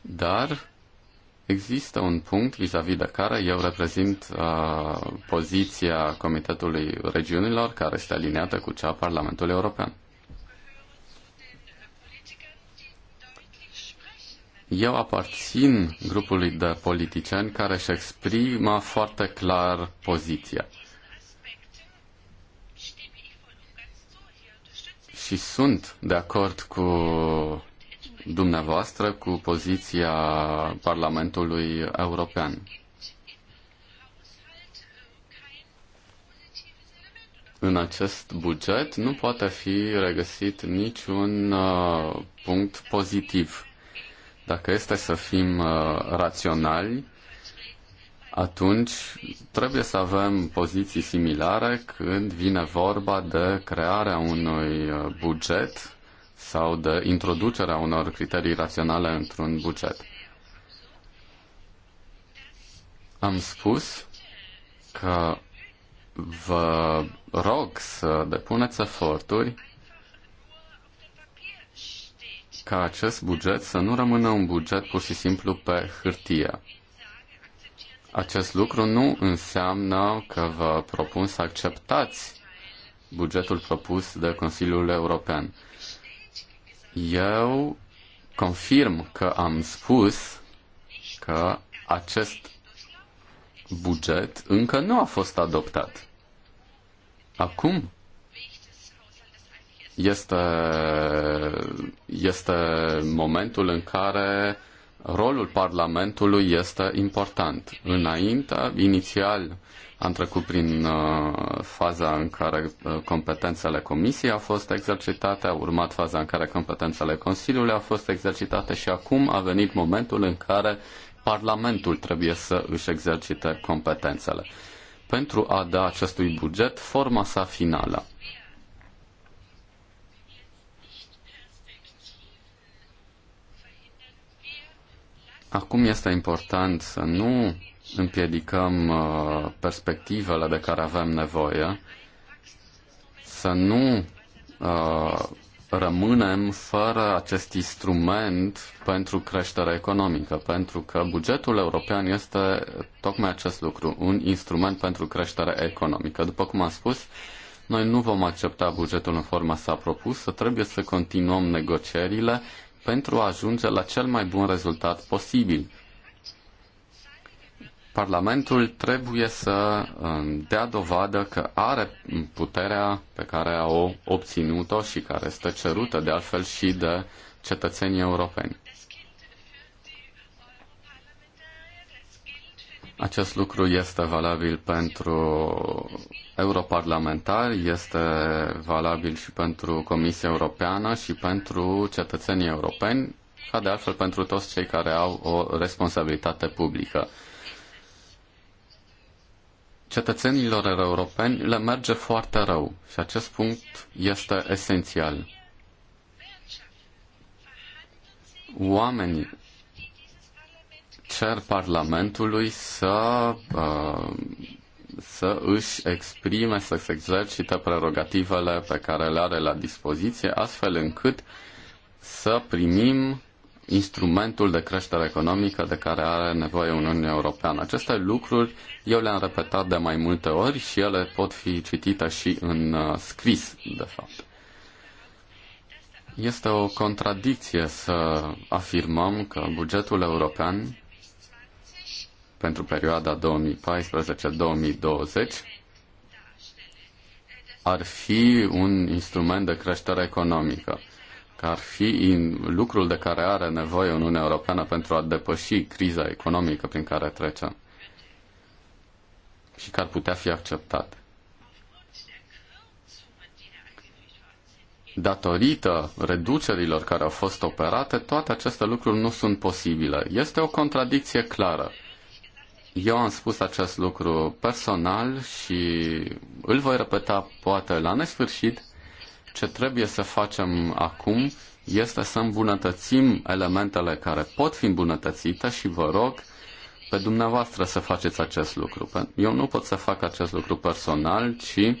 dar există un punct vis-a-vis -vis de care eu reprezint uh, poziția Comitetului Regiunilor care este aliniată cu cea a Parlamentului European. Eu aparțin grupului de politicieni care își exprimă foarte clar poziția. și sunt de acord cu dumneavoastră, cu poziția Parlamentului European. În acest buget nu poate fi regăsit niciun uh, punct pozitiv. Dacă este să fim uh, raționali, atunci trebuie să avem poziții similare când vine vorba de crearea unui uh, buget sau de introducerea unor criterii raționale într-un buget. Am spus că vă rog să depuneți eforturi ca acest buget să nu rămână un buget pur și simplu pe hârtie acest lucru nu înseamnă că vă propun să acceptați bugetul propus de Consiliul European. Eu confirm că am spus că acest buget încă nu a fost adoptat. Acum este, este momentul în care rolul Parlamentului este important. Înainte, inițial, am trecut prin uh, faza în care uh, competențele Comisiei au fost exercitate, a urmat faza în care competențele Consiliului au fost exercitate și acum a venit momentul în care Parlamentul trebuie să își exercite competențele pentru a da acestui buget forma sa finală. Acum este important să nu împiedicăm uh, perspectivele de care avem nevoie, să nu uh, rămânem fără acest instrument pentru creștere economică, pentru că bugetul european este tocmai acest lucru, un instrument pentru creștere economică. După cum am spus, noi nu vom accepta bugetul în forma sa propusă, trebuie să continuăm negocierile pentru a ajunge la cel mai bun rezultat posibil. Parlamentul trebuie să um, dea dovadă că are puterea pe care a o obținut-o și care este cerută de altfel și de cetățenii europeni. Acest lucru este valabil pentru europarlamentar este valabil și pentru Comisia Europeană și pentru cetățenii europeni, ca de altfel pentru toți cei care au o responsabilitate publică. Cetățenilor europeni le merge foarte rău și acest punct este esențial. Oamenii cer Parlamentului să uh, să își exprime, să-și exercite prerogativele pe care le are la dispoziție, astfel încât să primim instrumentul de creștere economică de care are nevoie Uniunea Europeană. Aceste lucruri eu le-am repetat de mai multe ori și ele pot fi citite și în uh, scris, de fapt. Este o contradicție să afirmăm că bugetul european pentru perioada 2014-2020 ar fi un instrument de creștere economică, că ar fi lucrul de care are nevoie Uniunea Europeană pentru a depăși criza economică prin care trecem și că ar putea fi acceptat. datorită reducerilor care au fost operate, toate aceste lucruri nu sunt posibile. Este o contradicție clară. Eu am spus acest lucru personal și îl voi repeta poate la nesfârșit. Ce trebuie să facem acum este să îmbunătățim elementele care pot fi îmbunătățite și vă rog pe dumneavoastră să faceți acest lucru. Eu nu pot să fac acest lucru personal, ci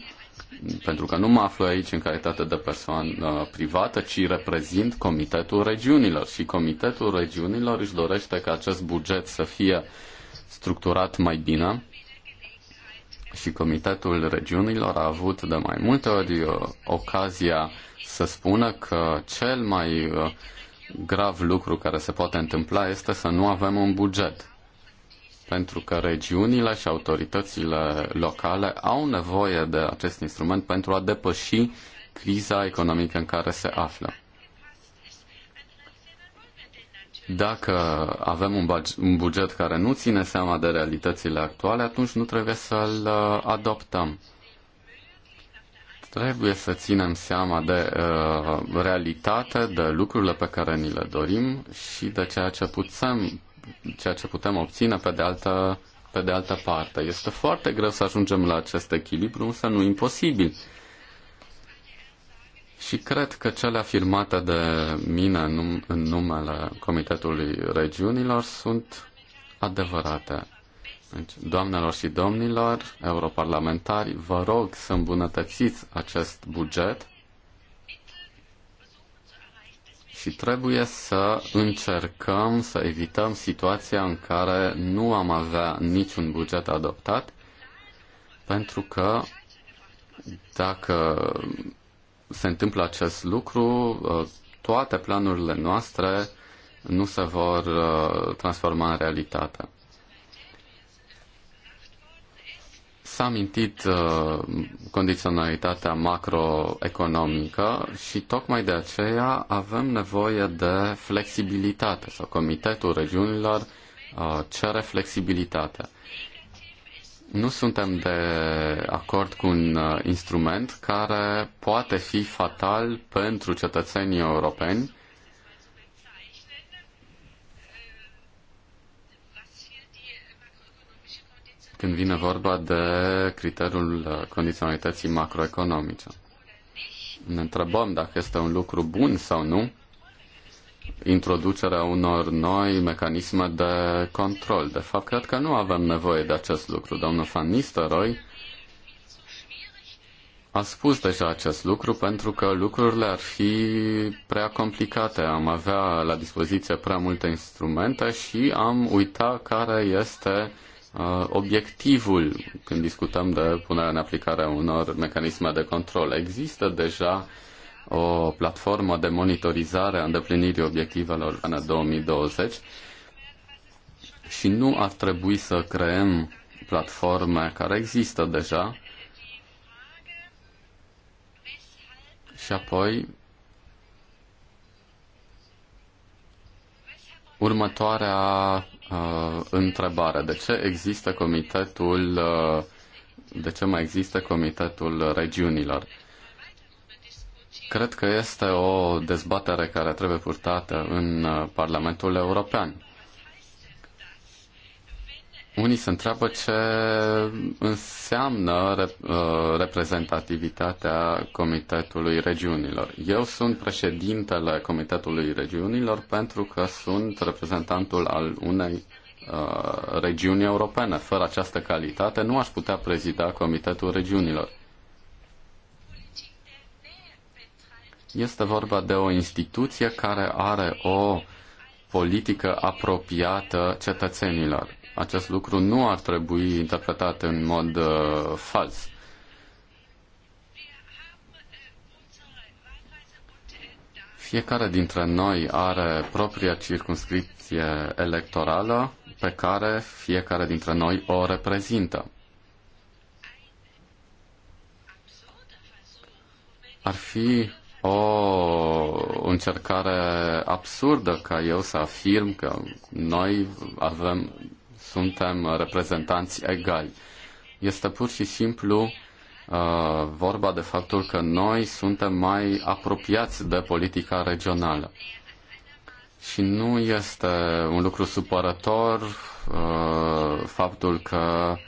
pentru că nu mă aflu aici în calitate de persoană privată, ci reprezint Comitetul Regiunilor și Comitetul Regiunilor își dorește ca acest buget să fie uh, structurat mai bine și Comitetul Regiunilor a avut de mai multe ori uh, ocazia să spună că cel mai uh, grav lucru care se poate întâmpla este să nu avem un buget. Pentru că regiunile și autoritățile locale au nevoie de acest instrument pentru a depăși criza economică în care se află. Dacă avem un buget care nu ține seama de realitățile actuale, atunci nu trebuie să-l uh, adoptăm. Trebuie să ținem seama de uh, realitate, de lucrurile pe care ni le dorim și de ceea ce putem, ceea ce putem obține pe de, altă, pe de altă parte. Este foarte greu să ajungem la acest echilibru, însă nu imposibil. Uh, și cred că cele afirmate de mine în, numele Comitetului Regiunilor sunt adevărate. Deci, doamnelor și domnilor, europarlamentari, vă rog să îmbunătățiți acest buget și trebuie să încercăm să evităm situația în care nu am avea niciun buget adoptat, pentru că dacă se întâmplă acest lucru, uh, toate planurile noastre nu se vor uh, transforma în realitate. S-a amintit uh, condiționalitatea macroeconomică și tocmai de aceea avem nevoie de flexibilitate sau Comitetul Regiunilor cere flexibilitate nu suntem de acord cu un uh, instrument care poate fi fatal pentru cetățenii europeni când vine vorba de criteriul uh, condiționalității macroeconomice. Ne întrebăm dacă este un lucru bun sau nu introducerea unor noi mecanisme de control. De fapt, cred că nu avem nevoie de acest lucru. Domnul Van Nistelrooy a spus deja acest lucru pentru că lucrurile ar fi prea complicate. Am avea la dispoziție prea multe instrumente și am uitat care este uh, obiectivul când discutăm de punerea în aplicare a unor mecanisme de control. Există deja uh, o platformă de monitorizare a îndeplinirii obiectivelor până 2020 și nu ar trebui să creăm platforme care există deja și apoi următoarea uh, întrebare. De ce există comitetul uh, de ce mai există comitetul regiunilor? Cred că este o dezbatere care trebuie purtată în uh, Parlamentul European. Unii se întreabă ce înseamnă uh, reprezentativitatea Comitetului Regiunilor. Eu sunt președintele Comitetului Regiunilor pentru că sunt reprezentantul al unei uh, regiuni europene. Fără această calitate nu aș putea prezida Comitetul Regiunilor. Este vorba de o instituție care are o politică apropiată cetățenilor. Acest lucru nu ar trebui interpretat în mod uh, fals. Fiecare dintre noi are propria circunscripție electorală pe care fiecare dintre noi o reprezintă. Ar fi o încercare absurdă ca eu să afirm că noi avem, suntem reprezentanți egali. Este pur și simplu uh, vorba de faptul că noi suntem mai apropiați de politica regională. Și nu este un lucru supărător uh, faptul că uh,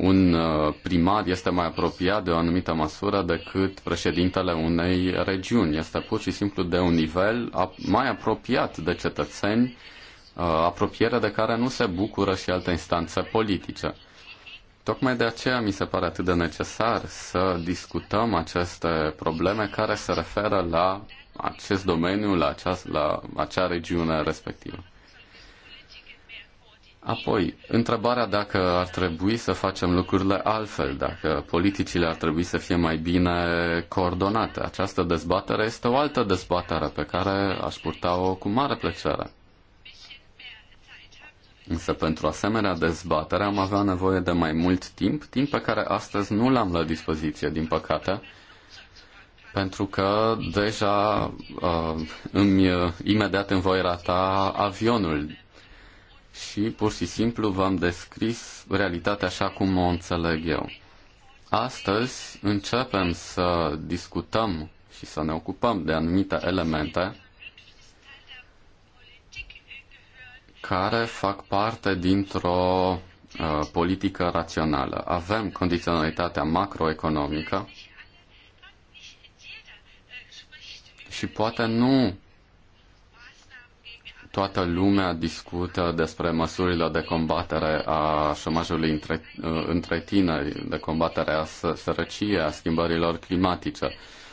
un uh, primar este mai apropiat de o anumită măsură decât președintele unei regiuni. Este pur și simplu de un nivel mai apropiat de cetățeni, uh, apropiere de care nu se bucură și alte instanțe politice. Tocmai de aceea mi se pare atât de necesar să discutăm aceste probleme care se referă la acest domeniu, la acea, la acea regiune respectivă. Apoi, întrebarea dacă ar trebui să facem lucrurile altfel, dacă politicile ar trebui să fie mai bine coordonate. Această dezbatere este o altă dezbatere pe care aș purta-o cu mare plăcere. Însă pentru asemenea dezbatere am avea nevoie de mai mult timp, timp pe care astăzi nu l-am la dispoziție, din păcate, pentru că deja uh, îmi, imediat îmi voi rata avionul și pur și simplu v-am descris realitatea așa cum o înțeleg eu. Astăzi începem să discutăm și să ne ocupăm de anumite elemente care fac parte dintr-o uh, politică rațională. Avem condiționalitatea macroeconomică și poate nu Toată lumea discută despre măsurile de combatere a șomajului între, între tineri, de combatere a sărăciei, a schimbărilor climatice.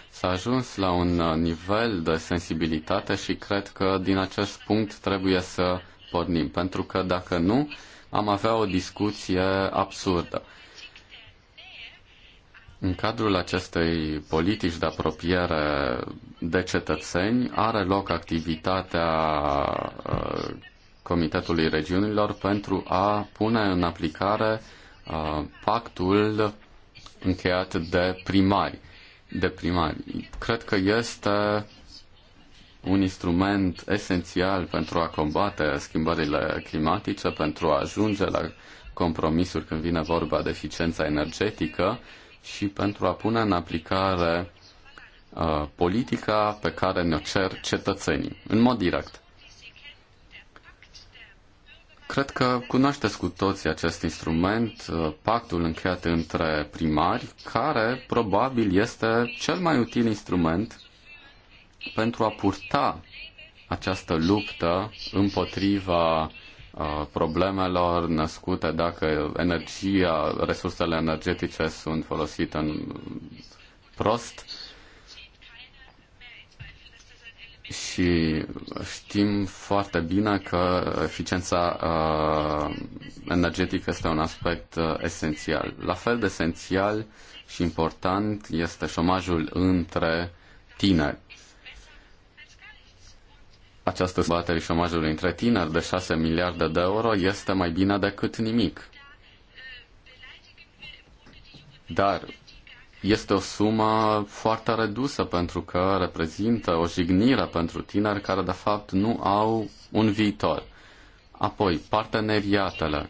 S-a ajuns la un nivel de sensibilitate și cred că din acest punct trebuie să pornim, pentru că dacă nu, am avea o discuție absurdă. În cadrul acestei politici de apropiere de cetățeni are loc activitatea uh, Comitetului Regiunilor pentru a pune în aplicare uh, pactul încheiat de primari. De primari. Cred că este un instrument esențial pentru a combate schimbările climatice, pentru a ajunge la compromisuri când vine vorba de eficiența energetică și pentru a pune în aplicare uh, politica pe care ne-o cer cetățenii, în mod direct. Cred că cunoașteți cu toții acest instrument, uh, pactul încheiat între primari, care probabil este cel mai util instrument pentru a purta această luptă împotriva problemelor născute dacă energia, resursele energetice sunt folosite în prost și știm foarte bine că eficiența energetică este un aspect esențial. La fel de esențial și important este șomajul între tineri această zbatere șomajului între tineri de 6 miliarde de euro este mai bine decât nimic. Dar este o sumă foarte redusă pentru că reprezintă o jignire pentru tineri care de fapt nu au un viitor. Apoi, parteneriatele.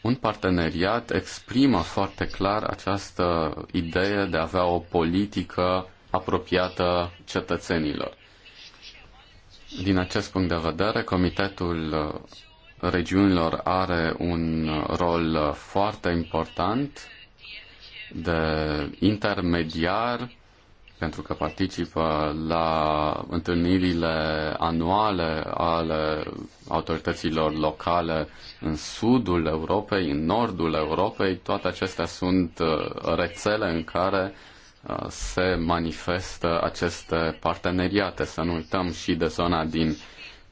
Un parteneriat exprimă foarte clar această idee de a avea o politică apropiată cetățenilor. Din acest punct de vedere, Comitetul Regiunilor are un rol foarte important de intermediar pentru că participă la întâlnirile anuale ale autorităților locale în sudul Europei, în nordul Europei. Toate acestea sunt rețele în care se manifestă aceste parteneriate. Să nu uităm și de zona din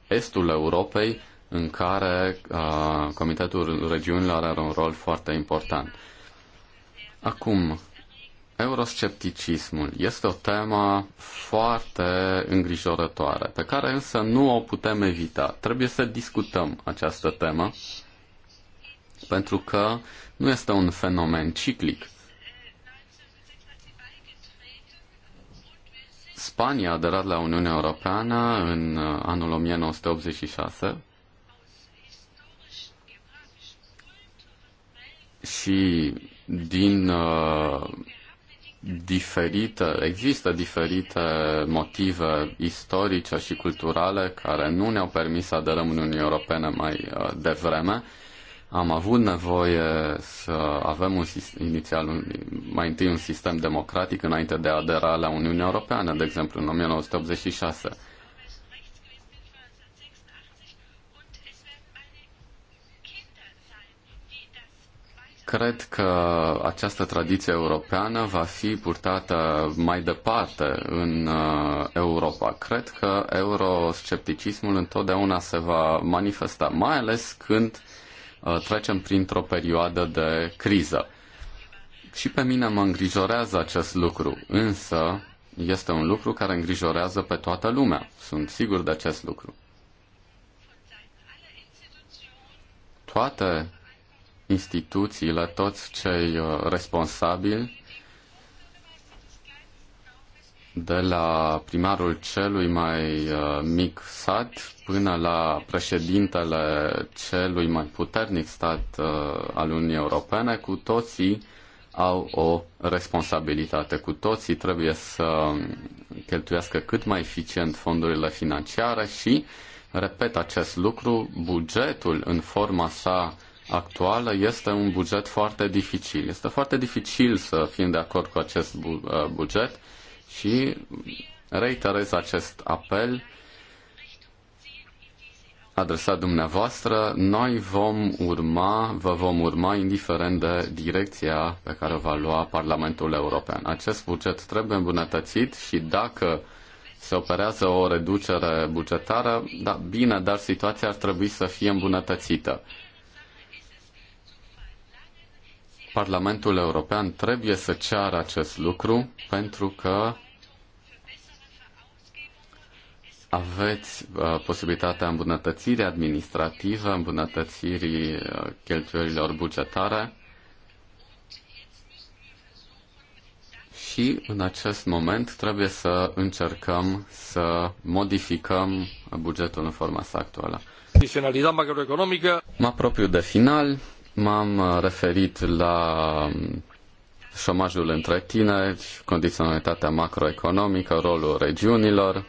estul Europei, în care uh, Comitetul Regiunilor are un rol foarte important. Acum, euroscepticismul este o temă foarte îngrijorătoare, pe care însă nu o putem evita. Trebuie să discutăm această temă, pentru că nu este un fenomen ciclic. Spania a aderat la Uniunea Europeană în uh, anul 1986 și din uh, diferite, există diferite motive istorice și culturale care nu ne-au permis să aderăm în Uniunea Europeană mai uh, devreme. Uh, am avut nevoie să avem un sistem, inițial un, mai întâi un sistem democratic înainte de a adera la Uniunea Europeană, de exemplu, în 1986. Cred că această tradiție europeană va fi purtată mai departe în uh, Europa. Cred că euroscepticismul întotdeauna se va manifesta, mai ales când Uh, trecem printr-o perioadă de criză. Și pe mine mă îngrijorează acest lucru, însă este un lucru care îngrijorează pe toată lumea. Sunt sigur de acest lucru. Toate instituțiile, toți cei uh, responsabili de la primarul celui mai uh, mic sat până la președintele celui mai puternic stat uh, al Uniunii Europene, cu toții au o responsabilitate. Cu toții trebuie să cheltuiască cât mai eficient fondurile financiare și, repet acest lucru, bugetul în forma sa actuală este un buget foarte dificil. Este foarte dificil să fim de acord cu acest uh, buget și reiterez acest apel adresat dumneavoastră, noi vom urma, vă vom urma indiferent de direcția pe care o va lua Parlamentul European. Acest buget trebuie îmbunătățit și dacă se operează o reducere bugetară, da, bine, dar situația ar trebui să fie îmbunătățită. Parlamentul European trebuie să ceară acest lucru pentru că aveți uh, posibilitatea îmbunătățirii administrative, îmbunătățirii uh, cheltuielilor bugetare și în acest moment trebuie să încercăm să modificăm bugetul în forma sa actuală. macroeconomică. Mă apropiu de final, m-am uh, referit la um, șomajul între tineri, condiționalitatea macroeconomică, rolul regiunilor,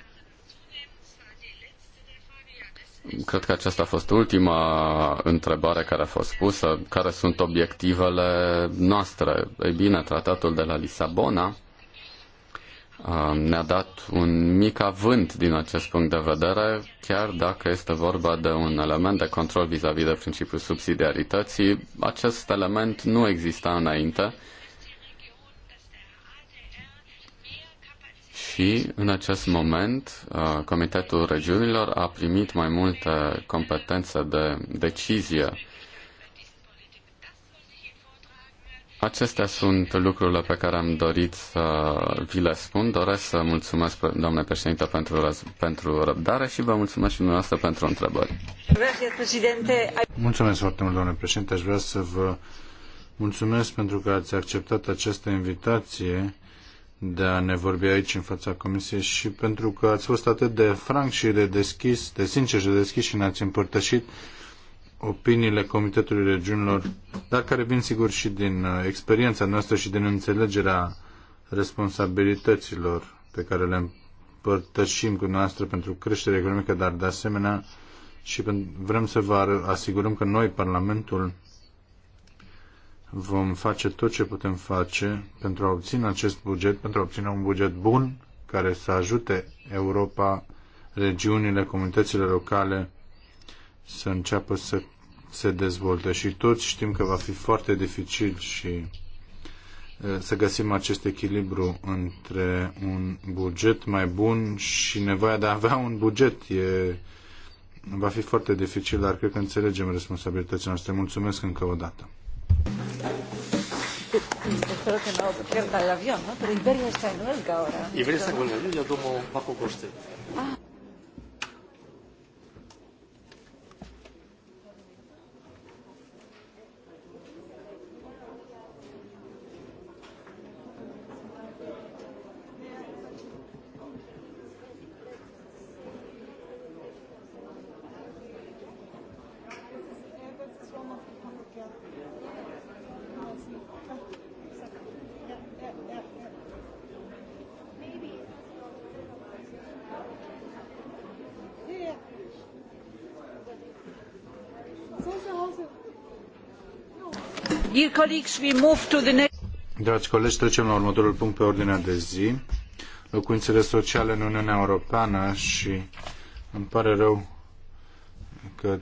Cred că aceasta a fost ultima întrebare care a fost pusă. Care sunt obiectivele noastre? Ei bine, tratatul de la Lisabona ne-a dat un mic avânt din acest punct de vedere, chiar dacă este vorba de un element de control vis-a-vis -vis de principiul subsidiarității. Acest element nu exista înainte Și în acest moment, uh, Comitetul Regiunilor a primit mai multe competențe de decizie. Acestea sunt lucrurile pe care am dorit să vi le spun. Doresc să mulțumesc, doamne președinte, pentru, pentru răbdare și vă mulțumesc și dumneavoastră pentru întrebări. Mulțumesc foarte mult, doamne președinte. Aș vrea să vă mulțumesc pentru că ați acceptat această invitație de a ne vorbi aici în fața Comisiei și pentru că ați fost atât de franc și de deschis, de sincer și de deschis și ne-ați împărtășit opiniile Comitetului Regiunilor, dar care vin sigur și din uh, experiența noastră și din înțelegerea responsabilităților pe care le împărtășim cu noastră pentru creștere economică, dar de asemenea și vrem să vă asigurăm că noi, Parlamentul, Vom face tot ce putem face pentru a obține acest buget, pentru a obține un buget bun care să ajute Europa, regiunile, comunitățile locale să înceapă să se dezvolte. Și toți știm că va fi foarte dificil și să găsim acest echilibru între un buget mai bun și nevoia de a avea un buget. E, va fi foarte dificil, dar cred că înțelegem responsabilitatea noastră. Mulțumesc încă o dată. Espero que no pierda el avión, ¿no? Pero Iberia está en huelga ahora. Iberia está en huelga, yo ya tomo bajo coste. Ah. Dragi colegi, trecem la următorul punct pe ordinea de zi. Locuințele sociale în Uniunea Europeană și îmi pare rău că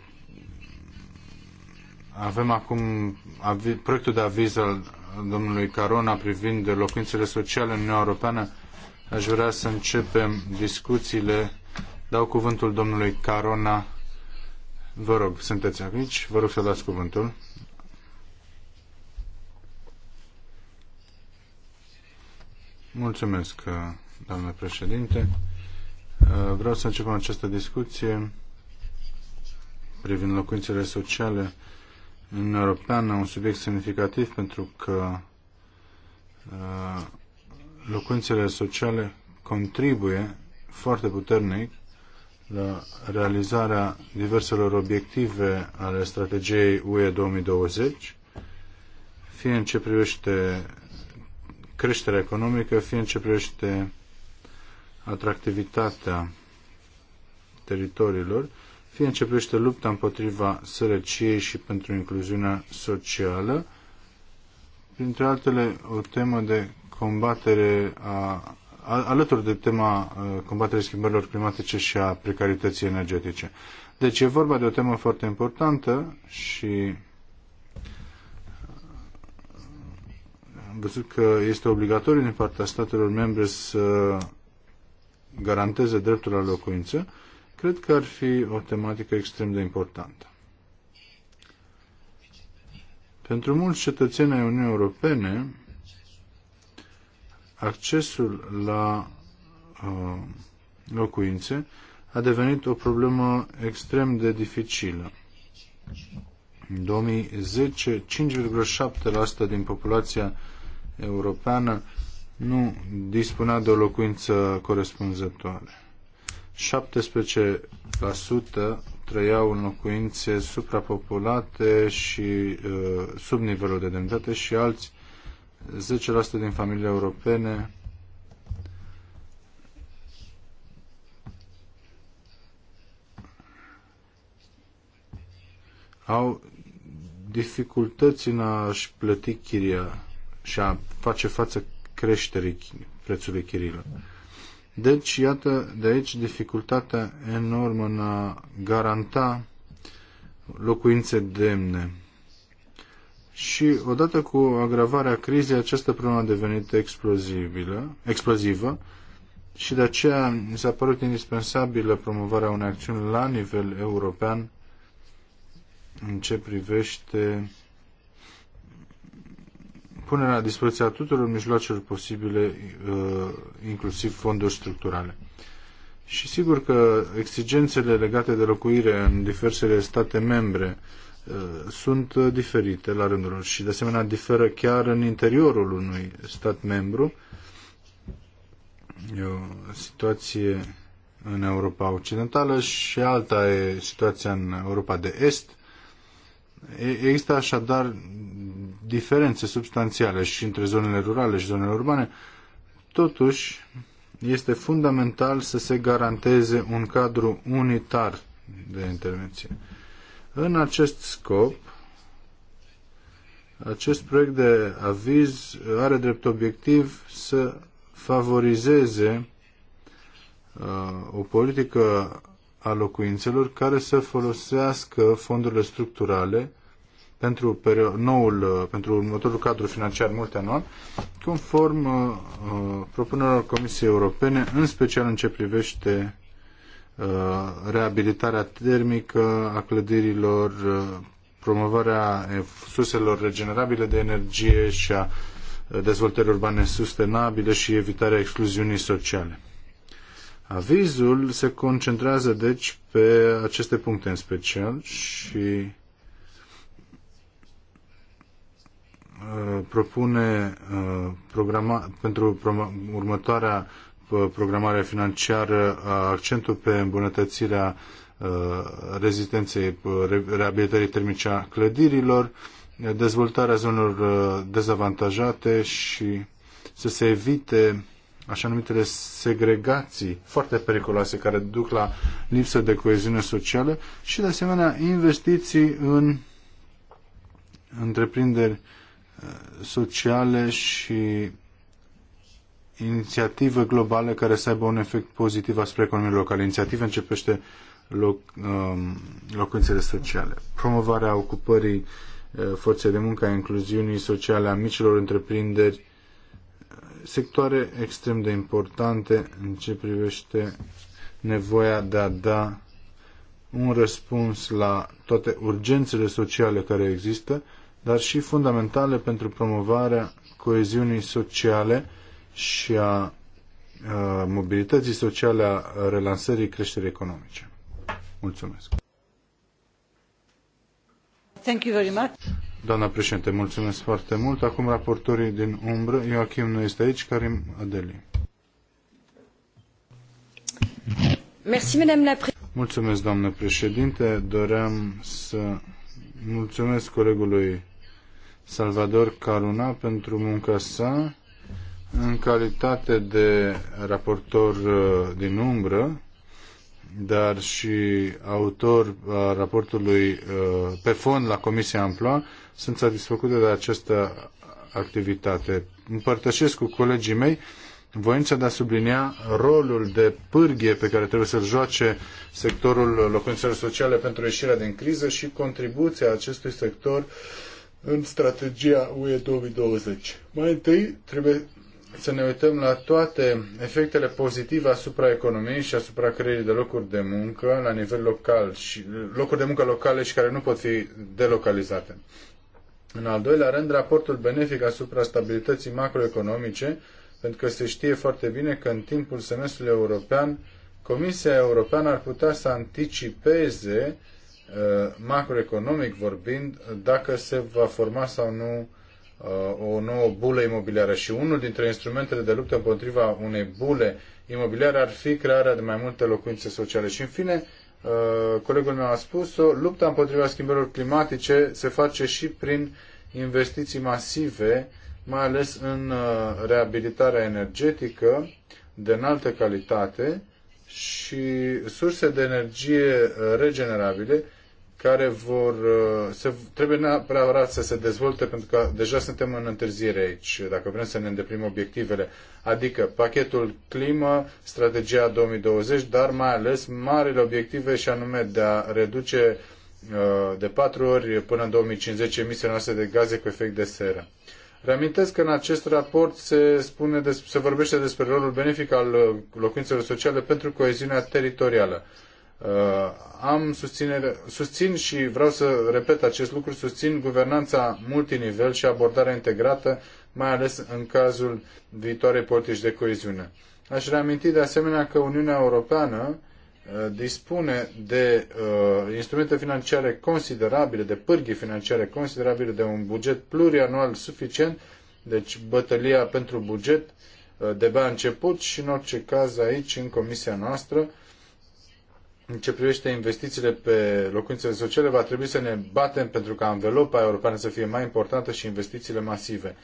avem acum proiectul de aviz al domnului Carona privind locuințele sociale în Uniunea Europeană. Aș vrea să începem discuțiile. Dau cuvântul domnului Carona. Vă rog, sunteți aici? Vă rog să dați cuvântul. Mulțumesc, uh, doamnă președinte. Uh, vreau să începem această discuție privind locuințele sociale în Europeană, un subiect semnificativ pentru că uh, locuințele sociale contribuie foarte puternic la realizarea diverselor obiective ale strategiei UE 2020, fie în ce privește creșterea economică, fie în ce privește atractivitatea teritoriilor, fie în ce privește lupta împotriva sărăciei și pentru incluziunea socială, printre altele o temă de combatere a, alături de tema uh, combaterii schimbărilor climatice și a precarității energetice. Deci e vorba de o temă foarte importantă și văzut că este obligatoriu din partea statelor membre să garanteze dreptul la locuință, cred că ar fi o tematică extrem de importantă. Pentru mulți cetățeni ai Uniunii Europene, accesul la uh, locuințe a devenit o problemă extrem de dificilă. În 2010, 5,7% din populația europeană nu dispunea de o locuință corespunzătoare. 17% trăiau în locuințe suprapopulate și uh, sub nivelul de demnitate și alți 10% din familiile europene au dificultăți în a-și plăti chiria și a face față creșterii prețului chirilor. Deci, iată de aici dificultatea enormă în a garanta locuințe demne. Și odată cu agravarea crizei, această problemă a devenit explozibilă, explozivă și de aceea mi s-a părut indispensabilă promovarea unei acțiuni la nivel european în ce privește punerea la dispoziție a tuturor mijloacelor posibile, uh, inclusiv fonduri structurale. Și sigur că exigențele legate de locuire în diversele state membre uh, sunt uh, diferite la rândul lor și de asemenea diferă chiar în interiorul unui stat membru. E o situație în Europa Occidentală și alta e situația în Europa de Est Există așadar diferențe substanțiale și între zonele rurale și zonele urbane. Totuși, este fundamental să se garanteze un cadru unitar de intervenție. În acest scop, acest proiect de aviz are drept obiectiv să favorizeze uh, o politică a locuințelor care să folosească fondurile structurale pentru, noul, uh, pentru următorul cadru financiar multianual, conform uh, uh, propunerilor Comisiei Europene, în special în ce privește uh, reabilitarea termică a clădirilor, uh, promovarea surselor regenerabile de energie și a uh, dezvoltării urbane sustenabile și evitarea excluziunii sociale. Avizul se concentrează, deci, pe aceste puncte în special și uh, propune uh, programa, pentru următoarea uh, programare financiară accentul pe îmbunătățirea rezistenței, reabilitării termice a clădirilor, dezvoltarea zonelor dezavantajate și să se evite așa numitele segregații foarte periculoase care duc la lipsă de coeziune socială și de asemenea investiții în întreprinderi uh, sociale și inițiative globale care să aibă un efect pozitiv asupra economiei locale. Inițiative începește loc, um, locuințele sociale. Promovarea ocupării uh, forței de muncă, a incluziunii sociale a micilor întreprinderi, sectoare extrem de importante în ce privește nevoia de a da un răspuns la toate urgențele sociale care există, dar și fundamentale pentru promovarea coeziunii sociale și a mobilității sociale, a relansării creșterii economice. Mulțumesc! Thank you very much. Doamna președinte, mulțumesc foarte mult. Acum raportorii din umbră, Joachim nu este aici, Karim Adeli. Mulțumesc, doamnă președinte. Doream să mulțumesc colegului Salvador Caruna pentru munca sa în calitate de raportor uh, din umbră, dar și autor a raportului uh, pe fond la Comisia Amploa, sunt satisfăcută de această activitate. Împărtășesc cu colegii mei voința de a sublinia rolul de pârghie pe care trebuie să-l joace sectorul locuințelor sociale pentru ieșirea din criză și contribuția acestui sector în strategia UE 2020. Mai întâi trebuie să ne uităm la toate efectele pozitive asupra economiei și asupra creierii de locuri de muncă la nivel local și locuri de muncă locale și care nu pot fi delocalizate. În al doilea rând, raportul benefic asupra stabilității macroeconomice, pentru că se știe foarte bine că în timpul semestrului european, Comisia Europeană ar putea să anticipeze uh, macroeconomic vorbind, dacă se va forma sau nu uh, o nouă bulă imobiliară. Și unul dintre instrumentele de luptă împotriva unei bule imobiliare ar fi crearea de mai multe locuințe sociale. Și în fine, Uh, colegul meu a spus-o, lupta împotriva schimbărilor climatice se face și prin investiții masive, mai ales în uh, reabilitarea energetică de înaltă calitate și surse de energie uh, regenerabile, care vor, uh, se, trebuie neapărat să se dezvolte, pentru că deja suntem în întârziere aici, dacă vrem să ne îndeplinim obiectivele. Adică pachetul climă, strategia 2020, dar mai ales marile obiective și anume de a reduce uh, de patru ori până în 2050 emisiile noastre de gaze cu efect de seră. Reamintesc că în acest raport se, spune, se vorbește despre rolul benefic al uh, locuințelor sociale pentru coeziunea teritorială. Uh, am susținere, susțin și vreau să repet acest lucru, susțin guvernanța multinivel și abordarea integrată, mai ales în cazul viitoarei politici de coeziune. Aș reaminti de asemenea că Uniunea Europeană uh, dispune de uh, instrumente financiare considerabile, de pârghii financiare considerabile, de un buget plurianual suficient, deci bătălia pentru buget uh, de a început și în orice caz aici, în comisia noastră, în ce privește investițiile pe locuințele sociale, va trebui să ne batem pentru ca anvelopa europeană să fie mai importantă și investițiile masive.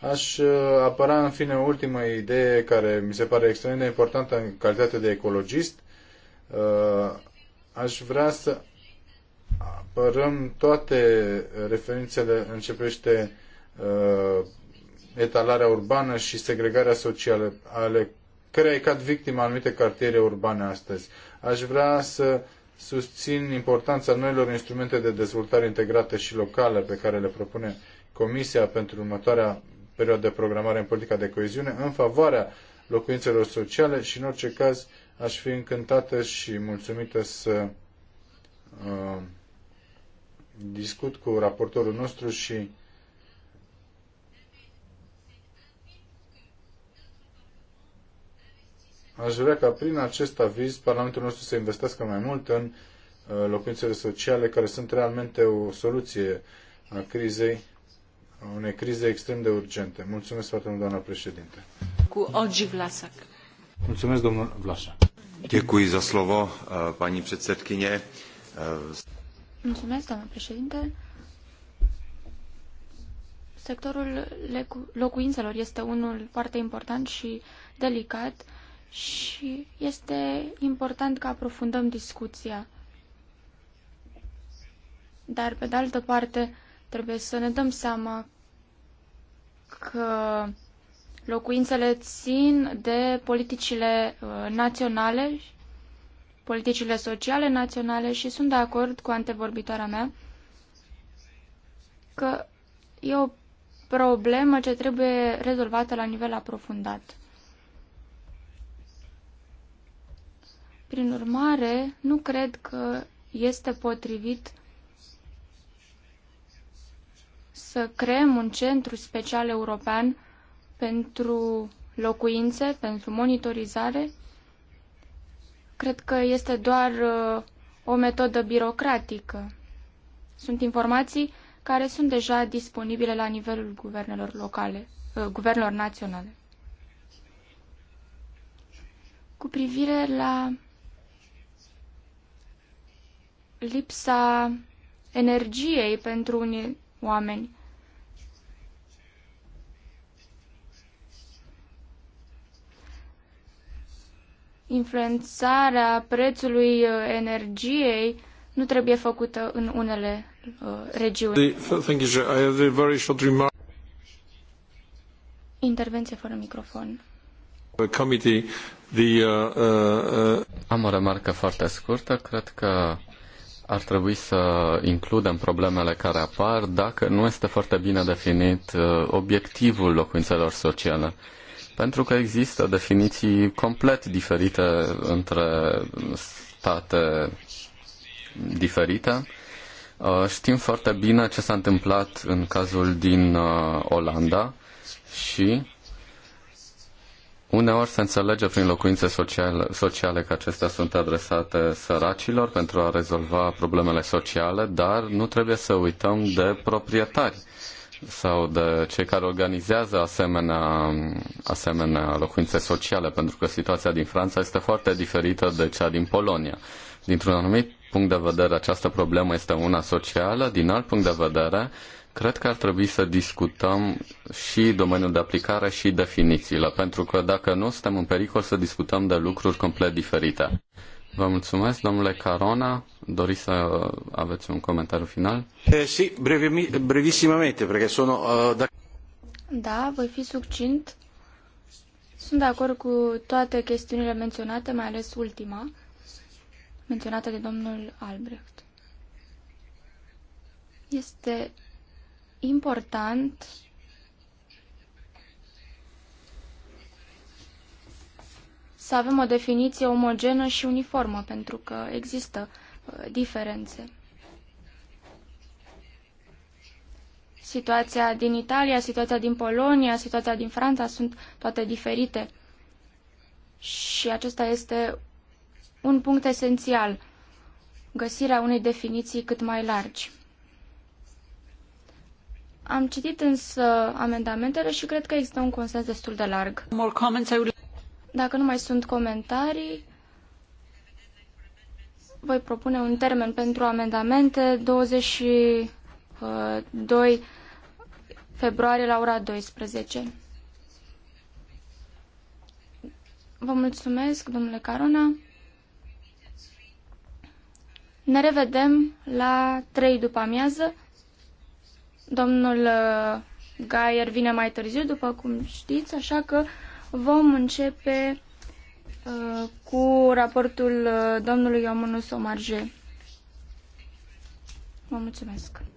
Aș uh, apăra în fine o ultimă idee care mi se pare extrem de importantă în calitate de ecologist. Uh, aș vrea să apărăm toate referințele în ce privește uh, etalarea urbană și segregarea socială ale care ai cad victima anumite cartiere urbane astăzi aș vrea să susțin importanța noilor instrumente de dezvoltare integrată și locală pe care le propune Comisia pentru următoarea perioadă de programare în politica de coeziune în favoarea locuințelor sociale și în orice caz aș fi încântată și mulțumită să uh, discut cu raportorul nostru și aș vrea ca prin acest aviz Parlamentul nostru să investească mai mult în uh, locuințele sociale, care sunt realmente o soluție a crizei, a unei crize extrem de urgente. Mulțumesc foarte mult, doamna președinte. Cu Olgi Vlasac. Mulțumesc, domnul Vlașa. Děkuji za slovo, uh, paní předsedkyně. Uh, Mulțumesc, doamna președinte. Sectorul locuințelor este unul foarte important și delicat și este important că aprofundăm discuția. Dar, pe de altă parte, trebuie să ne dăm seama că locuințele țin de politicile uh, naționale, politicile sociale naționale și sunt de acord cu antevorbitoarea mea că e o problemă ce trebuie rezolvată la nivel aprofundat. Prin urmare, nu cred că este potrivit să creăm un centru special european pentru locuințe, pentru monitorizare. Cred că este doar uh, o metodă birocratică. Sunt informații care sunt deja disponibile la nivelul guvernelor locale, uh, guvernelor naționale. Cu privire la lipsa energiei pentru unii oameni. Influențarea prețului uh, energiei nu trebuie făcută în unele uh, regiuni. Intervenție fără microfon. Uh, uh, Am o remarcă foarte scurtă. Cred că ar trebui să includem problemele care apar dacă nu este foarte bine definit uh, obiectivul locuințelor sociale. Pentru că există definiții complet diferite între state diferite. Uh, știm foarte bine ce s-a întâmplat în cazul din uh, Olanda și Uneori se înțelege prin locuințe sociale, sociale că acestea sunt adresate săracilor pentru a rezolva problemele sociale, dar nu trebuie să uităm de proprietari sau de cei care organizează asemenea, asemenea locuințe sociale, pentru că situația din Franța este foarte diferită de cea din Polonia. Dintr-un anumit punct de vedere, această problemă este una socială, din alt punct de vedere, Cred că ar trebui să discutăm și domeniul de aplicare și definițiile, pentru că dacă nu, suntem în pericol să discutăm de lucruri complet diferite. Vă mulțumesc, domnule Carona. Doriți să aveți un comentariu final? Eh, sì, brevi, brevissimamente, perché sono... Uh, da... da, voi fi succint. Sunt de acord cu toate chestiunile menționate, mai ales ultima, menționată de domnul Albrecht. Este important să avem o definiție omogenă și uniformă, pentru că există uh, diferențe. Situația din Italia, situația din Polonia, situația din Franța sunt toate diferite. Și acesta este un punct esențial, găsirea unei definiții cât mai largi. Am citit însă amendamentele și cred că există un consens destul de larg. Dacă nu mai sunt comentarii, voi propune un termen pentru amendamente 22 uh, februarie la ora 12. Vă mulțumesc, domnule Carona. Ne revedem la 3 după amiază Domnul uh, Gaier vine mai târziu, după cum știți, așa că vom începe uh, cu raportul uh, domnului Iomunu Somarje. Vă mulțumesc!